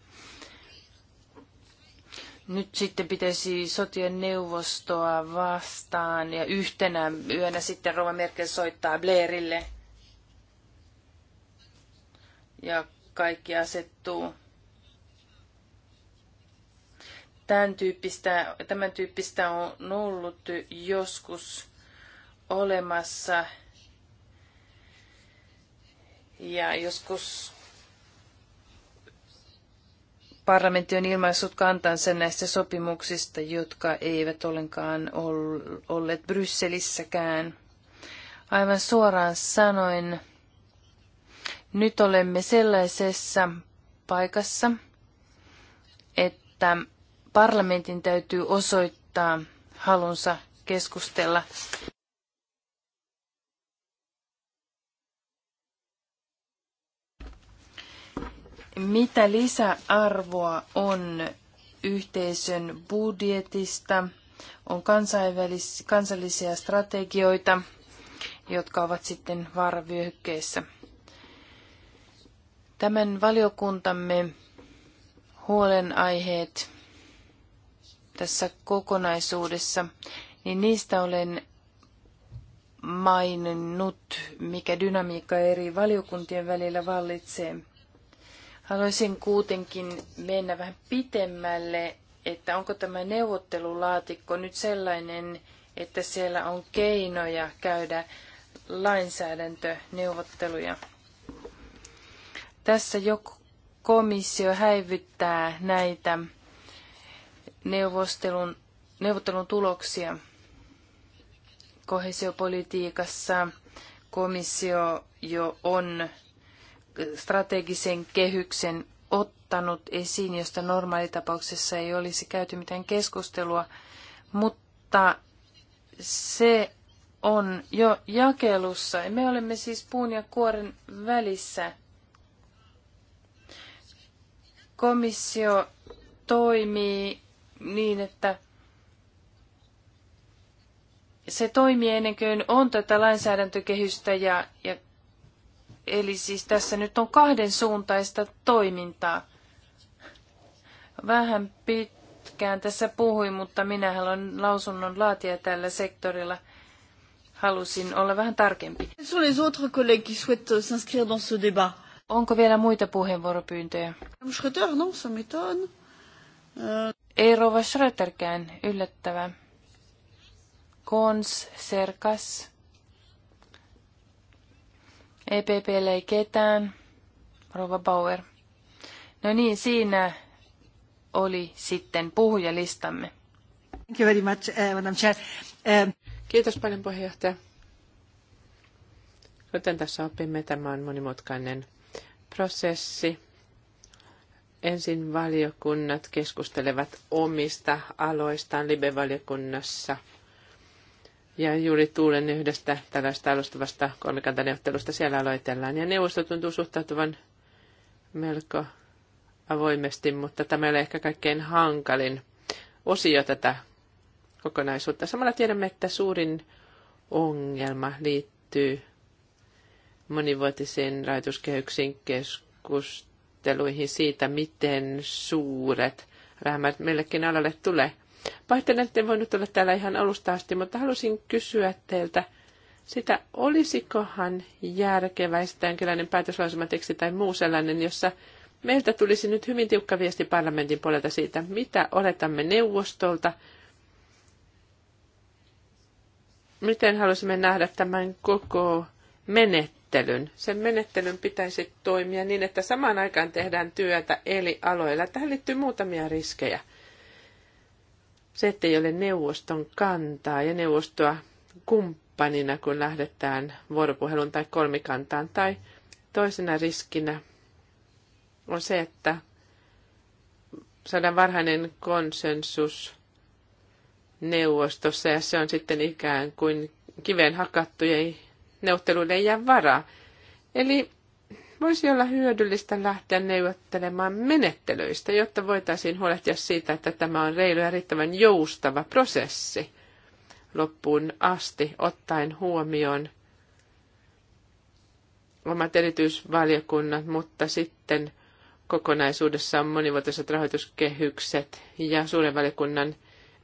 Nyt sitten pitäisi sotien neuvostoa vastaan ja yhtenä yönä sitten Rova Merkel soittaa Blairille ja kaikki asettuu tämän tyyppistä, tämän tyyppistä on ollut joskus olemassa. Ja joskus parlamentti on ilmaissut kantansa näistä sopimuksista, jotka eivät ollenkaan olleet Brysselissäkään. Aivan suoraan sanoen, nyt olemme sellaisessa paikassa, että parlamentin täytyy osoittaa halunsa keskustella. Mitä lisäarvoa on yhteisön budjetista? On kansainvälis- kansallisia strategioita, jotka ovat sitten vaaravyöhykkeessä. Tämän valiokuntamme huolenaiheet tässä kokonaisuudessa, niin niistä olen maininnut, mikä dynamiikka eri valiokuntien välillä vallitsee. Haluaisin kuitenkin mennä vähän pitemmälle, että onko tämä neuvottelulaatikko nyt sellainen, että siellä on keinoja käydä lainsäädäntöneuvotteluja. Tässä jo komissio häivyttää näitä neuvostelun, neuvottelun tuloksia kohesiopolitiikassa. Komissio jo on strategisen kehyksen ottanut esiin, josta normaalitapauksessa ei olisi käyty mitään keskustelua, mutta se on jo jakelussa. Me olemme siis puun ja kuoren välissä komissio toimii niin, että se toimii ennen kuin on tätä lainsäädäntökehystä ja, ja eli siis tässä nyt on kahden suuntaista toimintaa. Vähän pitkään tässä puhuin, mutta minä haluan lausunnon laatia tällä sektorilla. Halusin olla vähän tarkempi. Quels sont les autres collègues qui souhaitent s'inscrire dans ce débat? Onko vielä muita puheenvuoropyyntöjä? Euh, ei rova Schröterkään, yllättävä. Kons, Serkas. Epp ei ketään. Rova Bauer. No niin, siinä oli sitten puhujalistamme. Thank you very much, uh, Madam Chair. Um, Kiitos paljon puheenjohtaja. Kuten tässä opimme, tämä on monimutkainen prosessi. Ensin valiokunnat keskustelevat omista aloistaan Libe-valiokunnassa. Ja juuri tuulen yhdestä tällaista alustavasta kolmikantaneuvottelusta siellä aloitellaan. Ja neuvosto tuntuu suhtautuvan melko avoimesti, mutta tämä ei ole ehkä kaikkein hankalin osio tätä kokonaisuutta. Samalla tiedämme, että suurin ongelma liittyy monivuotisiin rahoituskehyksiin keskusteluihin siitä, miten suuret rahmat meillekin alalle tulee. Pahoittelen, että en voinut olla täällä ihan alusta asti, mutta halusin kysyä teiltä sitä, olisikohan järkeväistä jonkinlainen päätöslausumateksti tai muu sellainen, jossa meiltä tulisi nyt hyvin tiukka viesti parlamentin puolelta siitä, mitä oletamme neuvostolta, miten halusimme nähdä tämän koko menettelyn menettelyn. Sen menettelyn pitäisi toimia niin, että samaan aikaan tehdään työtä eli aloilla. Tähän liittyy muutamia riskejä. Se, että ei ole neuvoston kantaa ja neuvostoa kumppanina, kun lähdetään vuoropuhelun tai kolmikantaan. Tai toisena riskinä on se, että saadaan varhainen konsensus neuvostossa ja se on sitten ikään kuin kiveen hakattu ja neuvotteluille ei jää varaa. Eli voisi olla hyödyllistä lähteä neuvottelemaan menettelyistä, jotta voitaisiin huolehtia siitä, että tämä on reilu ja riittävän joustava prosessi loppuun asti, ottaen huomioon omat erityisvaliokunnat, mutta sitten kokonaisuudessaan monivuotiset rahoituskehykset ja suuren valiokunnan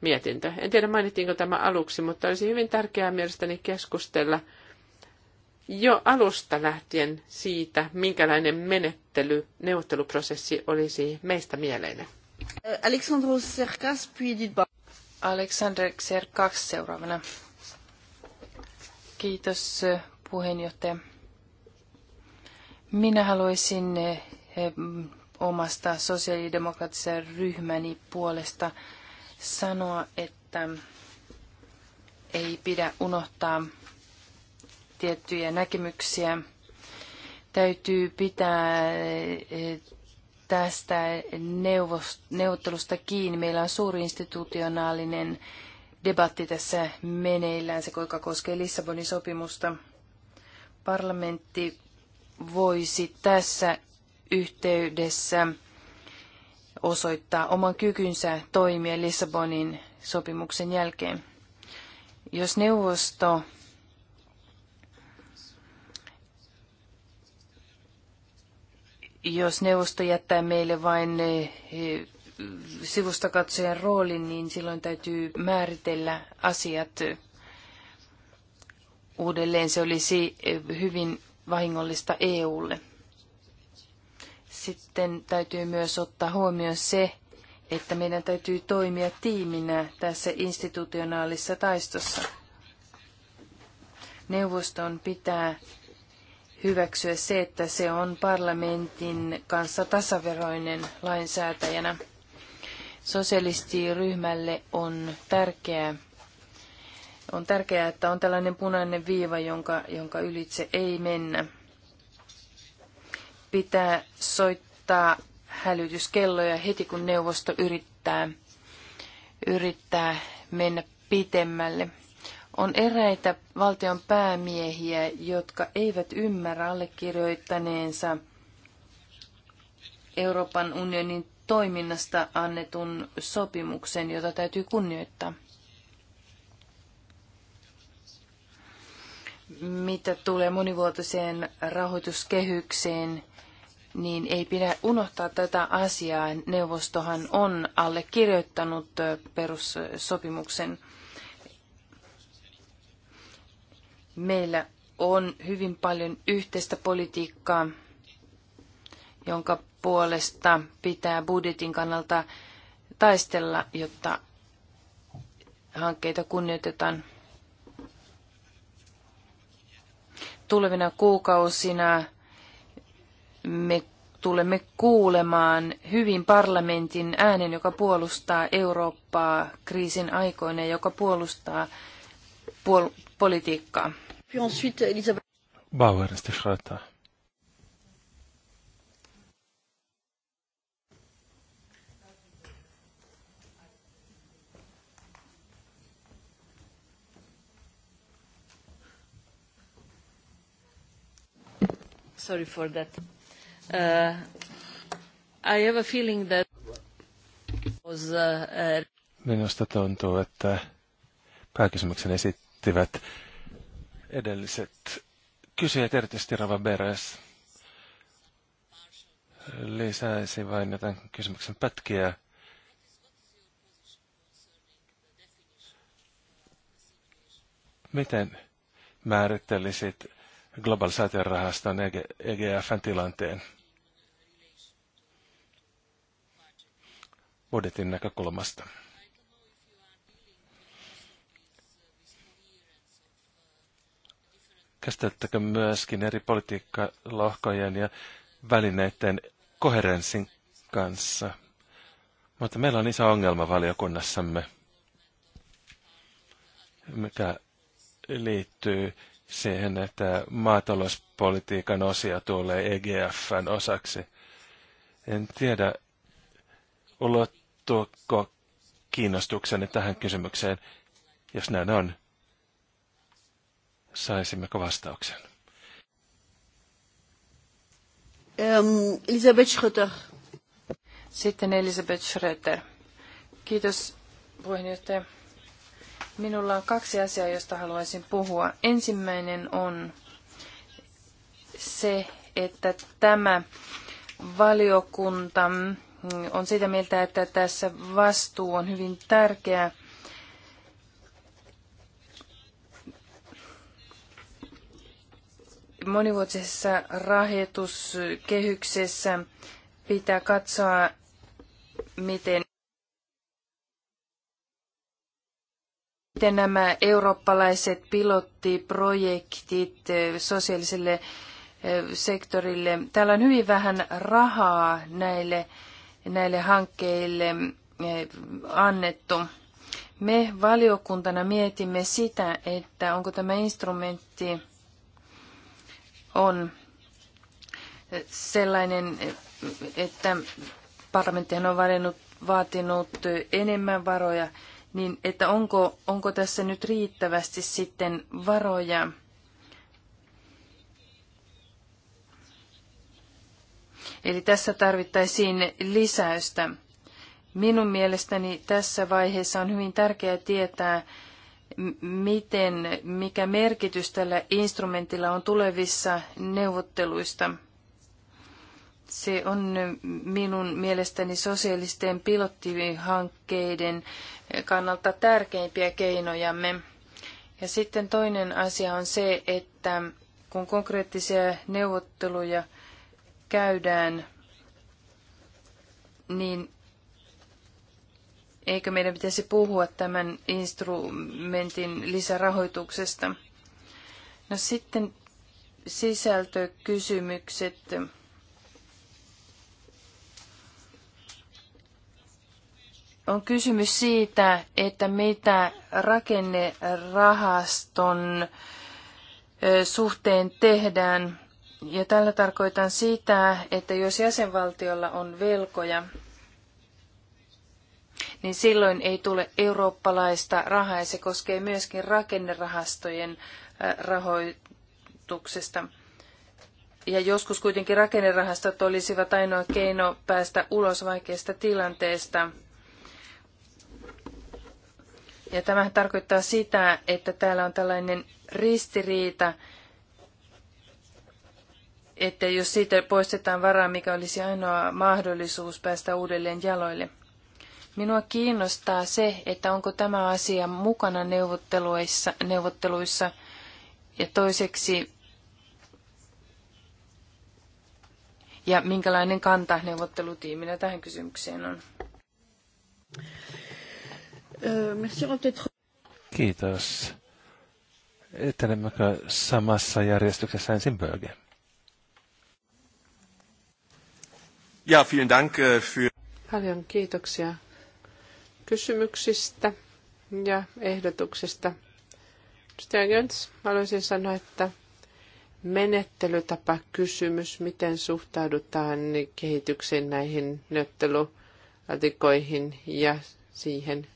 mietintö. En tiedä mainittiinko tämä aluksi, mutta olisi hyvin tärkeää mielestäni keskustella – jo alusta lähtien siitä, minkälainen menettely, neuvotteluprosessi olisi meistä mieleinen. Alexander Serkas, puis Edith Bauer. Serkas seuraavana. Kiitos puheenjohtaja. Minä haluaisin eh, omasta sosiaalidemokraattisen ryhmäni puolesta sanoa, että ei pidä unohtaa tiettyjä näkemyksiä. Täytyy pitää eh, tästä neuvottelusta kiinni. Meillä on suuri institutionaalinen debatti tässä meneillään, se joka koskee Lissabonin sopimusta. Parlamentti voisi tässä yhteydessä osoittaa oman kykynsä toimia Lissabonin sopimuksen jälkeen. Jos neuvosto jos neuvosto jättää meille vain eh, sivustakatsojan roolin, niin silloin täytyy määritellä asiat uudelleen. Se olisi eh, hyvin vahingollista EUlle. Sitten täytyy myös ottaa huomioon se, että meidän täytyy toimia tiiminä tässä institutionaalisessa taistossa. Neuvoston pitää hyväksyä se, että se on parlamentin kanssa tasaveroinen lainsäätäjänä. Sosialistiryhmälle on tärkeää, on tärkeää, että on tällainen punainen viiva, jonka, jonka ylitse ei mennä. Pitää soittaa hälytyskelloja heti, kun neuvosto yrittää, yrittää mennä pitemmälle. On eräitä valtion päämiehiä, jotka eivät ymmärrä allekirjoittaneensa Euroopan unionin toiminnasta annetun sopimuksen, jota täytyy kunnioittaa. Mitä tulee monivuotiseen rahoituskehykseen, niin ei pidä unohtaa tätä asiaa. Neuvostohan on allekirjoittanut perussopimuksen. Meillä on hyvin paljon yhteistä politiikkaa, jonka puolesta pitää budjetin kannalta taistella, jotta hankkeita kunnioitetaan. Tulevina kuukausina me tulemme kuulemaan hyvin parlamentin äänen, joka puolustaa Eurooppaa kriisin aikoina, joka puolustaa puol- politiikkaa. Bauer, Sorry for that. Uh, I have a feeling that was, uh, uh Minusta tuntuu, että pääkysymyksen esittää esittivät edelliset kysyjät, erityisesti Rava Beres. Lisäisin vain jotain kysymyksen pätkiä. Miten määrittelisit globalisaation rahaston EGFn e tilanteen budjetin näkökulmasta? Käsiteltäkö myöskin eri politiikkalohkojen ja välineiden koherenssin kanssa? Mutta meillä on iso ongelma valiokunnassamme, mikä liittyy siihen, että maatalouspolitiikan osia tulee EGFn osaksi. En tiedä, ulottuuko kiinnostukseni tähän kysymykseen. Jos näin on, Saisimmeko vastauksen? Um, Elisabeth Schröter. Sitten Elisabeth Schröter. Kiitos puheenjohtaja. Minulla on kaksi asiaa, joista haluaisin puhua. Ensimmäinen on se, että tämä valiokunta on sitä mieltä, että tässä vastuu on hyvin tärkeä monivuotisessa rahoituskehyksessä pitää katsoa, miten, miten nämä eurooppalaiset pilottiprojektit eh, sosiaaliselle eh, sektorille. Täällä on hyvin vähän rahaa näille, näille hankkeille eh, annettu. Me valiokuntana mietimme sitä, että onko tämä instrumentti on sellainen, että parlamentti on valinnut, vaatinut enemmän varoja, niin että onko, onko tässä nyt riittävästi sitten varoja? Eli tässä tarvittaisiin lisäystä. Minun mielestäni tässä vaiheessa on hyvin tärkeää tietää, miten, mikä merkitys tällä instrumentilla on tulevissa neuvotteluista. Se on minun mielestäni sosiaalisten pilottihankkeiden kannalta tärkeimpiä keinojamme. Ja sitten toinen asia on se, että kun konkreettisia neuvotteluja käydään, niin Eikö meidän pitäisi puhua tämän instrumentin lisärahoituksesta? No sitten sisältökysymykset. On kysymys siitä, että mitä rakennerahaston suhteen tehdään. Ja tällä tarkoitan sitä, että jos jäsenvaltiolla on velkoja, niin silloin ei tule eurooppalaista rahaa ja se koskee myöskin rakennerahastojen rahoituksesta. Ja joskus kuitenkin rakennerahastot olisivat ainoa keino päästä ulos vaikeasta tilanteesta. Ja tämä tarkoittaa sitä, että täällä on tällainen ristiriita, että jos siitä poistetaan varaa, mikä olisi ainoa mahdollisuus päästä uudelleen jaloille – Minua kiinnostaa se, että onko tämä asia mukana neuvotteluissa, neuvotteluissa ja toiseksi, ja minkälainen kanta neuvottelutiiminä tähän kysymykseen on. Kiitos. Etenemmekö samassa järjestyksessä ensin Böge? Ja, vielen Dank äh, für... Paljon kiitoksia kysymyksistä ja ehdotuksista. Edustaja Göns, haluaisin sanoa, että menettelytapa kysymys, miten suhtaudutaan kehitykseen näihin neuvottelulatikoihin ja siihen,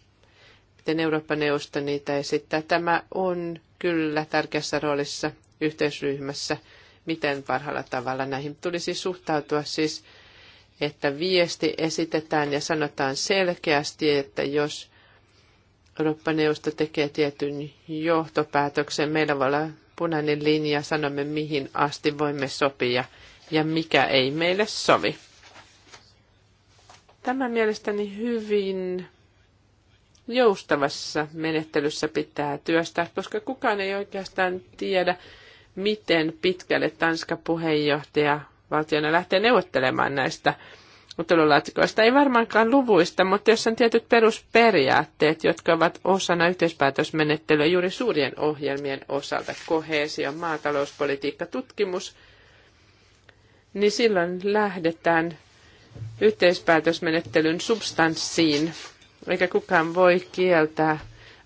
miten Euroopan neuvosto niitä esittää. Tämä on kyllä tärkeässä roolissa yhteisryhmässä, miten parhaalla tavalla näihin tulisi suhtautua. Siis että viesti esitetään ja sanotaan selkeästi, että jos Eurooppa-neuvosto tekee tietyn johtopäätöksen, meillä voi olla punainen linja, sanomme mihin asti voimme sopia ja mikä ei meille sovi. Tämä mielestäni hyvin joustavassa menettelyssä pitää työstää, koska kukaan ei oikeastaan tiedä, miten pitkälle Tanska puheenjohtaja valtiona lähtee neuvottelemaan näistä ottelulaatikoista. Ei varmaankaan luvuista, mutta jos on tietyt perusperiaatteet, jotka ovat osana yhteispäätösmenettelyä juuri suurien ohjelmien osalta, kohesio, maatalouspolitiikka, tutkimus, niin silloin lähdetään yhteispäätösmenettelyn substanssiin, eikä kukaan voi kieltää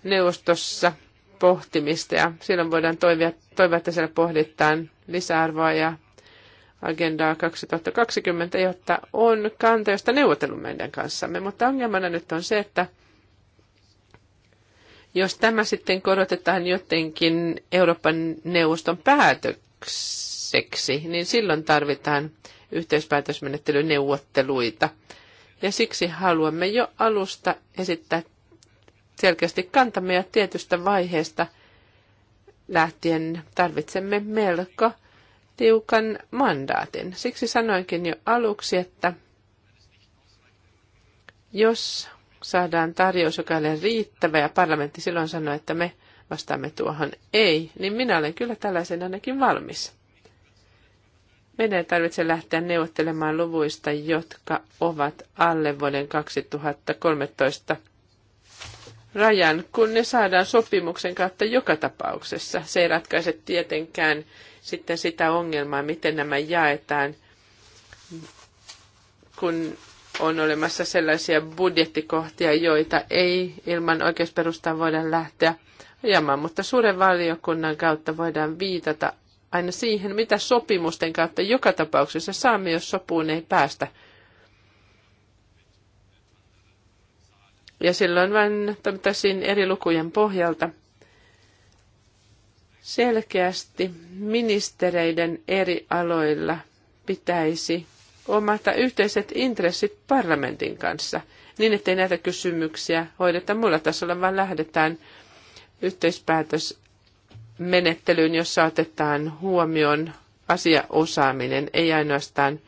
neuvostossa pohtimista ja silloin voidaan toivoa että siellä pohditaan lisäarvoa ja agendaa 2020, jotta on kanta, josta neuvotellut meidän kanssamme. Mutta ongelmana nyt on se, että jos tämä sitten korotetaan jotenkin Euroopan neuvoston päätökseksi, niin silloin tarvitaan yhteispäätösmenettelyneuvotteluita. Ja siksi haluamme jo alusta esittää selkeästi kantamme ja tietystä vaiheesta lähtien tarvitsemme melko tiukan mandaatin. Siksi sanoinkin jo aluksi, että jos saadaan tarjous, joka ei ole riittävä, ja parlamentti silloin sanoo, että me vastaamme tuohon ei, niin minä olen kyllä tällaisen ainakin valmis. Meidän ei tarvitse lähteä neuvottelemaan luvuista, jotka ovat alle vuoden 2013 rajan, kun ne saadaan sopimuksen kautta joka tapauksessa. Se ei ratkaise tietenkään sitten sitä ongelmaa, miten nämä jaetaan, kun on olemassa sellaisia budjettikohtia, joita ei ilman oikeusperustaa voida lähteä ajamaan, mutta suuren valiokunnan kautta voidaan viitata aina siihen, mitä sopimusten kautta joka tapauksessa saamme, jos sopuun ei päästä. Ja silloin vain toimittaisiin eri lukujen pohjalta selkeästi ministereiden eri aloilla pitäisi omata yhteiset intressit parlamentin kanssa, niin ettei näitä kysymyksiä hoideta muulla tasolla, vaan lähdetään yhteispäätösmenettelyyn, jossa otetaan huomioon asiaosaaminen, ei ainoastaan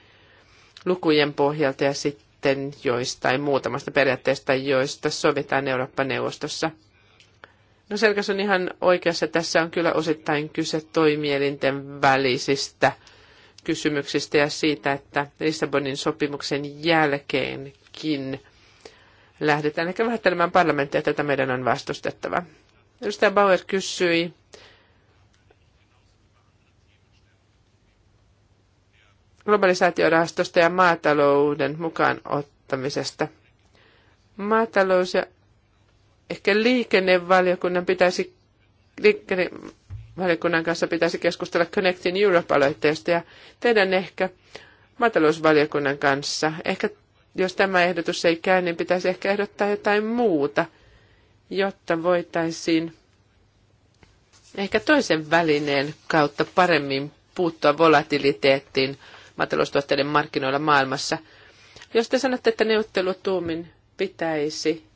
lukujen pohjalta ja sitten joistain muutamasta periaatteesta, joista sovitaan Eurooppa-neuvostossa – No Selkäs on ihan oikeassa. Tässä on kyllä osittain kyse toimielinten välisistä kysymyksistä ja siitä, että Lissabonin sopimuksen jälkeenkin lähdetään ehkä vähättelemään parlamenttia, tätä meidän on vastustettava. Edustaja Bauer kysyi, globalisaatiorahastosta ja maatalouden mukaan ottamisesta. Maatalous ja Ehkä liikennevaliokunnan pitäisi, liikennevaliokunnan kanssa pitäisi keskustella Connecting Europe-aloitteesta ja teidän ehkä maatalousvaliokunnan kanssa. Ehkä jos tämä ehdotus ei käy, niin pitäisi ehkä ehdottaa jotain muuta, jotta voitaisiin ehkä toisen välineen kautta paremmin puuttua volatiliteettiin maataloustuotteiden markkinoilla maailmassa. Jos te sanotte, että neuvottelutuumin pitäisi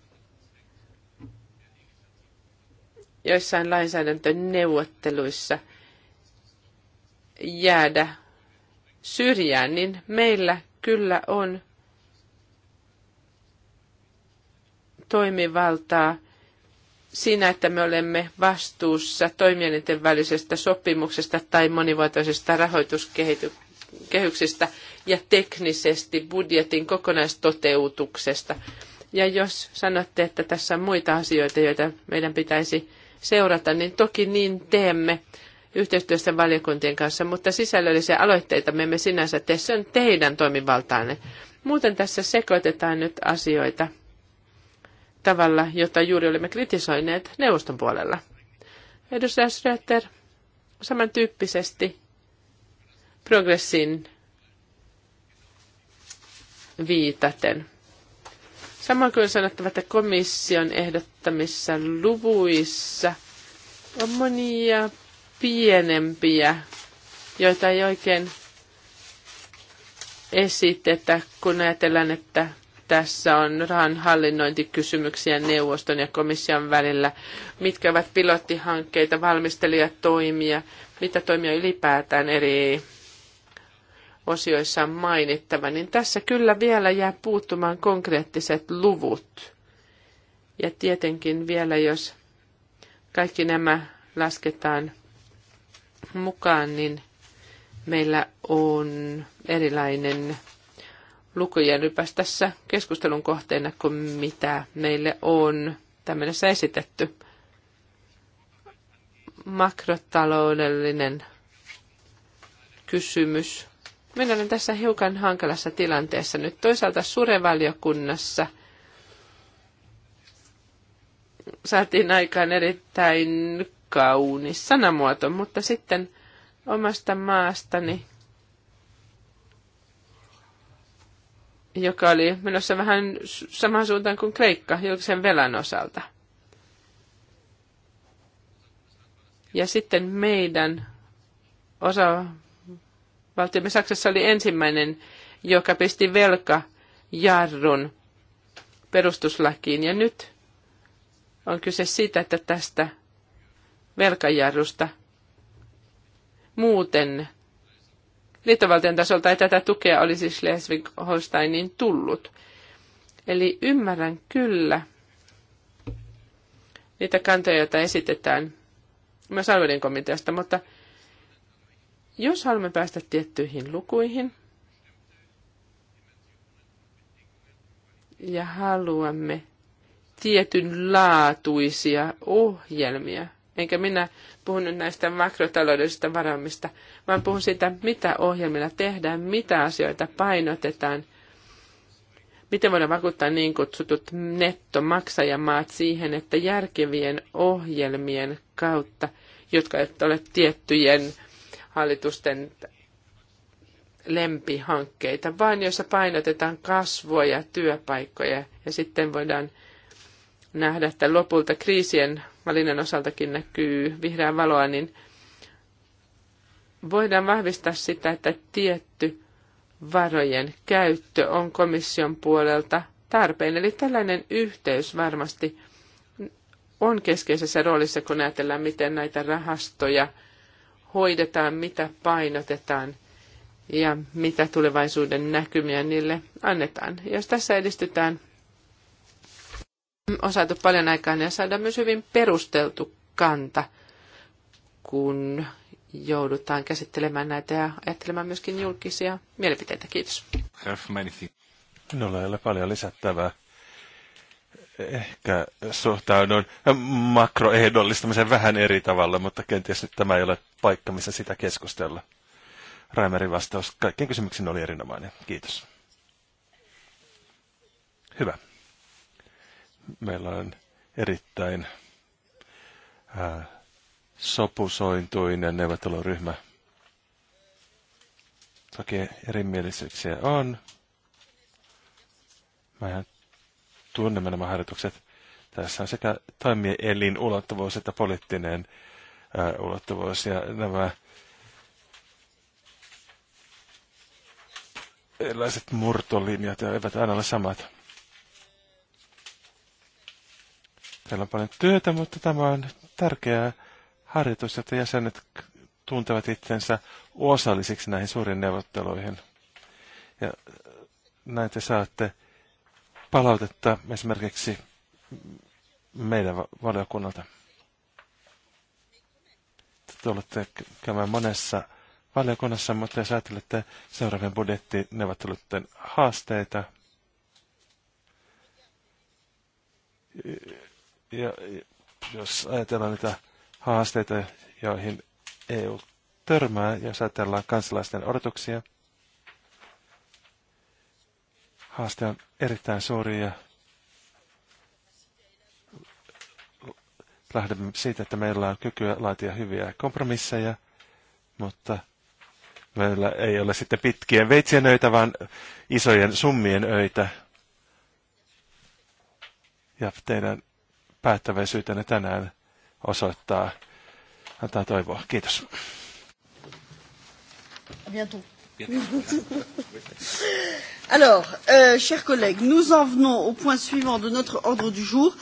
joissain lainsäädäntöneuvotteluissa jäädä syrjään, niin meillä kyllä on toimivaltaa siinä, että me olemme vastuussa toimielinten välisestä sopimuksesta tai monivuotoisesta rahoituskehyksestä ja teknisesti budjetin kokonaistoteutuksesta. Ja jos sanotte, että tässä on muita asioita, joita meidän pitäisi seurata, niin toki niin teemme yhteistyössä valiokuntien kanssa, mutta sisällöllisiä aloitteita me emme sinänsä tee, se on teidän toimivaltaanne. Muuten tässä sekoitetaan nyt asioita tavalla, jota juuri olimme kritisoineet neuvoston puolella. Edustaja Schröter, samantyyppisesti progressin viitaten. Samoin kuin sanottava, että komission ehdottamissa luvuissa on monia pienempiä, joita ei oikein esitetä, kun ajatellaan, että tässä on rahan hallinnointikysymyksiä neuvoston ja komission välillä, mitkä ovat pilottihankkeita, valmistelijatoimia, mitä toimia ylipäätään eri osioissa on mainittava, niin tässä kyllä vielä jää puuttumaan konkreettiset luvut. Ja tietenkin vielä, jos kaikki nämä lasketaan mukaan, niin meillä on erilainen lukujen rypäs tässä keskustelun kohteena kuin mitä meille on tämmöisessä esitetty. Makrotaloudellinen kysymys minä olen tässä hiukan hankalassa tilanteessa nyt. Toisaalta surevaliokunnassa saatiin aikaan erittäin kaunis sanamuoto, mutta sitten omasta maastani, joka oli menossa vähän samaan suuntaan kuin Kreikka julkisen velan osalta. Ja sitten meidän osa valtiomme Saksassa oli ensimmäinen, joka pisti velkajarrun perustuslakiin. Ja nyt on kyse siitä, että tästä velkajarrusta muuten liittovaltion tasolta ei tätä tukea olisi Schleswig-Holsteinin tullut. Eli ymmärrän kyllä niitä kantoja, joita esitetään myös alueiden komiteasta, mutta – jos haluamme päästä tiettyihin lukuihin ja haluamme tietynlaatuisia ohjelmia, enkä minä puhu nyt näistä makrotaloudellisista varaumista, vaan puhun siitä, mitä ohjelmilla tehdään, mitä asioita painotetaan, miten voidaan vakuuttaa niin kutsutut nettomaksajamaat siihen, että järkevien ohjelmien kautta, jotka eivät ole tiettyjen hallitusten lempihankkeita, vaan joissa painotetaan kasvua ja työpaikkoja. Ja sitten voidaan nähdä, että lopulta kriisien valinnan osaltakin näkyy vihreää valoa, niin voidaan vahvistaa sitä, että tietty varojen käyttö on komission puolelta tarpeen. Eli tällainen yhteys varmasti on keskeisessä roolissa, kun ajatellaan, miten näitä rahastoja – hoidetaan, mitä painotetaan ja mitä tulevaisuuden näkymiä niille annetaan. Jos tässä edistytään, on saatu paljon aikaa ja saadaan myös hyvin perusteltu kanta, kun joudutaan käsittelemään näitä ja ajattelemaan myöskin julkisia mielipiteitä. Kiitos. Minulla ei ole paljon lisättävää ehkä suhtaudun makroehdollistamiseen vähän eri tavalla, mutta kenties nyt tämä ei ole paikka, missä sitä keskustella. Raimerin vastaus kaikkien kysymyksiin oli erinomainen. Kiitos. Hyvä. Meillä on erittäin äh, sopusointuinen neuvotteluryhmä. Toki erimielisyyksiä on. Mä tunnemme nämä harjoitukset. Tässä on sekä elin ulottuvuus että poliittinen äh, ulottuvuus ja nämä erilaiset murtolinjat eivät aina ole samat. Täällä on paljon työtä, mutta tämä on tärkeää harjoitus, että jäsenet tuntevat itsensä osallisiksi näihin suuriin neuvotteluihin. Ja näin te saatte palautetta esimerkiksi meidän valiokunnalta. Te olette käymään monessa valiokunnassa, mutta jos ajattelette seuraavien budjettiin, haasteita. Ja, jos ajatellaan niitä haasteita, joihin EU törmää, jos ajatellaan kansalaisten odotuksia – haaste on erittäin suuri ja lähdemme siitä, että meillä on kykyä laatia hyviä kompromisseja, mutta meillä ei ole sitten pitkien veitsien öitä, vaan isojen summien öitä. Ja teidän päättäväisyytenne tänään osoittaa, antaa toivoa. Kiitos. Bientôt. Bientôt. [LAUGHS] Alors, euh, chers collègues, nous en venons au point suivant de notre ordre du jour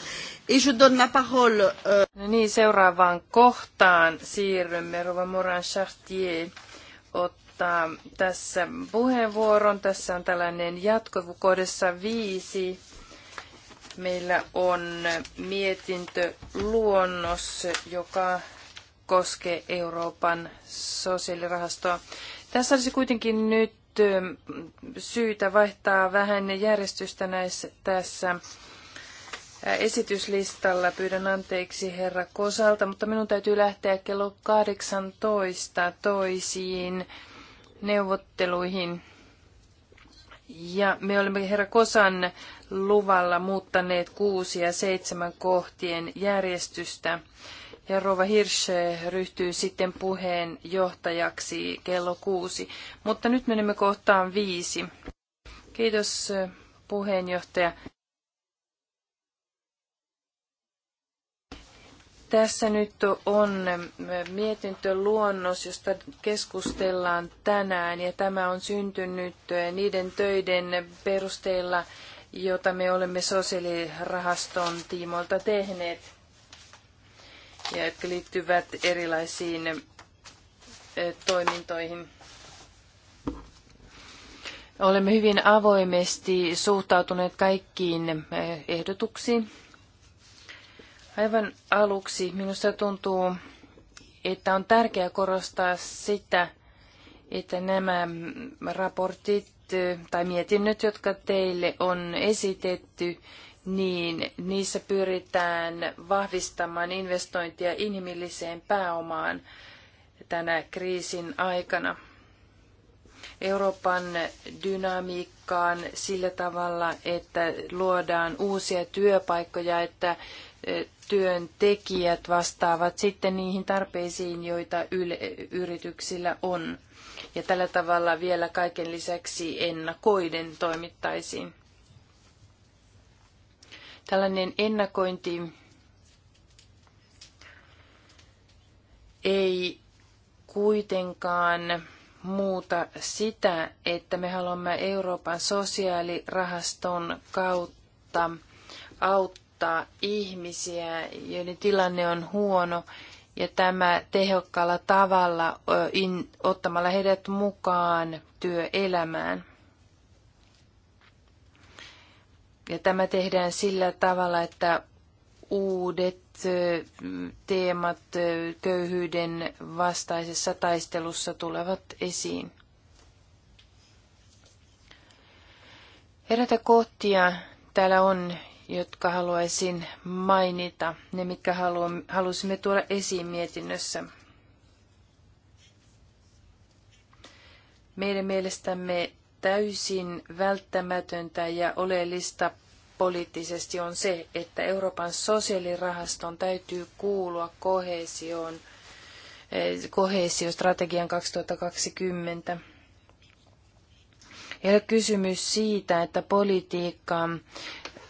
et je donne la parole. Euh... No niin, seuraavaan kohtaan siirrymme. Rova Moran Chartier ottaa tässä puheenvuoron. Tässä on tällainen jatkokohdassa viisi. Meillä on luonnos, joka koskee Euroopan sosiaalirahastoa. Tässä olisi kuitenkin nyt syytä vaihtaa vähän järjestystä näissä, tässä esityslistalla. Pyydän anteeksi herra Kosalta, mutta minun täytyy lähteä kello 18 toisiin neuvotteluihin. Ja me olemme herra Kosan luvalla muuttaneet kuusi ja seitsemän kohtien järjestystä ja Rova Hirsch ryhtyy sitten puheenjohtajaksi kello kuusi. Mutta nyt menemme kohtaan viisi. Kiitos puheenjohtaja. Tässä nyt on mietintöluonnos, josta keskustellaan tänään, ja tämä on syntynyt niiden töiden perusteella, jota me olemme sosiaalirahaston tiimoilta tehneet ja jotka liittyvät erilaisiin toimintoihin. Olemme hyvin avoimesti suhtautuneet kaikkiin ehdotuksiin. Aivan aluksi minusta tuntuu, että on tärkeää korostaa sitä, että nämä raportit tai mietinnöt, jotka teille on esitetty, niin niissä pyritään vahvistamaan investointia inhimilliseen pääomaan tänä kriisin aikana. Euroopan dynamiikkaan sillä tavalla, että luodaan uusia työpaikkoja, että e, työntekijät vastaavat sitten niihin tarpeisiin, joita yrityksillä on. Ja tällä tavalla vielä kaiken lisäksi ennakoiden toimittaisiin. Tällainen ennakointi ei kuitenkaan muuta sitä, että me haluamme Euroopan sosiaalirahaston kautta auttaa ihmisiä, joiden tilanne on huono, ja tämä tehokkaalla tavalla ottamalla heidät mukaan työelämään. Ja tämä tehdään sillä tavalla, että uudet teemat köyhyyden vastaisessa taistelussa tulevat esiin. Herätä kohtia täällä on, jotka haluaisin mainita, ne mitkä halusimme tuoda esiin mietinnössä. Meidän mielestämme täysin välttämätöntä ja oleellista poliittisesti on se, että Euroopan sosiaalirahaston täytyy kuulua kohesioon, eh, kohesiostrategian 2020. Ei ole kysymys siitä, että politiikkaa,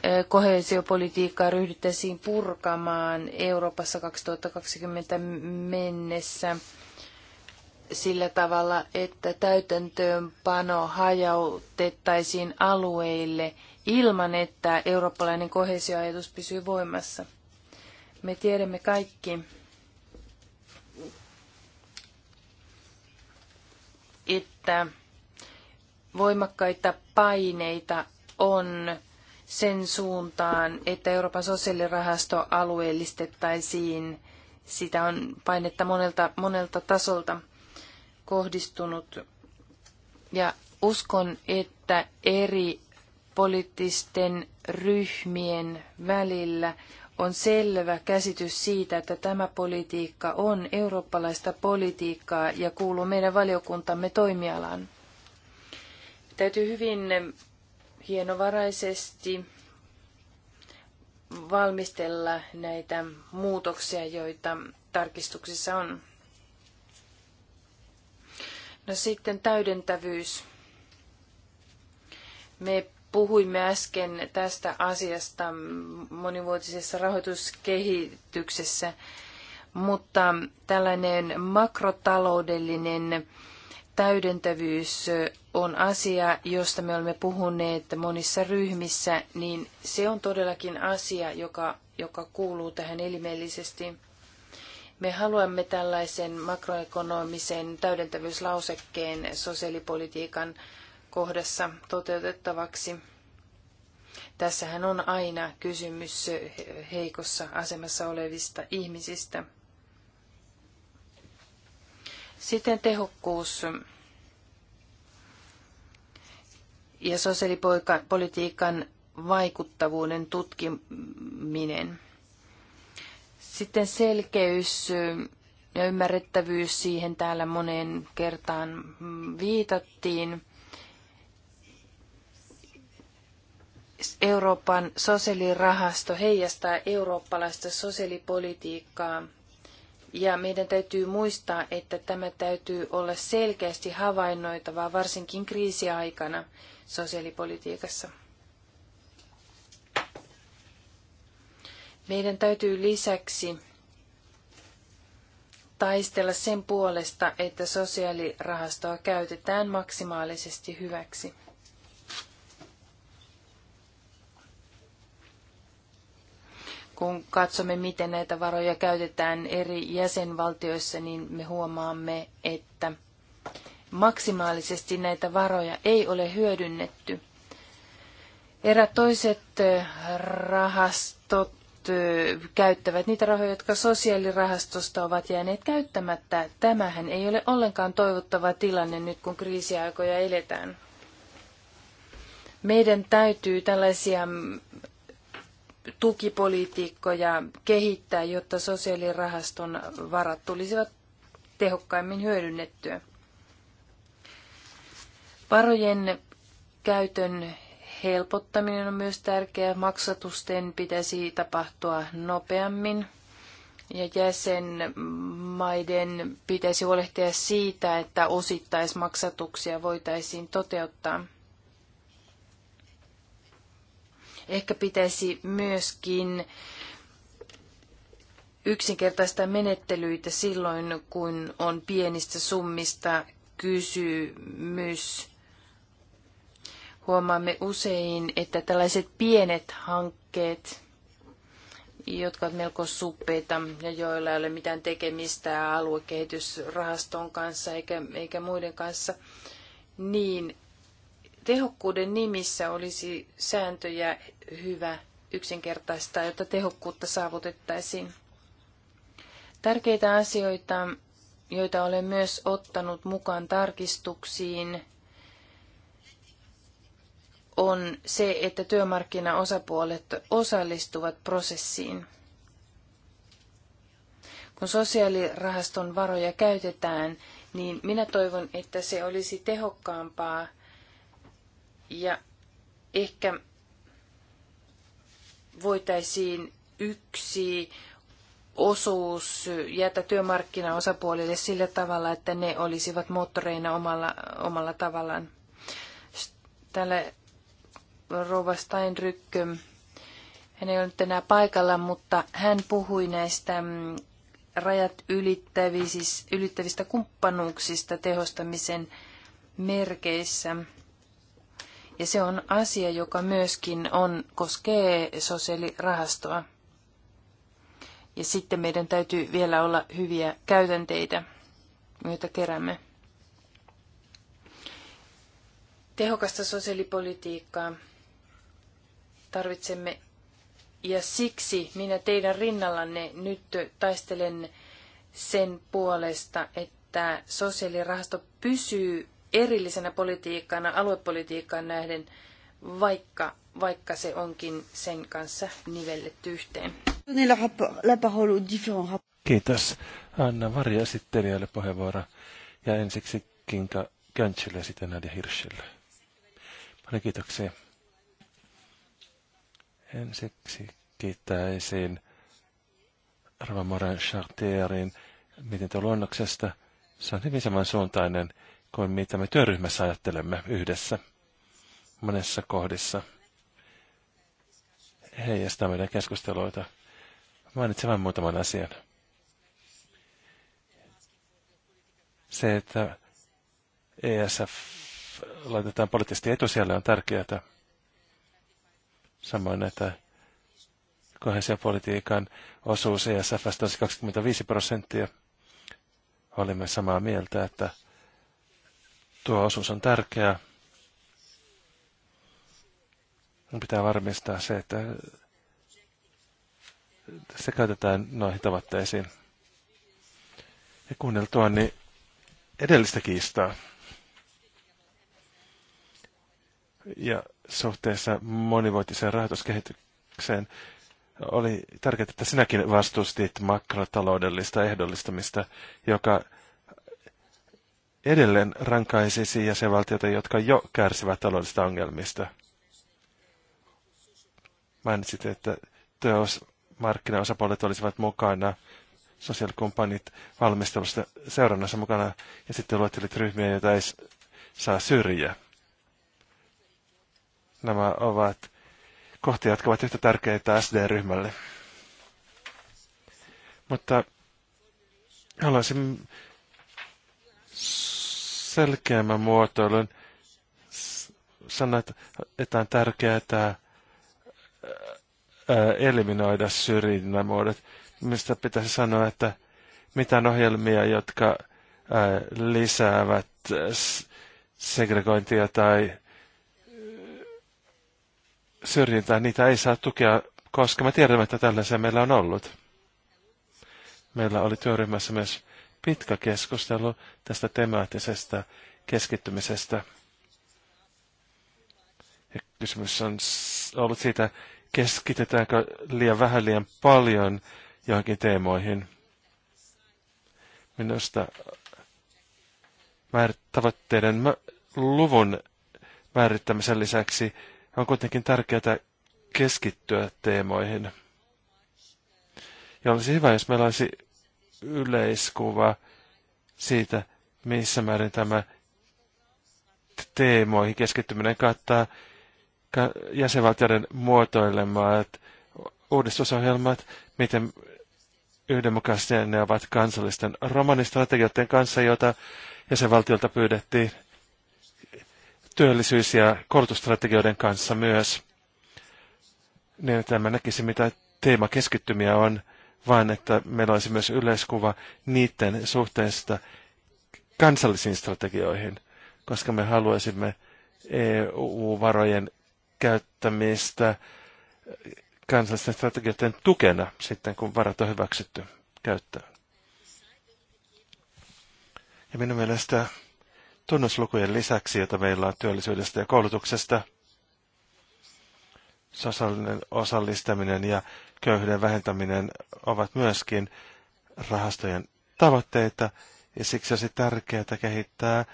eh, kohesiopolitiikkaa ryhdyttäisiin purkamaan Euroopassa 2020 mennessä sillä tavalla, että täytäntöönpano hajautettaisiin alueille ilman, että eurooppalainen kohesioajatus pysyy voimassa. Me tiedämme kaikki, että voimakkaita paineita on sen suuntaan, että Euroopan sosiaalirahasto alueellistettaisiin. Sitä on painetta monelta, monelta tasolta kohdistunut. Ja uskon, että eri poliittisten ryhmien välillä on selvä käsitys siitä, että tämä politiikka on eurooppalaista politiikkaa ja kuuluu meidän valiokuntamme toimialaan. Täytyy hyvin hienovaraisesti valmistella näitä muutoksia, joita tarkistuksissa on. No sitten täydentävyys. Me puhuimme äsken tästä asiasta monivuotisessa rahoituskehityksessä, mutta tällainen makrotaloudellinen täydentävyys on asia, josta me olemme puhuneet monissa ryhmissä, niin se on todellakin asia, joka, joka kuuluu tähän elimellisesti. Me haluamme tällaisen makroekonomisen täydentävyyslausekkeen sosiaalipolitiikan kohdassa toteutettavaksi. Tässähän on aina kysymys heikossa asemassa olevista ihmisistä. Sitten tehokkuus ja sosiaalipolitiikan vaikuttavuuden tutkiminen. Sitten selkeys ja ymmärrettävyys, siihen täällä moneen kertaan mm, viitattiin. Euroopan sosiaalirahasto heijastaa eurooppalaista sosiaalipolitiikkaa. Ja meidän täytyy muistaa, että tämä täytyy olla selkeästi havainnoitavaa, varsinkin kriisiaikana sosiaalipolitiikassa. Meidän täytyy lisäksi taistella sen puolesta, että sosiaalirahastoa käytetään maksimaalisesti hyväksi. Kun katsomme, miten näitä varoja käytetään eri jäsenvaltioissa, niin me huomaamme, että maksimaalisesti näitä varoja ei ole hyödynnetty. Erä toiset eh, rahastot käyttävät niitä rahoja, jotka sosiaalirahastosta ovat jääneet käyttämättä. Tämähän ei ole ollenkaan toivottava tilanne nyt, kun kriisiaikoja eletään. Meidän täytyy tällaisia tukipolitiikkoja kehittää, jotta sosiaalirahaston varat tulisivat tehokkaimmin hyödynnettyä. Varojen käytön helpottaminen on myös tärkeää. Maksatusten pitäisi tapahtua nopeammin ja jäsenmaiden pitäisi huolehtia siitä, että osittaismaksatuksia voitaisiin toteuttaa. Ehkä pitäisi myöskin yksinkertaista menettelyitä silloin, kun on pienistä summista kysymys huomaamme usein, että tällaiset pienet hankkeet, jotka ovat melko suppeita ja joilla ei ole mitään tekemistä aluekehitysrahaston kanssa eikä, eikä muiden kanssa, niin tehokkuuden nimissä olisi sääntöjä hyvä yksinkertaistaa, jotta tehokkuutta saavutettaisiin. Tärkeitä asioita, joita olen myös ottanut mukaan tarkistuksiin, on se, että työmarkkinaosapuolet osallistuvat prosessiin. Kun sosiaalirahaston varoja käytetään, niin minä toivon, että se olisi tehokkaampaa ja ehkä voitaisiin yksi osuus jätä työmarkkinaosapuolille sillä tavalla, että ne olisivat moottoreina omalla, omalla tavallaan. Täällä rouva Steinryck. Ähm, hän ei ole nyt enää paikalla, mutta hän puhui näistä mm, rajat ylittävistä kumppanuuksista tehostamisen merkeissä. Ja se on asia, joka myöskin on, koskee sosiaalirahastoa. Ja sitten meidän täytyy vielä olla hyviä käytänteitä, joita keräämme. Tehokasta sosiaalipolitiikkaa tarvitsemme. Ja siksi minä teidän rinnallanne nyt taistelen sen puolesta, että sosiaalirahasto pysyy erillisenä politiikkana, aluepolitiikkaan nähden, vaikka, vaikka se onkin sen kanssa nivelletty yhteen. Kiitos. Anna esittelijälle puheenvuoro ja ensiksi Kinka Gönchille ja sitten Nadia Hirschille. Paljon kiitoksia. Ensiksi kiittäisin Rava Moran Chartierin luonnoksesta Se on hyvin samansuuntainen kuin mitä me työryhmässä ajattelemme yhdessä monessa kohdissa. Heijastaa meidän keskusteluita. Mainitsen vain muutaman asian. Se, että ESF laitetaan poliittisesti etusijalle on tärkeää Samoin, että kohesiopolitiikan osuus ESFstä olisi 25 prosenttia. Olimme samaa mieltä, että tuo osuus on tärkeä. Pitää varmistaa se, että se käytetään noihin tavoitteisiin. Ja kuunneltua niin edellistä kiistaa. Ja suhteessa monivuotiseen rahoituskehitykseen oli tärkeää, että sinäkin vastustit makrotaloudellista ehdollistamista, joka edelleen rankaisisi jäsenvaltioita, jotka jo kärsivät taloudellisista ongelmista. Mainitsit, että työmarkkinaosapuolet olisivat mukana, sosiaalikumppanit valmistelusta seurannassa mukana, ja sitten luettelit ryhmiä, joita ei saa syrjiä. Nämä ovat kohtia, jotka ovat yhtä tärkeitä SD-ryhmälle. Mutta haluaisin selkeämmän muotoilun sanoa, että on tärkeää että eliminoida syrjinnän muodot. Mistä pitäisi sanoa, että mitään ohjelmia, jotka lisäävät segregointia tai syrjintää, niitä ei saa tukea, koska me tiedämme, että tällaisia meillä on ollut. Meillä oli työryhmässä myös pitkä keskustelu tästä temaattisesta keskittymisestä. Ja kysymys on ollut siitä, keskitetäänkö liian vähän, liian paljon johonkin teemoihin. Minusta tavoitteiden luvun määrittämisen lisäksi on kuitenkin tärkeää keskittyä teemoihin. Ja olisi hyvä, jos meillä olisi yleiskuva siitä, missä määrin tämä teemoihin keskittyminen kattaa jäsenvaltioiden muotoilemat uudistusohjelmat, miten yhdenmukaisia ne ovat kansallisten romanistrategioiden kanssa, joita jäsenvaltiolta pyydettiin – työllisyys- ja koulutusstrategioiden kanssa myös. Niin, että mä näkisin, mitä teemakeskittymiä on, vaan että meillä olisi myös yleiskuva niiden suhteesta kansallisiin strategioihin, koska me haluaisimme EU-varojen käyttämistä kansallisten strategioiden tukena sitten, kun varat on hyväksytty käyttöön. Ja minun mielestä tunnuslukujen lisäksi, joita meillä on työllisyydestä ja koulutuksesta, sosiaalinen osallistaminen ja köyhyyden vähentäminen ovat myöskin rahastojen tavoitteita, ja siksi olisi tärkeää kehittää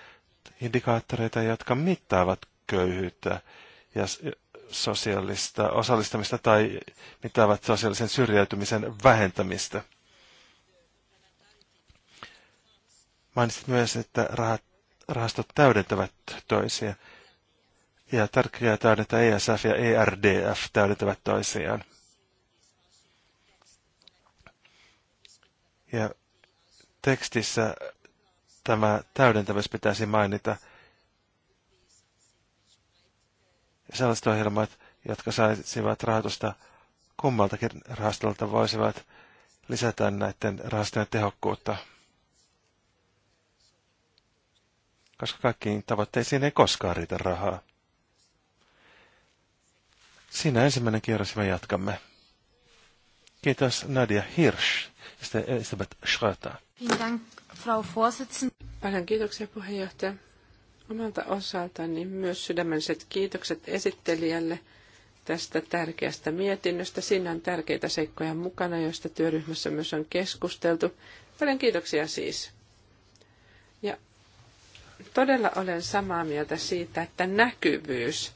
indikaattoreita, jotka mittaavat köyhyyttä ja sosiaalista osallistamista tai mittaavat sosiaalisen syrjäytymisen vähentämistä. Mainitsit myös, että rahat rahastot täydentävät toisiaan. Ja tärkeää täydentää ESF ja ERDF täydentävät toisiaan. Ja tekstissä tämä täydentävyys pitäisi mainita. Sellaiset ohjelmat, jotka saisivat rahoitusta kummaltakin rahastolta, voisivat lisätä näiden rahastojen tehokkuutta. koska kaikkiin tavoitteisiin ei koskaan riitä rahaa. Siinä ensimmäinen kierros me jatkamme. Kiitos Nadia Hirsch ja Elisabeth Schröter. Paljon kiitoksia puheenjohtaja. Omalta osaltani myös sydämelliset kiitokset esittelijälle tästä tärkeästä mietinnöstä. Siinä on tärkeitä seikkoja mukana, joista työryhmässä myös on keskusteltu. Paljon kiitoksia siis todella olen samaa mieltä siitä, että näkyvyys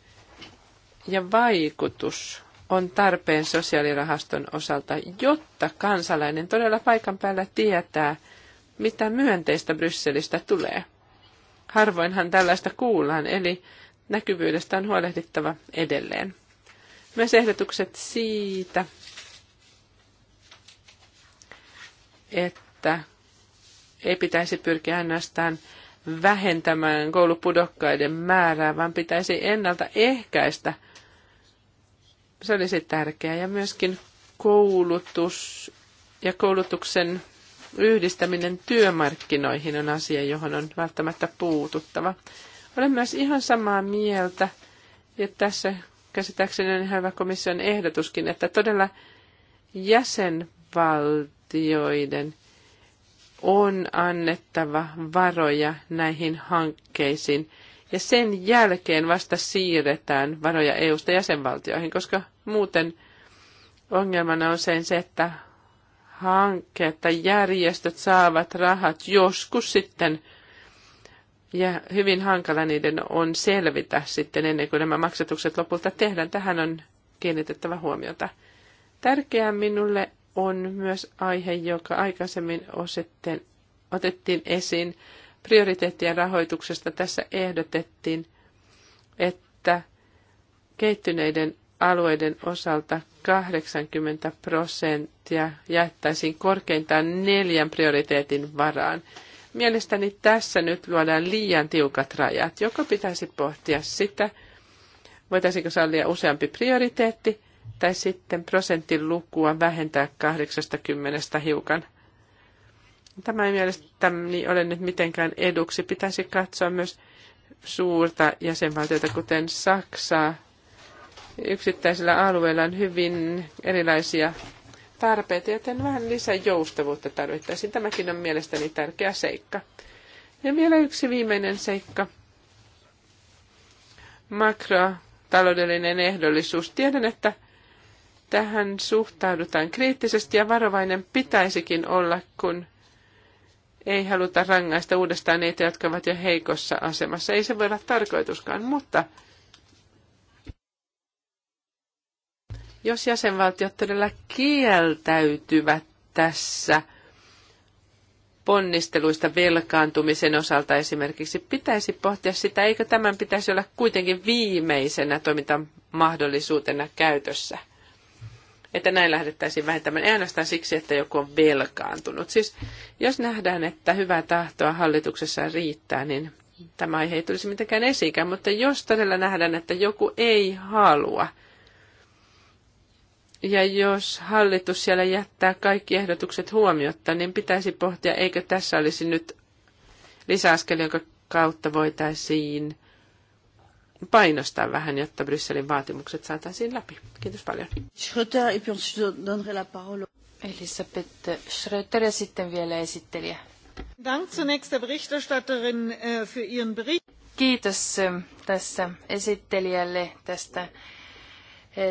ja vaikutus on tarpeen sosiaalirahaston osalta, jotta kansalainen todella paikan päällä tietää, mitä myönteistä Brysselistä tulee. Harvoinhan tällaista kuullaan, eli näkyvyydestä on huolehdittava edelleen. Myös ehdotukset siitä, että ei pitäisi pyrkiä ainoastaan vähentämään koulupudokkaiden määrää, vaan pitäisi ennaltaehkäistä. Se olisi tärkeää. Ja myöskin koulutus ja koulutuksen yhdistäminen työmarkkinoihin on asia, johon on välttämättä puututtava. Olen myös ihan samaa mieltä, ja tässä käsittääkseni on ihan hyvä komission ehdotuskin, että todella jäsenvaltioiden on annettava varoja näihin hankkeisiin ja sen jälkeen vasta siirretään varoja EU-sta jäsenvaltioihin, koska muuten ongelmana on usein se, että hankkeet tai järjestöt saavat rahat joskus sitten ja hyvin hankala niiden on selvitä sitten ennen kuin nämä maksatukset lopulta tehdään. Tähän on kiinnitettävä huomiota. Tärkeää minulle on myös aihe, joka aikaisemmin osittain otettiin esiin prioriteettien rahoituksesta. Tässä ehdotettiin, että kehittyneiden alueiden osalta 80 prosenttia jaettaisiin korkeintaan neljän prioriteetin varaan. Mielestäni tässä nyt luodaan liian tiukat rajat, joko pitäisi pohtia sitä, voitaisiinko sallia useampi prioriteetti tai sitten prosentin lukua vähentää 80 hiukan. Tämä ei mielestäni ole nyt mitenkään eduksi. Pitäisi katsoa myös suurta jäsenvaltiota, kuten Saksaa. Yksittäisillä alueilla on hyvin erilaisia tarpeita, joten vähän lisää joustavuutta tarvittaisiin. Tämäkin on mielestäni tärkeä seikka. Ja vielä yksi viimeinen seikka. Makrotaloudellinen ehdollisuus. Tiedän, että Tähän suhtaudutaan kriittisesti ja varovainen pitäisikin olla, kun ei haluta rangaista uudestaan niitä, jotka ovat jo heikossa asemassa. Ei se voi olla tarkoituskaan, mutta jos jäsenvaltiot todella kieltäytyvät tässä ponnisteluista velkaantumisen osalta esimerkiksi, pitäisi pohtia sitä, eikö tämän pitäisi olla kuitenkin viimeisenä toimintamahdollisuutena käytössä että näin lähdettäisiin vähentämään. Ei ainoastaan siksi, että joku on velkaantunut. Siis jos nähdään, että hyvää tahtoa hallituksessa riittää, niin tämä aihe ei tulisi mitenkään esikään. mutta jos todella nähdään, että joku ei halua, ja jos hallitus siellä jättää kaikki ehdotukset huomiotta, niin pitäisi pohtia, eikö tässä olisi nyt lisäaskel, jonka kautta voitaisiin painostaa vähän, jotta Brysselin vaatimukset saataisiin läpi. Kiitos paljon. Schröter, et puis la parole. Elisabeth Schröter ja sitten vielä esittelijä. Dank zunächst der Berichterstatterin äh, für ihren Bericht. Kiitos äh, tässä esittelijälle tästä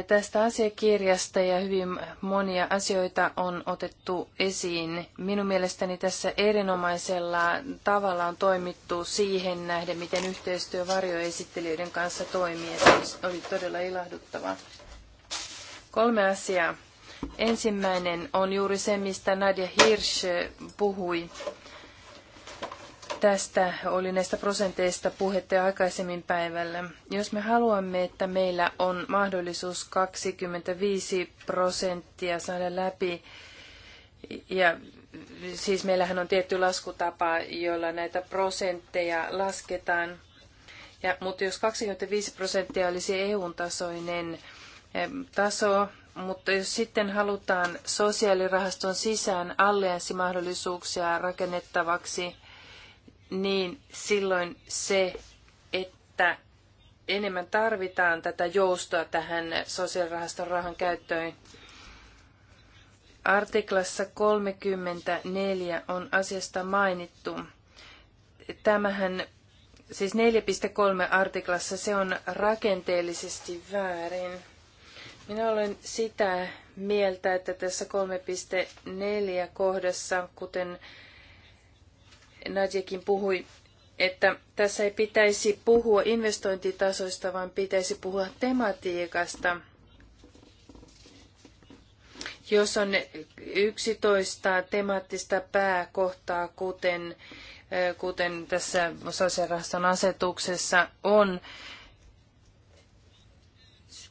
tästä asiakirjasta ja hyvin monia asioita on otettu esiin. Minun mielestäni tässä erinomaisella tavalla on toimittu siihen nähden, miten yhteistyö varjoesittelijöiden kanssa toimii. Se oli todella ilahduttavaa. Kolme asiaa. Ensimmäinen on juuri se, mistä Nadia Hirsch puhui. Tästä oli näistä prosenteista puhetta aikaisemmin päivällä. Jos me haluamme, että meillä on mahdollisuus 25 prosenttia saada läpi, ja siis meillähän on tietty laskutapa, jolla näitä prosentteja lasketaan, ja, mutta jos 25 prosenttia olisi EU-tasoinen eh, taso, mutta jos sitten halutaan sosiaalirahaston sisään allianssimahdollisuuksia rakennettavaksi, niin silloin se, että enemmän tarvitaan tätä joustoa tähän sosiaalirahaston rahan käyttöön. Artiklassa 34 on asiasta mainittu. Tämähän, siis 4.3 artiklassa, se on rakenteellisesti väärin. Minä olen sitä mieltä, että tässä 3.4 kohdassa, kuten Nadjekin puhui, että tässä ei pitäisi puhua investointitasoista, vaan pitäisi puhua tematiikasta. Jos on 11 temaattista pääkohtaa, kuten, kuten tässä sosiaalirahaston asetuksessa on,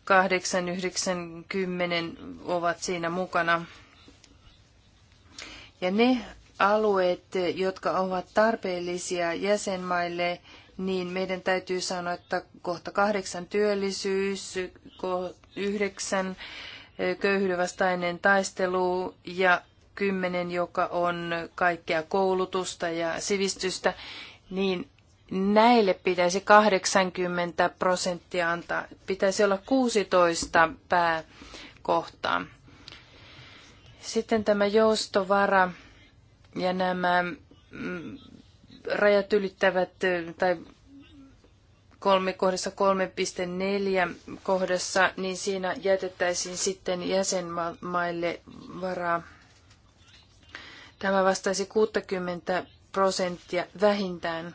8, yhdeksän kymmenen ovat siinä mukana. Ja ne alueet, jotka ovat tarpeellisia jäsenmaille, niin meidän täytyy sanoa, että kohta kahdeksan työllisyys, yhdeksän köyhyyden vastainen taistelu ja kymmenen, joka on kaikkea koulutusta ja sivistystä, niin näille pitäisi 80 prosenttia antaa. Pitäisi olla 16 pääkohtaa. Sitten tämä joustovara ja nämä mm, rajat ylittävät tai kolme, kohdassa 3.4 kohdassa, niin siinä jätettäisiin sitten jäsenmaille varaa. Tämä vastaisi 60 prosenttia vähintään.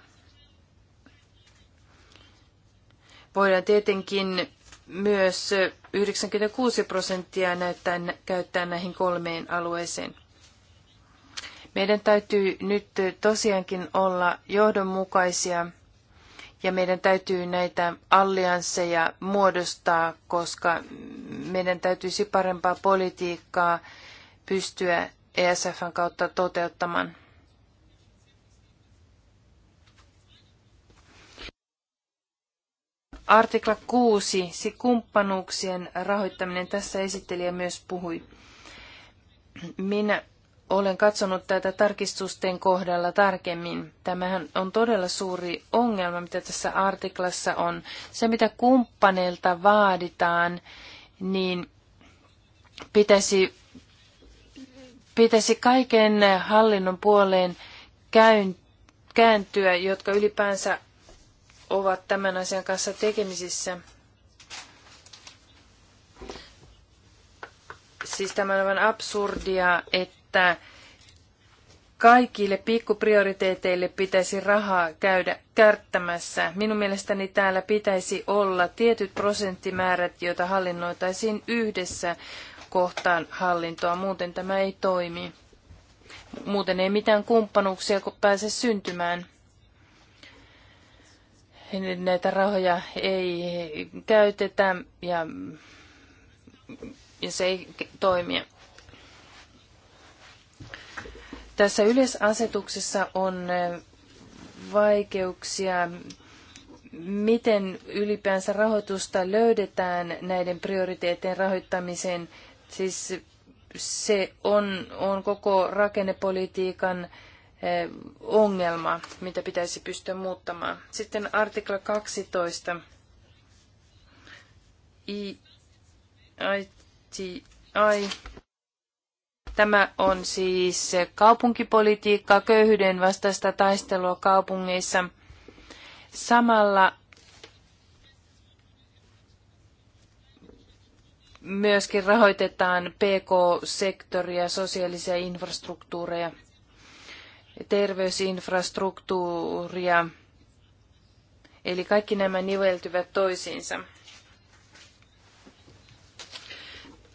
Voidaan tietenkin myös 96 prosenttia näyttää, käyttää näihin kolmeen alueeseen. Meidän täytyy nyt tosiaankin olla johdonmukaisia ja meidän täytyy näitä alliansseja muodostaa, koska meidän täytyisi parempaa politiikkaa pystyä ESFn kautta toteuttamaan. Artikla 6, si kumppanuuksien rahoittaminen. Tässä esittelijä myös puhui. Minä olen katsonut tätä tarkistusten kohdalla tarkemmin. Tämähän on todella suuri ongelma, mitä tässä artiklassa on. Se, mitä kumppaneilta vaaditaan, niin pitäisi, pitäisi kaiken hallinnon puoleen kääntyä, jotka ylipäänsä ovat tämän asian kanssa tekemisissä. siis tämä on aivan absurdia, että että kaikille pikkuprioriteeteille pitäisi rahaa käydä kärttämässä. Minun mielestäni täällä pitäisi olla tietyt prosenttimäärät, joita hallinnoitaisiin yhdessä kohtaan hallintoa. Muuten tämä ei toimi. Muuten ei mitään kumppanuuksia pääse syntymään. Näitä rahoja ei käytetä ja, ja se ei toimia. Tässä yleisasetuksessa on vaikeuksia, miten ylipäänsä rahoitusta löydetään näiden prioriteettien rahoittamiseen. Siis se on, on koko rakennepolitiikan ongelma, mitä pitäisi pystyä muuttamaan. Sitten artikla 12. I, I, I. Tämä on siis kaupunkipolitiikkaa, köyhyyden vastaista taistelua kaupungeissa. Samalla myöskin rahoitetaan PK-sektoria, sosiaalisia infrastruktuureja, terveysinfrastruktuuria. Eli kaikki nämä niveltyvät toisiinsa.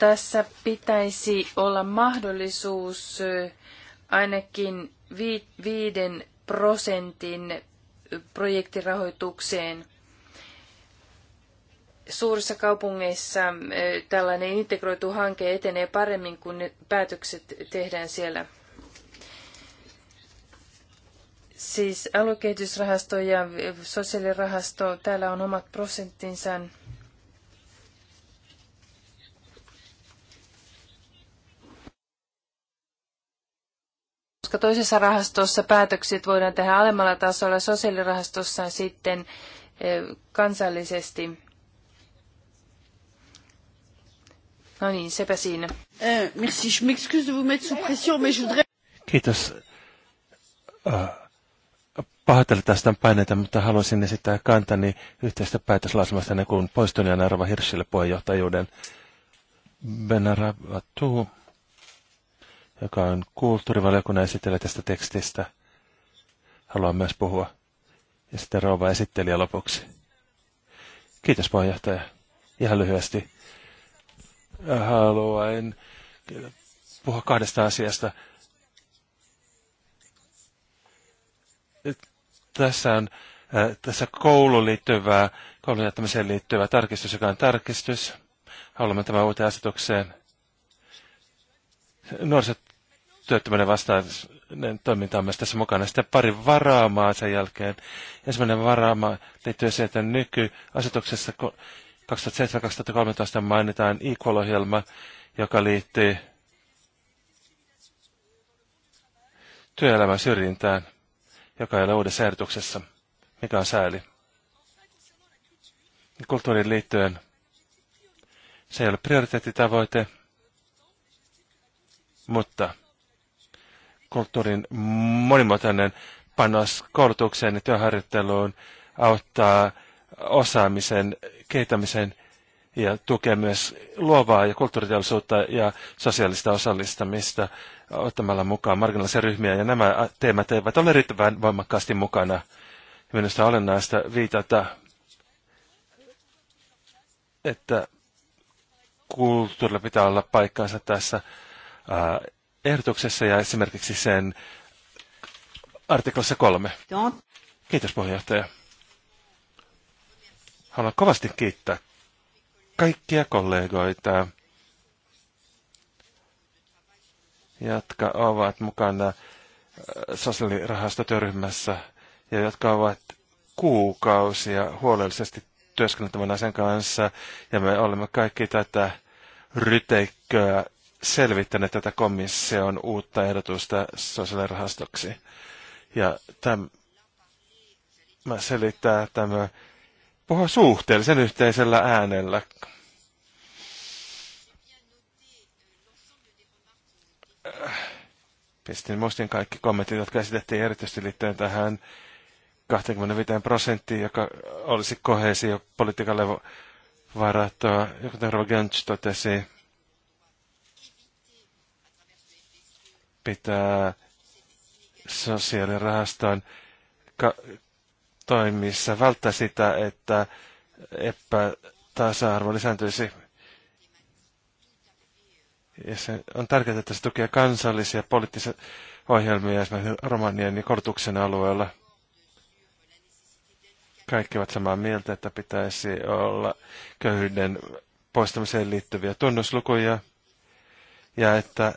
Tässä pitäisi olla mahdollisuus ainakin viiden prosentin projektirahoitukseen. Suurissa kaupungeissa tällainen integroitu hanke etenee paremmin, kun ne päätökset tehdään siellä. Siis aluekehitysrahasto ja sosiaalirahasto, täällä on omat prosenttinsa. koska toisessa rahastossa päätökset voidaan tehdä alemmalla tasolla, sosiaalirahastossa sitten kansallisesti. No niin, sepä siinä. Eh, Kiitos. Äh, pahoittelen tästä paineita, mutta haluaisin esittää kantani yhteistä päätöslausumasta ennen kuin poistun ja Narva Hirschille puheenjohtajuuden. Benarabatu joka on kulttuurivaliokunnan esittelijä tästä tekstistä, haluan myös puhua. Ja sitten rouva esittelijä lopuksi. Kiitos puheenjohtaja. Ihan lyhyesti. Haluan puhua kahdesta asiasta. Tässä on äh, tässä kouluun liittyvää, koulun jättämiseen liittyvä tarkistus, joka on tarkistus. Haluamme tämän uuteen asetukseen. Nuoriset työttömyyden vastainen toiminta on myös tässä mukana. Sitten pari varaamaa sen jälkeen. Ensimmäinen varaama liittyy siihen, että nykyasetuksessa 2007-2013 mainitaan Equal-ohjelma, joka liittyy työelämän syrjintään, joka ei ole uudessa ehdotuksessa, mikä on sääli. Kulttuuriin liittyen se ei ole prioriteettitavoite, mutta kulttuurin monimuotoinen panos koulutukseen ja työharjoitteluun auttaa osaamisen kehittämisen ja tukee myös luovaa ja kulttuuriteollisuutta ja sosiaalista osallistamista ottamalla mukaan marginaalisia ryhmiä. Ja nämä teemat eivät ole riittävän voimakkaasti mukana. Minusta on olennaista viitata, että kulttuurilla pitää olla paikkansa tässä ehdotuksessa ja esimerkiksi sen artiklassa kolme. Kiitos puheenjohtaja. Haluan kovasti kiittää kaikkia kollegoita, jotka ovat mukana äh, sosiaalirahastotyöryhmässä ja jotka ovat kuukausia huolellisesti työskenneltävän asian kanssa. Ja me olemme kaikki tätä ryteikköä selvittäneet tätä komission uutta ehdotusta sosiaalirahastoksi. Ja tämä selittää tämä puhua suhteellisen yhteisellä äänellä. Pistin muistin kaikki kommentit, jotka esitettiin erityisesti liittyen tähän 25 prosenttiin, joka olisi politiikalle varattua. joka Rova Gönch totesi, pitää sosiaalirahaston toimissa välttää sitä, että epätasa-arvo lisääntyisi. Ja se on tärkeää, että se tukee kansallisia poliittisia ohjelmia esimerkiksi Romanian ja Kortuksen alueella. Kaikki ovat samaa mieltä, että pitäisi olla köyhyyden poistamiseen liittyviä tunnuslukuja ja että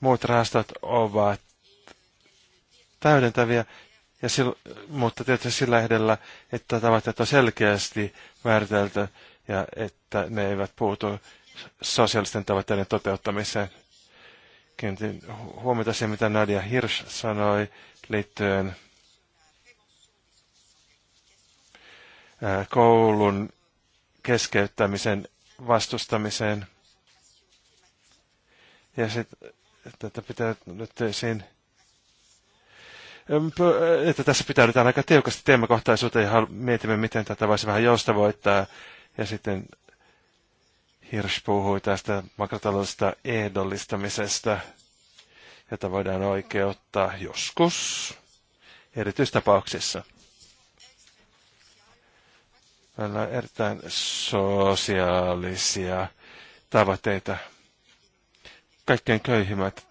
muut rahastot ovat täydentäviä, ja sillä, mutta tietysti sillä ehdellä, että tavoitteet on selkeästi määritelty ja että ne eivät puutu sosiaalisten tavoitteiden toteuttamiseen. Kiinnitin huomiota siihen, mitä Nadia Hirsch sanoi liittyen koulun keskeyttämisen vastustamiseen. Ja sitten tätä pitää nyt sen että tässä nyt aika tiukasti teemakohtaisuuteen ja mietimme, miten tätä voisi vähän joustavoittaa. Ja sitten Hirsch puhui tästä makrotaloudesta ehdollistamisesta, jota voidaan oikeuttaa joskus erityistapauksissa. Meillä on erittäin sosiaalisia tavoitteita kaikkein köyhimmät,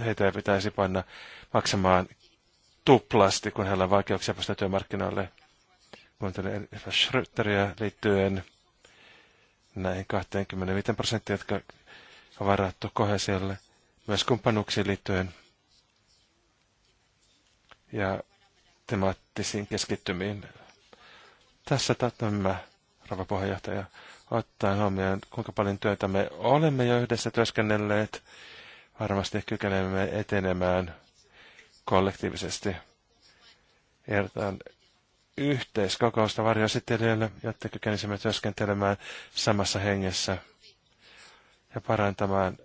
heitä ei pitäisi panna maksamaan tuplasti, kun heillä on vaikeuksia päästä työmarkkinoille. Kuuntelin Schröteriä liittyen näihin 25 prosenttia, jotka on varattu kohesiolle, myös kumppanuuksiin liittyen ja temaattisiin keskittymiin. Tässä tämä, rouva puheenjohtaja ottaen huomioon, kuinka paljon työtä me olemme jo yhdessä työskennelleet, varmasti kykenemme etenemään kollektiivisesti. Ehdotan yhteiskokousta varjoesittelijöille, jotta kykenisimme työskentelemään samassa hengessä ja parantamaan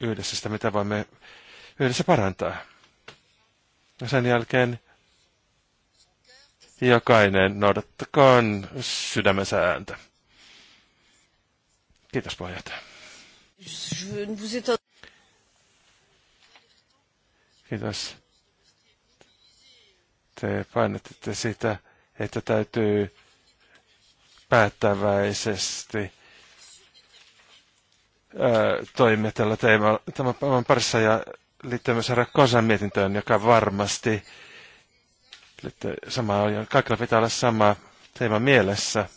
yhdessä sitä, mitä voimme yhdessä parantaa. Ja sen jälkeen jokainen noudattakoon sydämensä ääntä. Kiitos puheenjohtaja. Kiitos. Te painatitte sitä, että täytyy päättäväisesti toimia tällä teemalla, tämän parissa ja liittyy myös Rakkosan mietintöön, joka varmasti sama, kaikilla pitää olla sama teema mielessä –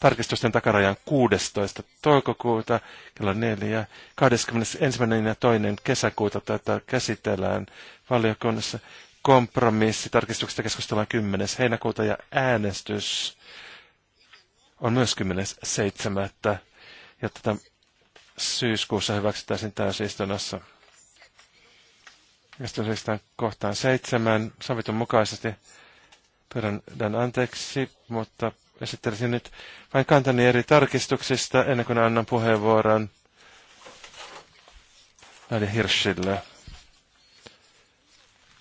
tarkistusten takarajan 16. toukokuuta kello 4. 21. ja 2. kesäkuuta tätä käsitellään valiokunnassa. Kompromissi tarkistuksesta keskustellaan 10. heinäkuuta ja äänestys on myös 10.7. jotta tätä syyskuussa hyväksytään täysistunnossa. sitten kohtaan seitsemän sovitun mukaisesti pyydän anteeksi, mutta esittelisin nyt vain kantani eri tarkistuksista ennen kuin annan puheenvuoron Nadia Hirschille.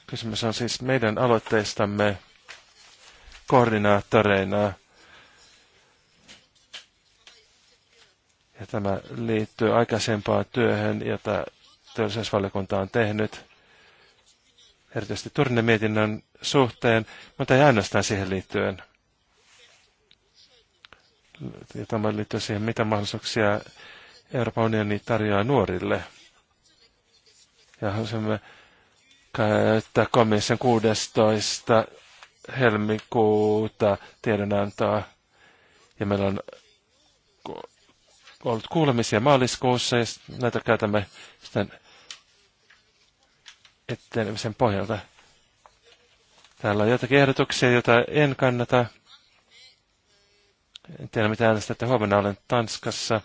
Kysymys on siis meidän aloitteistamme koordinaattoreina. Ja tämä liittyy aikaisempaan työhön, jota työllisyysvaliokunta on tehnyt, erityisesti turnemietinnön suhteen, mutta ei ainoastaan siihen liittyen ja tämä liittyy siihen, mitä mahdollisuuksia Euroopan unioni tarjoaa nuorille. Ja haluaisimme käyttää komission 16. helmikuuta tiedonantoa. Ja meillä on ollut kuulemisia maaliskuussa ja näitä käytämme sitten etenemisen pohjalta. Täällä on joitakin ehdotuksia, joita en kannata. En tiedä, mitä äänestätte. Huomenna olen Tanskassa.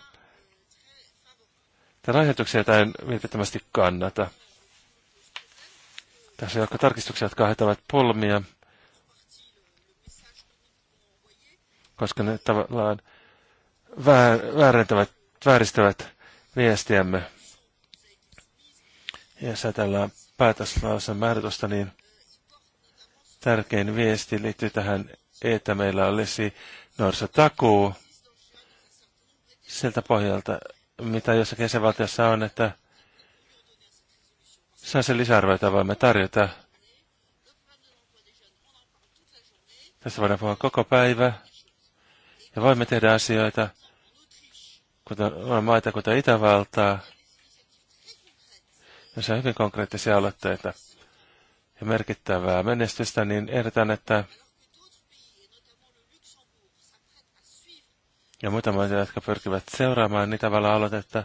Tällä ajatuksia jotain vilpittömästi kannata. Tässä on tarkistuksia, jotka aiheuttavat polmia, koska ne tavallaan väärentävät, vääristävät viestiämme. Ja säätellään päätöslausen määritosta, niin tärkein viesti liittyy tähän, että meillä olisi takuu siltä pohjalta, mitä jossakin jäsenvaltiossa on, että saa sen se jota voimme tarjota. Tässä voidaan puhua koko päivä ja voimme tehdä asioita, kuten on maita kuten Itävaltaa, Jos on hyvin konkreettisia aloitteita ja merkittävää menestystä, niin ehdotan, että ja muita maita, jotka pyrkivät seuraamaan niin tavalla aloitetta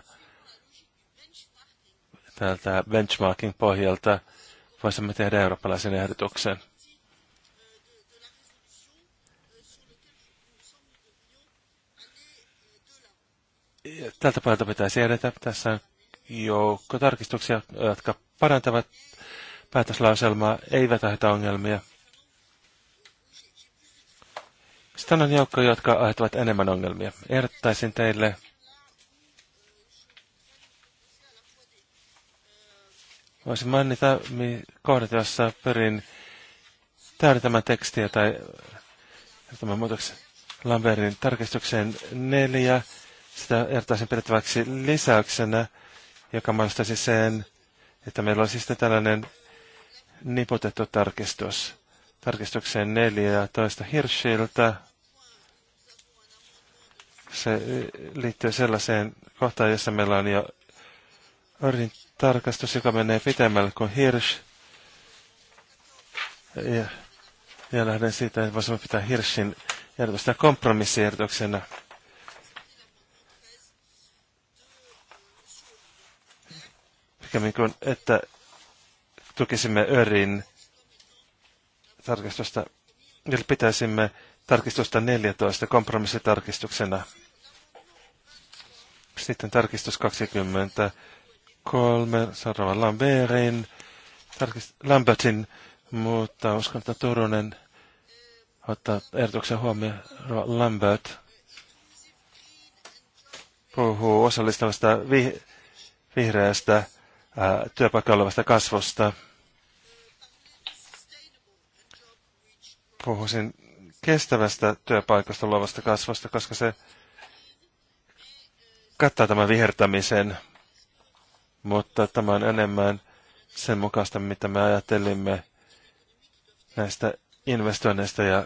tältä benchmarking pohjalta, voisimme tehdä eurooppalaisen ehdotuksen. tältä puolelta pitäisi edetä. Tässä on joukko tarkistuksia, jotka parantavat päätöslauselmaa, eivät aiheuta ongelmia. Sitten on joukko, jotka aiheuttavat enemmän ongelmia. Ehdottaisin teille Voisin mainita kohdat, joissa pyrin täydentämään tekstiä tai tämän muutoksen Lambertin tarkistukseen neljä. Sitä ehdottaisin pidettäväksi lisäyksenä, joka mahdollistaisi sen, että meillä olisi sitten tällainen niputettu tarkistus tarkistukseen 14 Hirschiltä. Se liittyy sellaiseen kohtaan, jossa meillä on jo Ördin tarkastus, joka menee pitemmälle kuin Hirsch. Ja, ja lähden siitä, että voisimme pitää Hirschin ehdotusta kompromissiehdotuksena. Pikemmin kuin, että tukisimme Örin tarkistusta, jos pitäisimme tarkistusta 14 kompromissitarkistuksena. Sitten tarkistus 23, seuraava Lambertin, tarkist, Lambertin, mutta uskon, että Turunen ottaa ehdotuksen huomioon Lambert puhuu osallistavasta vihreästä ää, työpaikalla olevasta kasvusta – puhuisin kestävästä työpaikasta luovasta kasvasta, koska se kattaa tämän vihertämisen, mutta tämä on enemmän sen mukaista, mitä me ajattelimme näistä investoinneista ja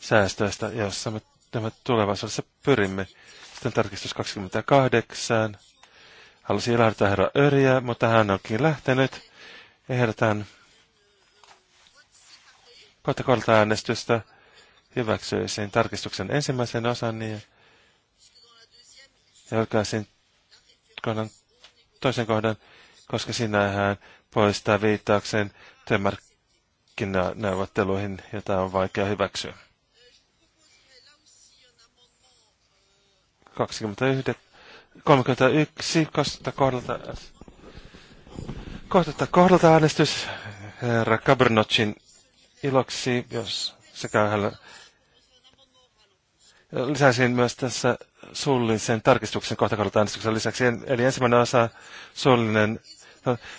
säästöistä, joissa me tämä tulevaisuudessa pyrimme. Sitten tarkistus 28. Halusin ilahduttaa herra Öriä, mutta hän onkin lähtenyt. Ehdotan kohta kohdalta äänestystä sen tarkistuksen ensimmäisen osan ja, ja sen kohdan, toisen kohdan, koska sinähän poistaa viittauksen työmarkkinaneuvotteluihin, jota on vaikea hyväksyä. 21, 31 kohta kohdalta, kohdalta äänestys herra Cabernocin iloksi, jos se käy hänellä. Lisäisin myös tässä suullisen tarkistuksen kohtakohdalta äänestyksen lisäksi. Eli ensimmäinen osa suullinen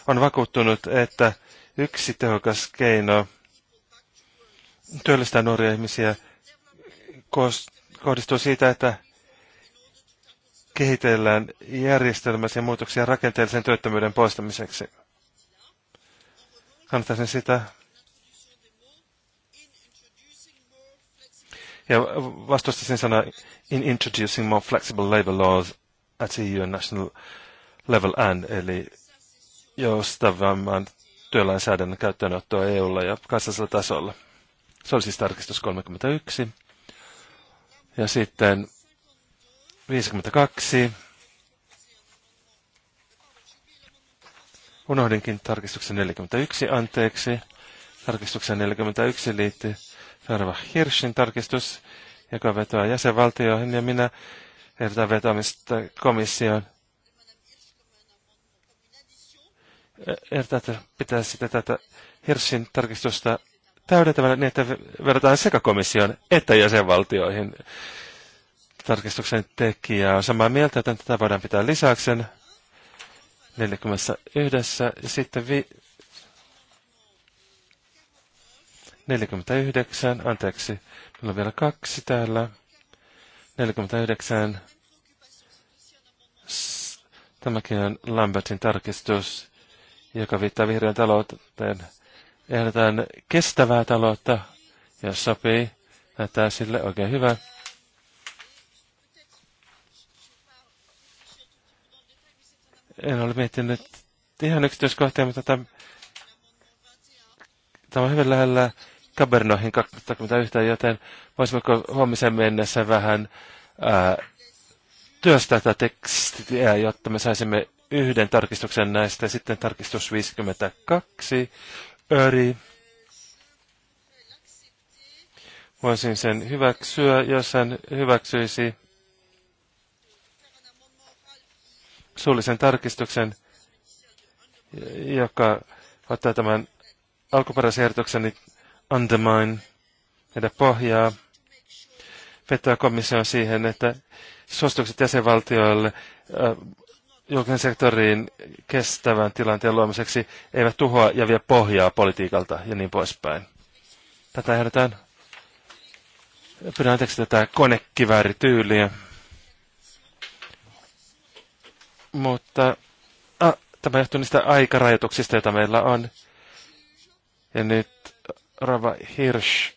on vakuuttunut, että yksi tehokas keino työllistää nuoria ihmisiä kohdistuu siitä, että kehitellään järjestelmäisiä muutoksia rakenteellisen työttömyyden poistamiseksi. Kannattaisin sitä Ja vastustaisin sanaa in introducing more flexible labor laws at EU and national level and, eli joustavamman työlainsäädännön käyttöönottoa EUlla ja kansallisella tasolla. Se oli siis tarkistus 31. Ja sitten 52. Unohdinkin tarkistuksen 41 anteeksi. Tarkistuksen 41 liittyy Ferva Hirschin tarkistus, joka vetoaa jäsenvaltioihin, ja minä ehdotan vetoamista komissioon. Ehdotan, että pitäisi tätä Hirschin tarkistusta täydentävänä niin, että verrataan sekä komission että jäsenvaltioihin. Tarkistuksen tekijä on samaa mieltä, joten tätä voidaan pitää lisäksen 41. sitten vi- 49, anteeksi, meillä on vielä kaksi täällä. 49, tämäkin on Lambertin tarkistus, joka viittaa vihreän talouteen. Ehdotetaan kestävää taloutta, jos sopii, näyttää sille oikein hyvä. En ole miettinyt ihan yksityiskohtia, mutta tämä, tämä on hyvin lähellä Kabernoihin 2021, joten voisimmeko huomisen mennessä vähän ää, työstää tätä tekstiä, jotta me saisimme yhden tarkistuksen näistä. Sitten tarkistus 52. Öri. Voisin sen hyväksyä, jos hän hyväksyisi suullisen tarkistuksen, joka ottaa tämän alkuperäisen Undermine, meidän pohjaa vetää komissio siihen, että suositukset jäsenvaltioille julkisen sektoriin kestävän tilanteen luomiseksi eivät tuhoa ja vie pohjaa politiikalta ja niin poispäin. Tätä ehdotetaan. Pyydän anteeksi tätä konekiväärityyliä. Mutta a, tämä johtuu niistä aikarajoituksista, joita meillä on. Ja nyt Rava Hirsch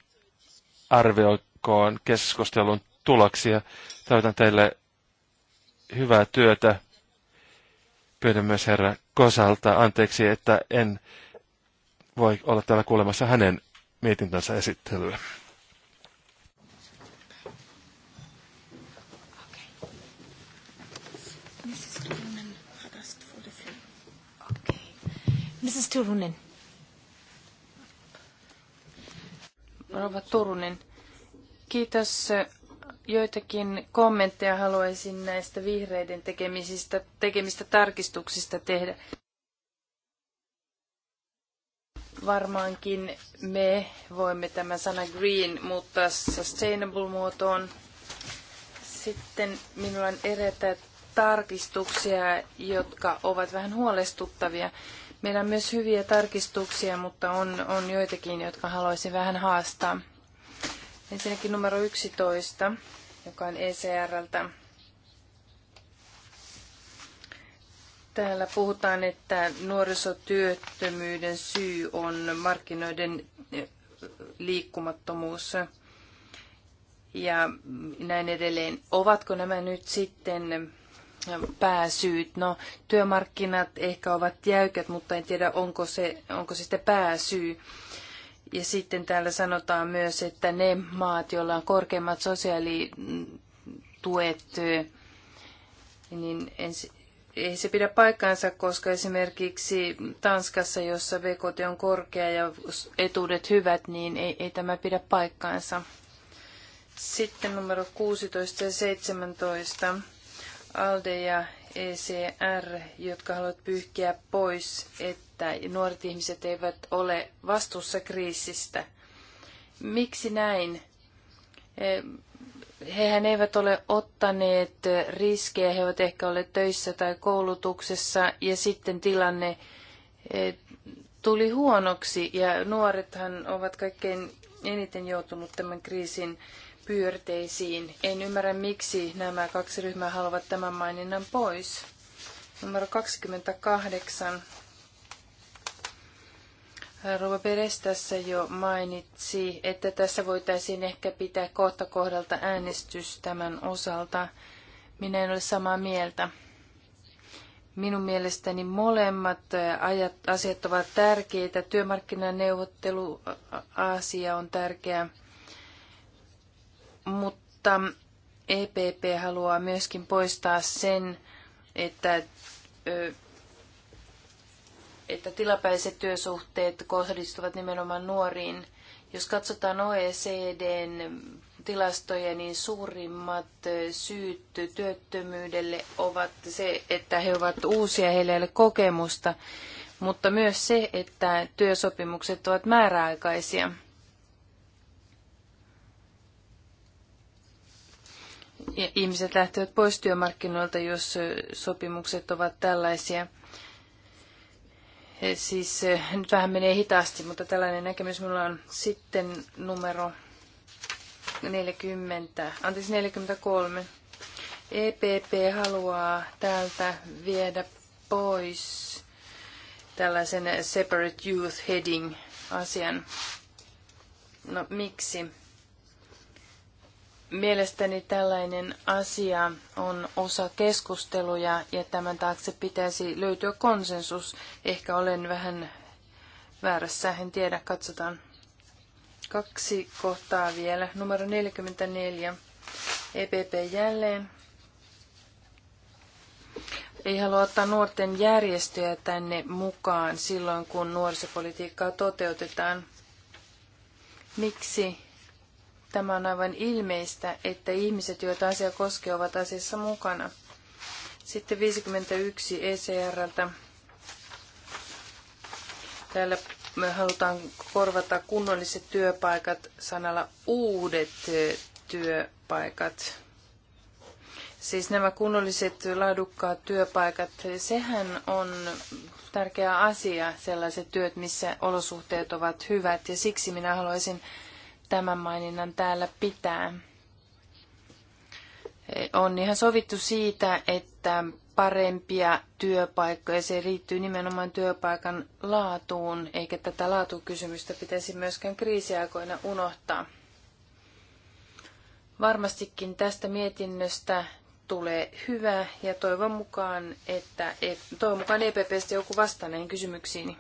arvioikoon keskustelun tuloksia. Toivotan teille hyvää työtä. Pyydän myös herra Kosalta anteeksi, että en voi olla täällä kuulemassa hänen mietintänsä esittelyä. Mrs. Turunen. Rova Turunen. Kiitos. Joitakin kommentteja haluaisin näistä vihreiden tekemisistä, tekemistä tarkistuksista tehdä. Varmaankin me voimme tämän sana green muuttaa sustainable-muotoon. Sitten minulla on eräitä tarkistuksia, jotka ovat vähän huolestuttavia. Meillä on myös hyviä tarkistuksia, mutta on, on joitakin, jotka haluaisin vähän haastaa. Ensinnäkin numero 11, joka on ECRltä. Täällä puhutaan, että nuorisotyöttömyyden syy on markkinoiden eh, liikkumattomuus ja näin edelleen. Ovatko nämä nyt sitten pääsyyt. No, työmarkkinat ehkä ovat jäykät, mutta en tiedä, onko se, onko se sitten pääsyy. Ja sitten täällä sanotaan myös, että ne maat, joilla on korkeimmat sosiaalituet, niin ensi, ei se pidä paikkaansa, koska esimerkiksi Tanskassa, jossa VKT on korkea ja etuudet hyvät, niin ei, ei tämä pidä paikkaansa. Sitten numero 16 ja 17. ALDE ja ECR, jotka haluavat pyyhkiä pois, että nuoret ihmiset eivät ole vastuussa kriisistä. Miksi näin? E, hehän eivät ole ottaneet riskejä, he ovat ehkä olleet töissä tai koulutuksessa ja sitten tilanne e, tuli huonoksi ja nuorethan ovat kaikkein eniten joutunut tämän kriisin pyörteisiin. En ymmärrä, miksi nämä kaksi ryhmää haluavat tämän maininnan pois. Numero 28. Rova Peres tässä jo mainitsi, että tässä voitaisiin ehkä pitää kohta kohdalta äänestys tämän osalta. Minä en ole samaa mieltä. Minun mielestäni molemmat asiat ovat tärkeitä. Työmarkkinaneuvotteluasia on tärkeä. Mutta EPP haluaa myöskin poistaa sen, että, että tilapäiset työsuhteet kohdistuvat nimenomaan nuoriin. Jos katsotaan OECDn tilastoja, niin suurimmat syyt työttömyydelle ovat se, että he ovat uusia, heillä ei ole kokemusta, mutta myös se, että työsopimukset ovat määräaikaisia. ihmiset lähtevät pois työmarkkinoilta, jos sopimukset ovat tällaisia. Siis nyt vähän menee hitaasti, mutta tällainen näkemys minulla on sitten numero 40, anteeksi 43. EPP haluaa täältä viedä pois tällaisen separate youth heading asian. No miksi? Mielestäni tällainen asia on osa keskusteluja ja tämän taakse pitäisi löytyä konsensus. Ehkä olen vähän väärässä, en tiedä, katsotaan. Kaksi kohtaa vielä. Numero 44. EPP jälleen. Ei halua ottaa nuorten järjestöjä tänne mukaan silloin, kun nuorisopolitiikkaa toteutetaan. Miksi Tämä on aivan ilmeistä, että ihmiset, joita asia koskee, ovat asiassa mukana. Sitten 51 ECRltä. Täällä me halutaan korvata kunnolliset työpaikat sanalla uudet työpaikat. Siis nämä kunnolliset laadukkaat työpaikat, sehän on tärkeä asia, sellaiset työt, missä olosuhteet ovat hyvät. Ja siksi minä haluaisin tämän maininnan täällä pitää. On ihan sovittu siitä, että parempia työpaikkoja, se liittyy nimenomaan työpaikan laatuun, eikä tätä laatukysymystä pitäisi myöskään kriisiaikoina unohtaa. Varmastikin tästä mietinnöstä tulee hyvä ja toivon mukaan, että e- toivon mukaan EPPstä joku vastaa näihin kysymyksiini.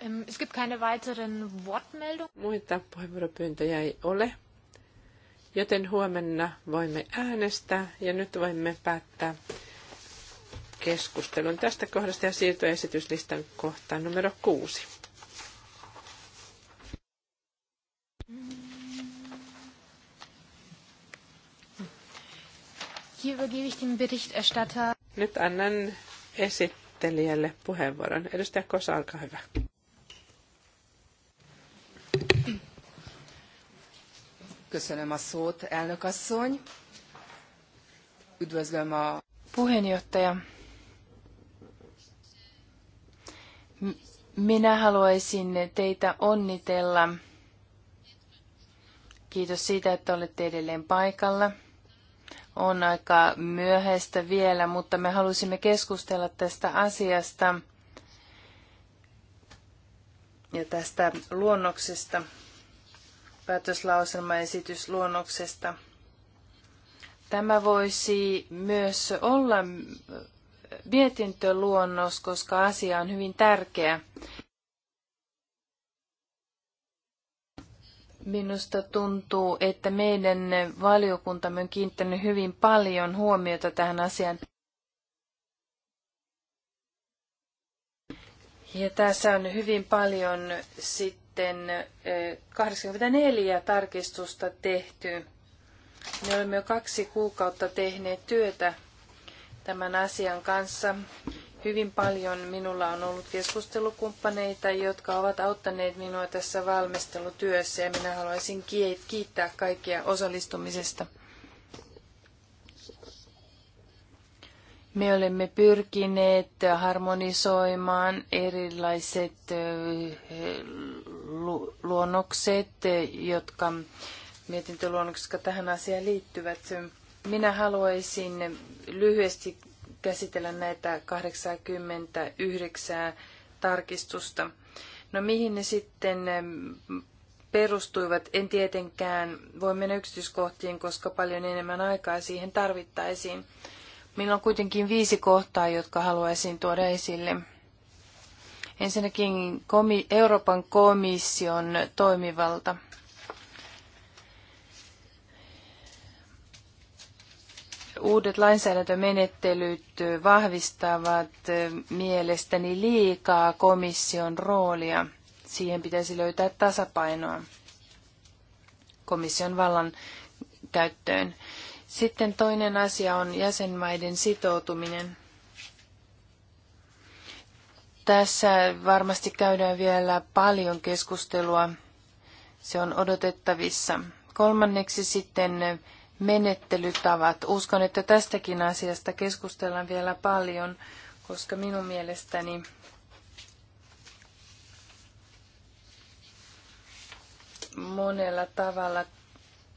Ähm, es gibt keine weiteren Wortmeldungen. Muita puheenvuoropyyntöjä ei ole, joten huomenna voimme äänestää ja nyt voimme päättää keskustelun tästä kohdasta ja siirtyä esityslistan kohtaan numero kuusi. Nyt annan esittelijälle puheenvuoron. Edustaja Kosa, olkaa hyvä. Köszönöm a szót, elnök asszony. Üdvözlöm a... Puheenjohtaja. Minä haluaisin teitä onnitella. Kiitos siitä, että olette edelleen paikalla. On aika myöhäistä vielä, mutta me halusimme keskustella tästä asiasta ja tästä luonnoksesta päätöslauselmaesitys luonnoksesta. Tämä voisi myös olla mietintöluonnos, koska asia on hyvin tärkeä. Minusta tuntuu, että meidän valiokuntamme on kiinnittänyt hyvin paljon huomiota tähän asiaan. Ja tässä on hyvin paljon sitten sitten 84 tarkistusta tehty. Me olemme jo kaksi kuukautta tehneet työtä tämän asian kanssa. Hyvin paljon minulla on ollut keskustelukumppaneita, jotka ovat auttaneet minua tässä valmistelutyössä ja minä haluaisin kiittää kaikkia osallistumisesta. Me olemme pyrkineet harmonisoimaan erilaiset luonnokset, jotka mietintöluonnokset, jotka tähän asiaan liittyvät. Minä haluaisin lyhyesti käsitellä näitä 89 tarkistusta. No mihin ne sitten perustuivat, en tietenkään voi mennä yksityiskohtiin, koska paljon enemmän aikaa siihen tarvittaisiin. Minulla on kuitenkin viisi kohtaa, jotka haluaisin tuoda esille. Ensinnäkin Euroopan komission toimivalta. Uudet lainsäädäntömenettelyt vahvistavat mielestäni liikaa komission roolia. Siihen pitäisi löytää tasapainoa komission vallan käyttöön. Sitten toinen asia on jäsenmaiden sitoutuminen. Tässä varmasti käydään vielä paljon keskustelua. Se on odotettavissa. Kolmanneksi sitten menettelytavat. Uskon, että tästäkin asiasta keskustellaan vielä paljon, koska minun mielestäni monella tavalla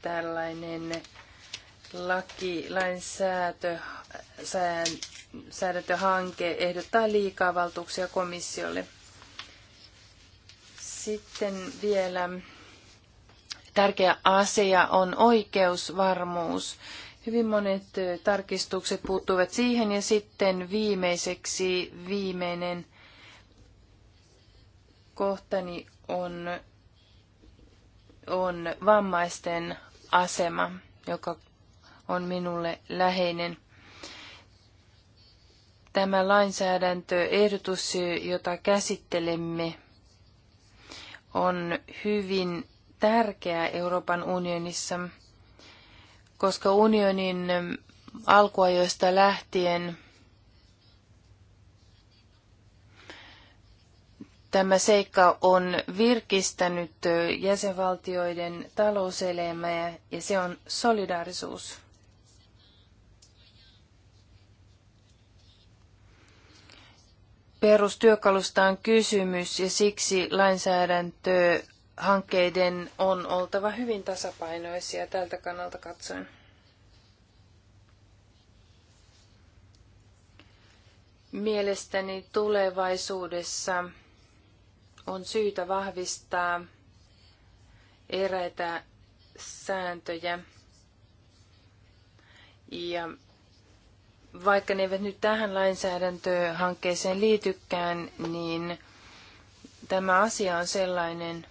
tällainen laki, lainsäätö, säädäntöhanke ehdottaa liikaa valtuuksia komissiolle. Sitten vielä tärkeä asia on oikeusvarmuus. Hyvin monet tarkistukset puuttuvat siihen ja sitten viimeiseksi viimeinen kohtani on, on vammaisten asema, joka on minulle läheinen. Tämä lainsäädäntöehdotus, jota käsittelemme, on hyvin tärkeä Euroopan unionissa, koska unionin alkuajoista lähtien tämä seikka on virkistänyt jäsenvaltioiden talouselämää ja se on solidaarisuus. perustyökalusta on kysymys ja siksi lainsäädäntöhankkeiden on oltava hyvin tasapainoisia tältä kannalta katsoen. Mielestäni tulevaisuudessa on syytä vahvistaa eräitä sääntöjä ja vaikka ne eivät nyt tähän lainsäädäntöhankkeeseen liitykään, niin tämä asia on sellainen,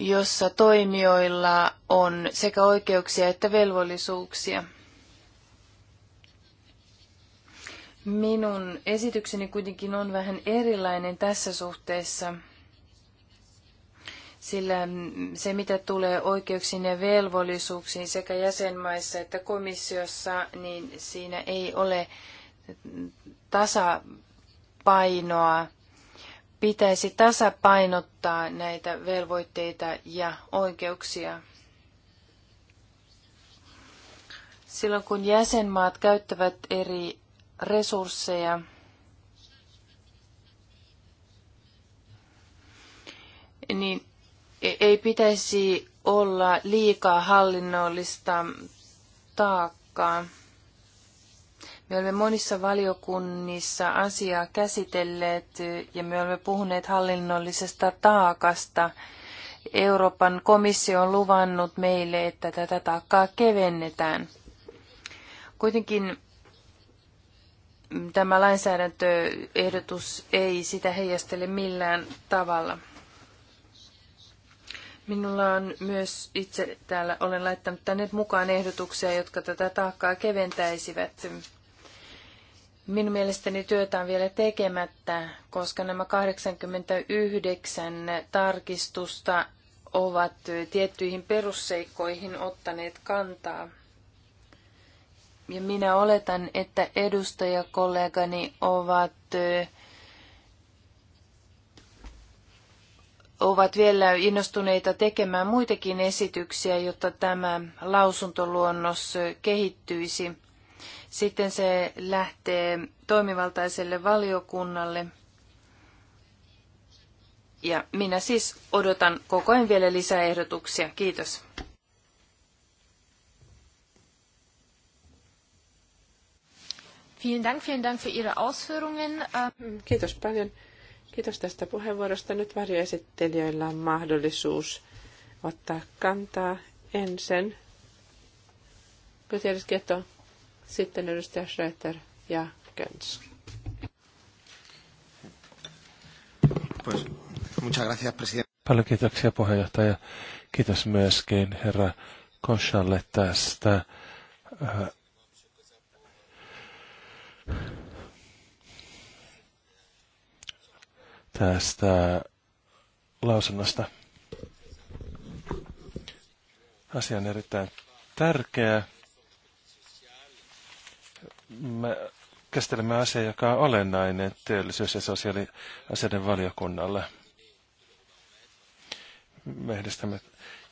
jossa toimijoilla on sekä oikeuksia että velvollisuuksia. Minun esitykseni kuitenkin on vähän erilainen tässä suhteessa sillä mm, se mitä tulee oikeuksiin ja velvollisuuksiin sekä jäsenmaissa että komissiossa, niin siinä ei ole tasapainoa. Pitäisi tasapainottaa näitä velvoitteita ja oikeuksia. Silloin kun jäsenmaat käyttävät eri resursseja, niin E, ei pitäisi olla liikaa hallinnollista taakkaa. Me olemme monissa valiokunnissa asiaa käsitelleet ja me olemme puhuneet hallinnollisesta taakasta. Euroopan komissio on luvannut meille, että tätä taakkaa kevennetään. Kuitenkin tämä lainsäädäntöehdotus ei sitä heijastele millään tavalla. Minulla on myös itse täällä, olen laittanut tänne mukaan ehdotuksia, jotka tätä taakkaa keventäisivät. Minun mielestäni työtä on vielä tekemättä, koska nämä 89 tarkistusta ovat tiettyihin perusseikkoihin ottaneet kantaa. Ja minä oletan, että edustajakollegani ovat ovat vielä innostuneita tekemään muitakin esityksiä, jotta tämä lausuntoluonnos kehittyisi. Sitten se lähtee toimivaltaiselle valiokunnalle. Ja minä siis odotan koko ajan vielä lisää ehdotuksia. Kiitos. Vielen Dank, vielen Dank für Ihre Ausführungen. Kiitos paljon Kiitos tästä puheenvuorosta. Nyt varjoesittelijöillä on mahdollisuus ottaa kantaa ensin. Gutierrez Keto, sitten edustaja Schröter ja Köns. Pues, muchas gracias, presidente. Paljon kiitoksia puheenjohtaja. Kiitos myöskin herra Koshalle tästä äh, tästä lausunnosta. Asia on erittäin tärkeä. Me käsittelemme asiaa, joka on olennainen teollisuus- ja sosiaaliasioiden valiokunnalle. Me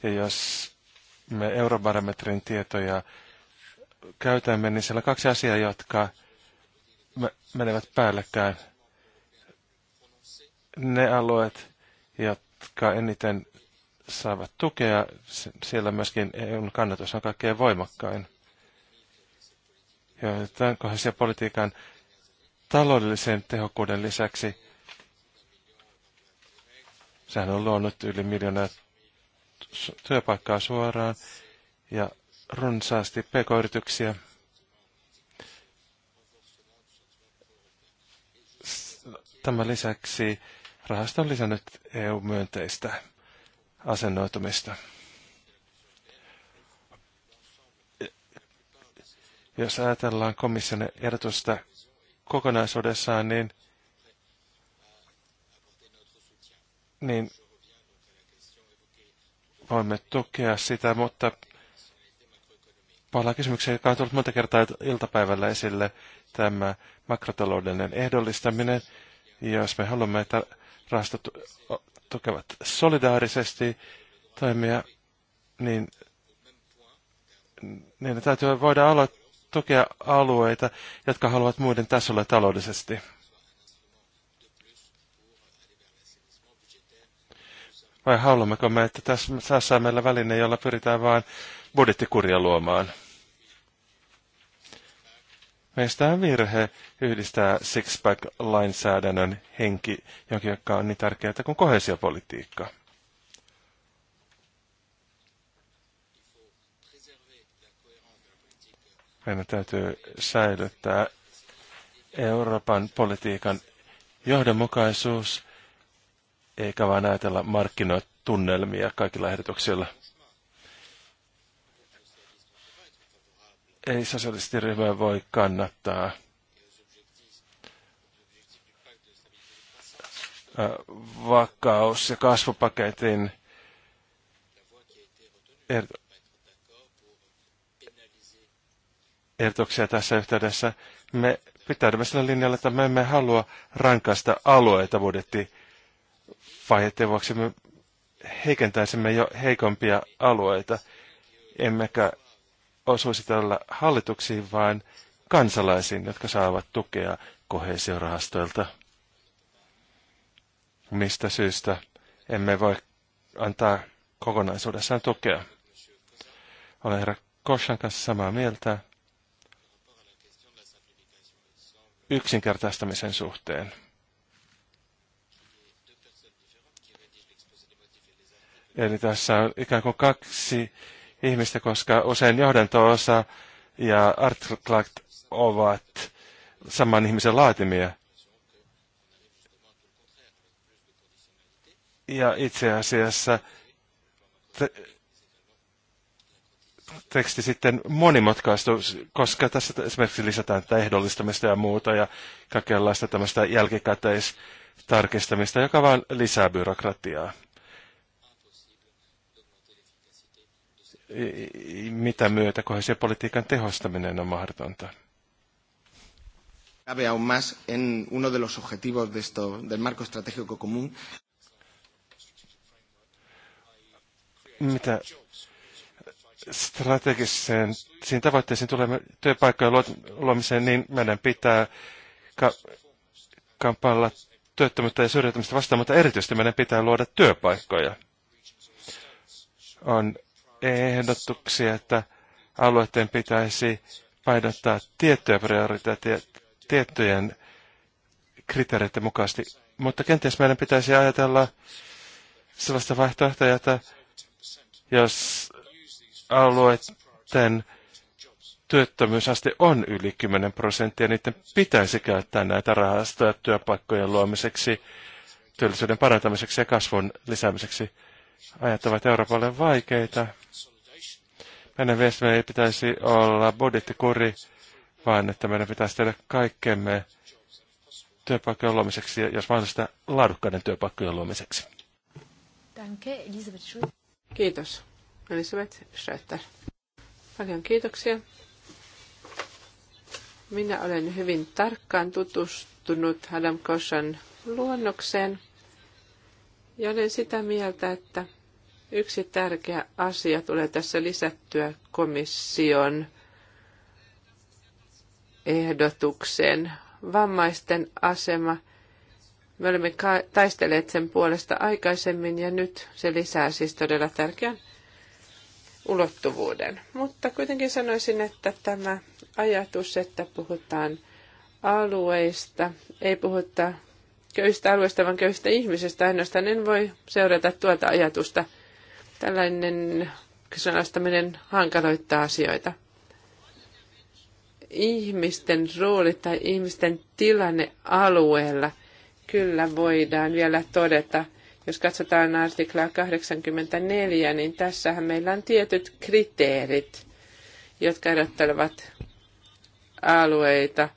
ja jos me eurobarometrin tietoja käytämme, niin siellä on kaksi asiaa, jotka menevät päällekkäin ne alueet, jotka eniten saavat tukea, siellä myöskin EUn kannatus on kaikkein voimakkain. Tämän kohdassa politiikan taloudellisen tehokkuuden lisäksi sehän on luonut yli miljoonaa työpaikkaa suoraan ja runsaasti pk-yrityksiä. Tämän lisäksi Rahasto on lisännyt EU-myönteistä asennoitumista. Jos ajatellaan komission ehdotusta kokonaisuudessaan, niin, niin voimme tukea sitä, mutta palaan kysymykseen, joka on tullut monta kertaa iltapäivällä esille, tämä makrotaloudellinen ehdollistaminen. Jos me haluamme, että rahastot tukevat solidaarisesti toimia, niin niin täytyy voida ala tukea alueita, jotka haluavat muiden tasolla taloudellisesti. Vai haluammeko me, että tässä saa meillä väline, jolla pyritään vain budjettikuria luomaan? Meistä on virhe yhdistää Sixpack-lainsäädännön henki, joka on niin tärkeää kuin kohesiopolitiikka. Meidän täytyy säilyttää Euroopan politiikan johdonmukaisuus, eikä vain ajatella markkinoitunnelmia kaikilla ehdotuksilla. ei sosialistiryhmä voi kannattaa vakaus- ja kasvupaketin er- ehdotuksia tässä yhteydessä. Me pitäydymme sillä linjalla, että me emme halua rankaista alueita budjettivaiheiden vuoksi. Me heikentäisimme jo heikompia alueita, emmekä osuisi tällä hallituksiin, vaan kansalaisiin, jotka saavat tukea kohesiorahastoilta. Mistä syystä emme voi antaa kokonaisuudessaan tukea? Olen herra Koshan kanssa samaa mieltä yksinkertaistamisen suhteen. Eli tässä on ikään kuin kaksi ihmistä, koska usein johdanto-osa ja artiklat ovat saman ihmisen laatimia. Ja itse asiassa te teksti sitten monimutkaistuu, koska tässä esimerkiksi lisätään tätä ehdollistamista ja muuta ja kaikenlaista tämmöistä jälkikäteistarkistamista, joka vaan lisää byrokratiaa. mitä myötä kohesiopolitiikan tehostaminen on mahdotonta. Cabe aún más en uno de los objetivos de esto, del marco estratégico común. Mitä strategiseen siihen tavoitteeseen tulee työpaikkojen luomiseen, niin meidän pitää ka- kamppailla työttömyyttä ja syrjäytymistä vastaan, mutta erityisesti meidän pitää luoda työpaikkoja. On ehdotuksia, että alueiden pitäisi painottaa tiettyjä prioriteetteja tiettyjen kriteereiden mukaisesti. Mutta kenties meidän pitäisi ajatella sellaista vaihtoehtoja, että jos alueiden työttömyysaste on yli 10 prosenttia, niiden pitäisi käyttää näitä rahastoja työpaikkojen luomiseksi, työllisyyden parantamiseksi ja kasvun lisäämiseksi. Ajat ovat Euroopalle vaikeita. Meidän viestimme ei pitäisi olla budjettikuri, vaan että meidän pitäisi tehdä kaikkemme työpaikkojen luomiseksi ja jos mahdollista laadukkaiden työpaikkojen luomiseksi. Kiitos. Elisabeth Schröter. Paljon kiitoksia. Minä olen hyvin tarkkaan tutustunut Adam Koshan luonnokseen. Ja olen sitä mieltä, että yksi tärkeä asia tulee tässä lisättyä komission ehdotukseen. Vammaisten asema. Me olemme taistelleet sen puolesta aikaisemmin ja nyt se lisää siis todella tärkeän ulottuvuuden. Mutta kuitenkin sanoisin, että tämä ajatus, että puhutaan alueista, ei puhuta köyhistä alueista, vaan köyhistä ihmisistä ainoastaan. En voi seurata tuota ajatusta. Tällainen kyseenalaistaminen hankaloittaa asioita. Ihmisten rooli tai ihmisten tilanne alueella kyllä voidaan vielä todeta. Jos katsotaan artiklaa 84, niin tässähän meillä on tietyt kriteerit, jotka erottelevat alueita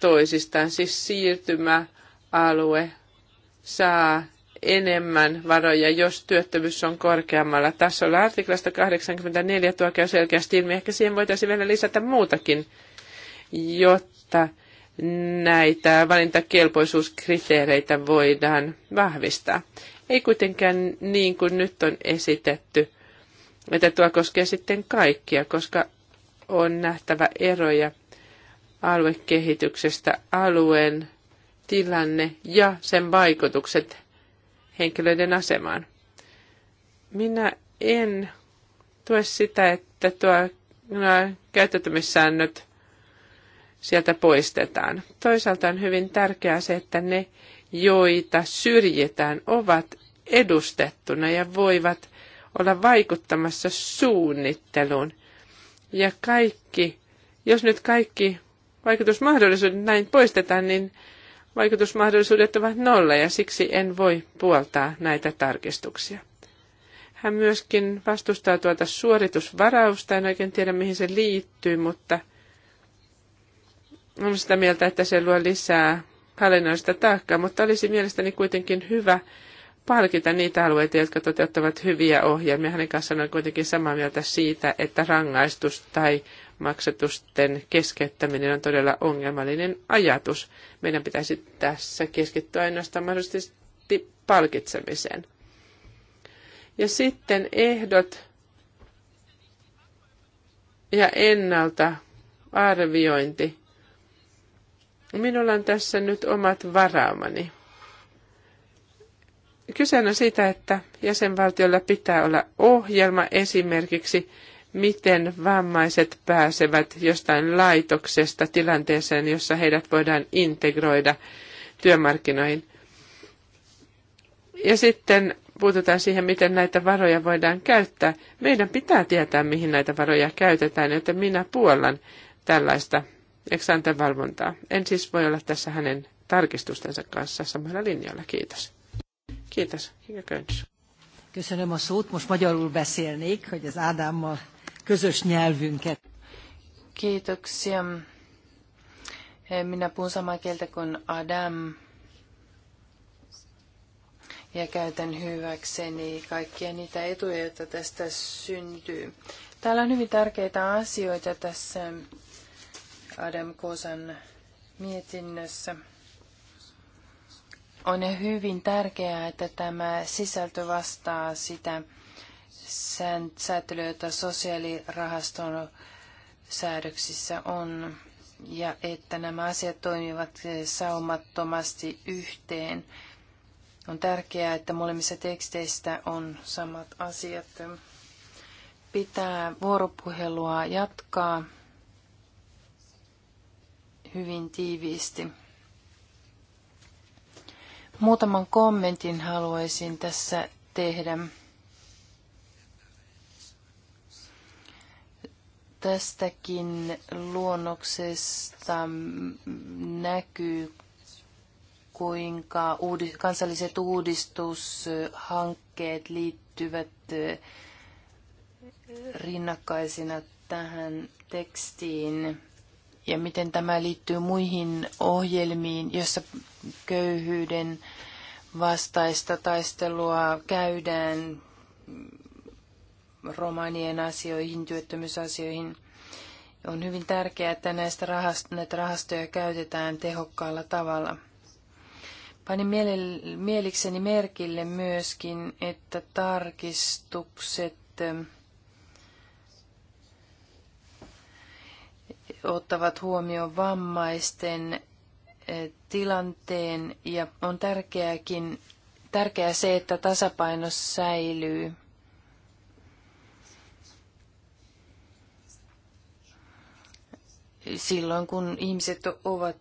toisistaan. Siis siirtymä alue saa enemmän varoja, jos työttömyys on korkeammalla tasolla. Artiklasta 84 tuo käy selkeästi ilmi. Ehkä siihen voitaisiin vielä lisätä muutakin, jotta näitä valintakelpoisuuskriteereitä voidaan vahvistaa. Ei kuitenkaan niin kuin nyt on esitetty, että tuo koskee sitten kaikkia, koska on nähtävä eroja aluekehityksestä alueen tilanne ja sen vaikutukset henkilöiden asemaan. Minä en tue sitä, että tuo nämä käyttäytymissäännöt sieltä poistetaan. Toisaalta on hyvin tärkeää se, että ne, joita syrjitään, ovat edustettuna ja voivat olla vaikuttamassa suunnitteluun. Ja kaikki, jos nyt kaikki vaikutusmahdollisuudet näin poistetaan, niin vaikutusmahdollisuudet ovat nolla ja siksi en voi puoltaa näitä tarkistuksia. Hän myöskin vastustaa tuota suoritusvarausta, en oikein tiedä mihin se liittyy, mutta olen sitä mieltä, että se luo lisää hallinnollista taakkaa, mutta olisi mielestäni kuitenkin hyvä palkita niitä alueita, jotka toteuttavat hyviä ohjelmia. Hänen kanssaan on kuitenkin samaa mieltä siitä, että rangaistus tai maksatusten keskeyttäminen on todella ongelmallinen ajatus. Meidän pitäisi tässä keskittyä ainoastaan mahdollisesti palkitsemiseen. Ja sitten ehdot ja ennalta arviointi. Minulla on tässä nyt omat varaamani. Kyse on siitä, että jäsenvaltiolla pitää olla ohjelma esimerkiksi miten vammaiset pääsevät jostain laitoksesta tilanteeseen, jossa heidät voidaan integroida työmarkkinoihin. Ja sitten puututaan siihen, miten näitä varoja voidaan käyttää. Meidän pitää tietää, mihin näitä varoja käytetään, joten minä puollan tällaista eksanten En siis voi olla tässä hänen tarkistustensa kanssa samalla linjalla. Kiitos. Kiitos. Inga Köns. Köszönöm a szót, most magyarul beszélnék, hogy az Ádámmal közös nyelvünket. Kiitoksia. Minä puhun samaa kieltä kuin Adam ja käytän hyväkseni kaikkia niitä etuja, joita tästä syntyy. Täällä on hyvin tärkeitä asioita tässä Adam Kosan mietinnössä. On hyvin tärkeää, että tämä sisältö vastaa sitä, sääntelyä, jota sosiaalirahaston säädöksissä on, ja että nämä asiat toimivat saumattomasti yhteen. On tärkeää, että molemmissa teksteissä on samat asiat. Pitää vuoropuhelua jatkaa hyvin tiiviisti. Muutaman kommentin haluaisin tässä tehdä. Tästäkin luonnoksesta näkyy, kuinka uudis kansalliset uudistushankkeet liittyvät eh, rinnakkaisina tähän tekstiin ja miten tämä liittyy muihin ohjelmiin, jossa köyhyyden vastaista taistelua käydään romanien asioihin, työttömyysasioihin. On hyvin tärkeää, että näistä rahast- näitä rahastoja käytetään tehokkaalla tavalla. Panin miele- mielikseni merkille myöskin, että tarkistukset eh, ottavat huomioon vammaisten eh, tilanteen ja on tärkeäkin tärkeää se, että tasapaino säilyy silloin, kun ihmiset ovat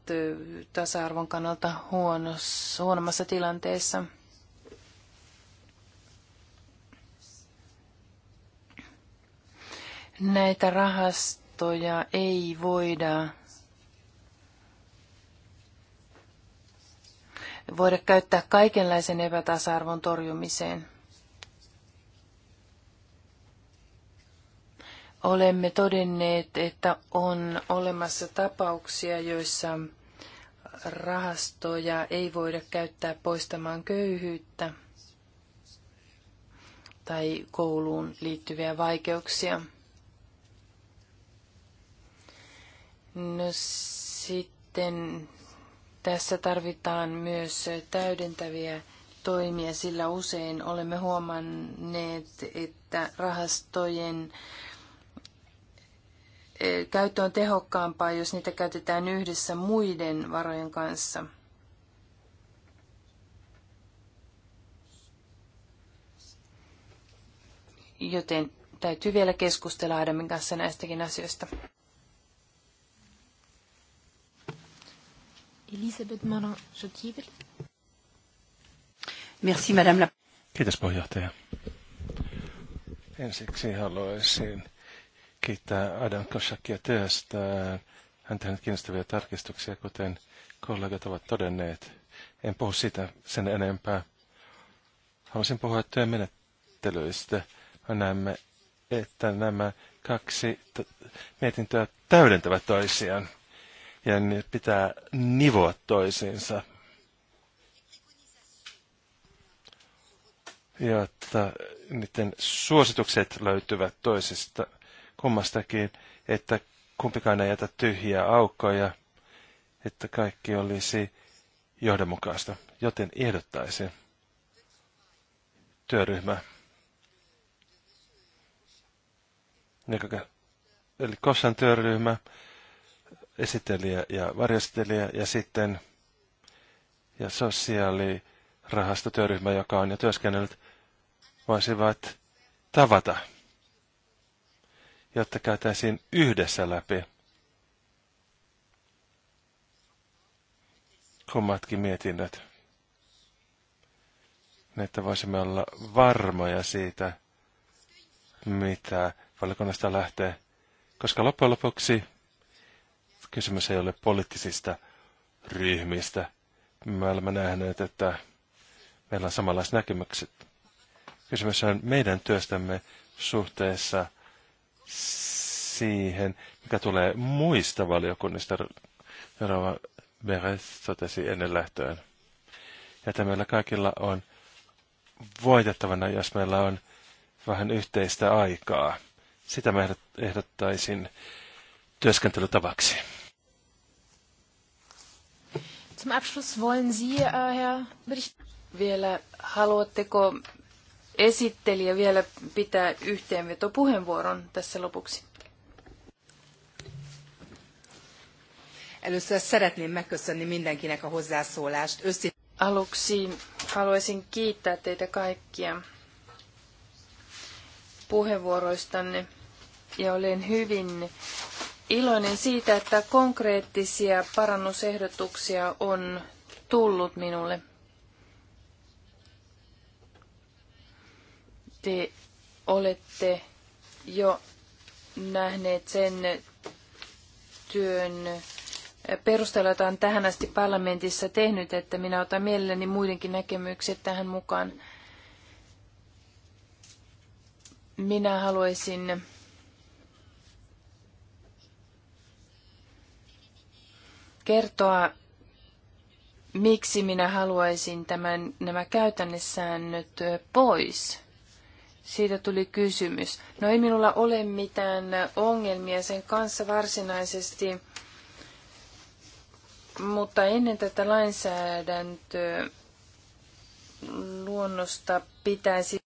tasa-arvon kannalta huonossa, huonommassa tilanteessa. Näitä rahastoja ei voida voida käyttää kaikenlaisen epätasa-arvon torjumiseen. olemme todenneet, että on olemassa tapauksia, joissa rahastoja ei voida käyttää poistamaan köyhyyttä tai kouluun liittyviä vaikeuksia. No sitten tässä tarvitaan myös täydentäviä toimia, sillä usein olemme huomanneet, että rahastojen käyttö on tehokkaampaa, jos niitä käytetään yhdessä muiden varojen kanssa. Joten täytyy vielä keskustella Adamin kanssa näistäkin asioista. Elisabeth Morin, Merci, madame la... Kiitos, puheenjohtaja. Ensiksi haluaisin kiittää Adam Koshakia työstä. Hän on tehnyt kiinnostavia tarkistuksia, kuten kollegat ovat todenneet. En puhu sitä sen enempää. Haluaisin puhua työmenettelyistä. Näemme, että nämä kaksi mietintöä täydentävät toisiaan ja ne pitää nivoa toisiinsa, jotta niiden suositukset löytyvät toisista – kummastakin, että kumpikaan ei jätä tyhjiä aukkoja, että kaikki olisi johdonmukaista. Joten ehdottaisin työryhmä, eli Kossan työryhmä, esittelijä ja varjostelijä ja sitten ja sosiaalirahastotyöryhmä, joka on jo työskennellyt, voisivat tavata jotta käytäisiin yhdessä läpi kummatkin mietinnöt. Että voisimme olla varmoja siitä, mitä valiokunnasta lähtee. Koska loppujen lopuksi kysymys ei ole poliittisista ryhmistä. Me olemme nähneet, että meillä on samanlaiset näkemykset. Kysymys on meidän työstämme suhteessa siihen, mikä tulee muista valiokunnista, Rova Beres totesi ennen lähtöön. Ja että meillä kaikilla on voitettavana, jos meillä on vähän yhteistä aikaa. Sitä mä ehdottaisin työskentelytavaksi. Zum Abschluss wollen Sie, äh, Herr, vielä haluatteko esittelijä vielä pitää yhteenvetopuheenvuoron tässä lopuksi. Először szeretném megköszönni mindenkinek a hozzászólást. Összi... Aluksi haluaisin kiittää teitä kaikkia puheenvuoroistanne ja olen hyvin iloinen siitä, että konkreettisia parannusehdotuksia on tullut minulle. Te olette jo nähneet sen työn perusteella, jota on tähän asti parlamentissa tehnyt, että minä otan mielelläni muidenkin näkemykset tähän mukaan. Minä haluaisin kertoa, miksi minä haluaisin tämän, nämä käytännössäännöt pois. Siitä tuli kysymys. No ei minulla ole mitään ongelmia sen kanssa varsinaisesti, mutta ennen tätä lainsäädäntöä luonnosta pitäisi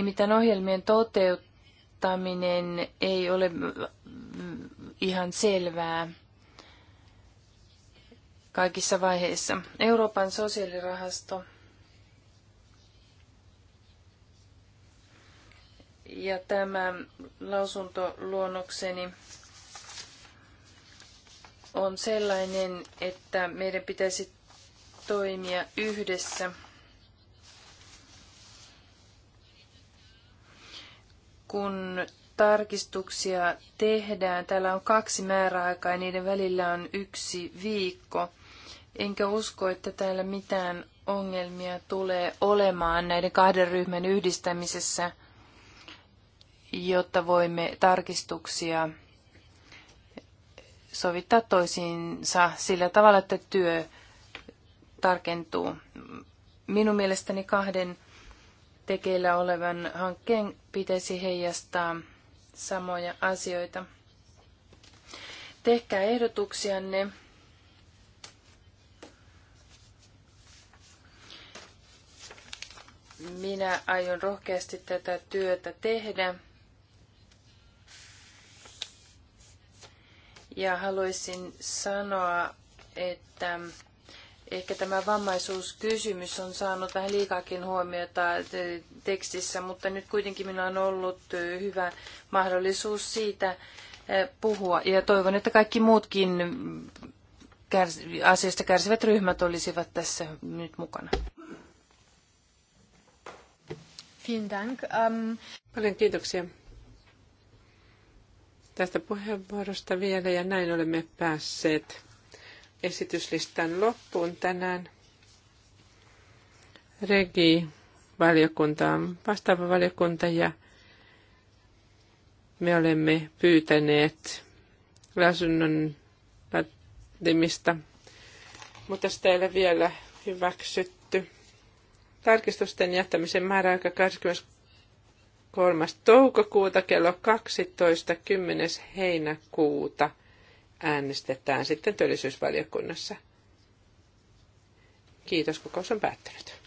Nimittäin ohjelmien toteuttaminen ei ole ihan selvää kaikissa vaiheissa. Euroopan sosiaalirahasto ja tämä lausuntoluonnokseni on sellainen, että meidän pitäisi toimia yhdessä. kun tarkistuksia tehdään, täällä on kaksi määräaikaa ja niiden välillä on yksi viikko. Enkä usko, että täällä mitään ongelmia tulee olemaan näiden kahden ryhmän yhdistämisessä, jotta voimme tarkistuksia sovittaa toisiinsa sillä tavalla, että työ tarkentuu. Minun mielestäni kahden tekeillä olevan hankkeen pitäisi heijastaa samoja asioita. Tehkää ehdotuksianne. Minä aion rohkeasti tätä työtä tehdä. Ja haluaisin sanoa, että Ehkä tämä vammaisuuskysymys on saanut vähän liikaakin huomiota eh, tekstissä, mutta nyt kuitenkin minulla on ollut eh, hyvä mahdollisuus siitä eh, puhua. Ja toivon, että kaikki muutkin asiasta kärsivät ryhmät olisivat tässä nyt mukana. Dank. Um... Paljon kiitoksia tästä puheenvuorosta vielä ja näin olemme päässeet esityslistan loppuun tänään. Regi valiokunta on vastaava valiokunta ja me olemme pyytäneet lausunnon päättämistä, mutta sitä ei ole vielä hyväksytty. Tarkistusten jättämisen määräaika 23. toukokuuta kello 12.10. heinäkuuta äänestetään sitten työllisyysvaliokunnassa. Kiitos, kokous on päättynyt.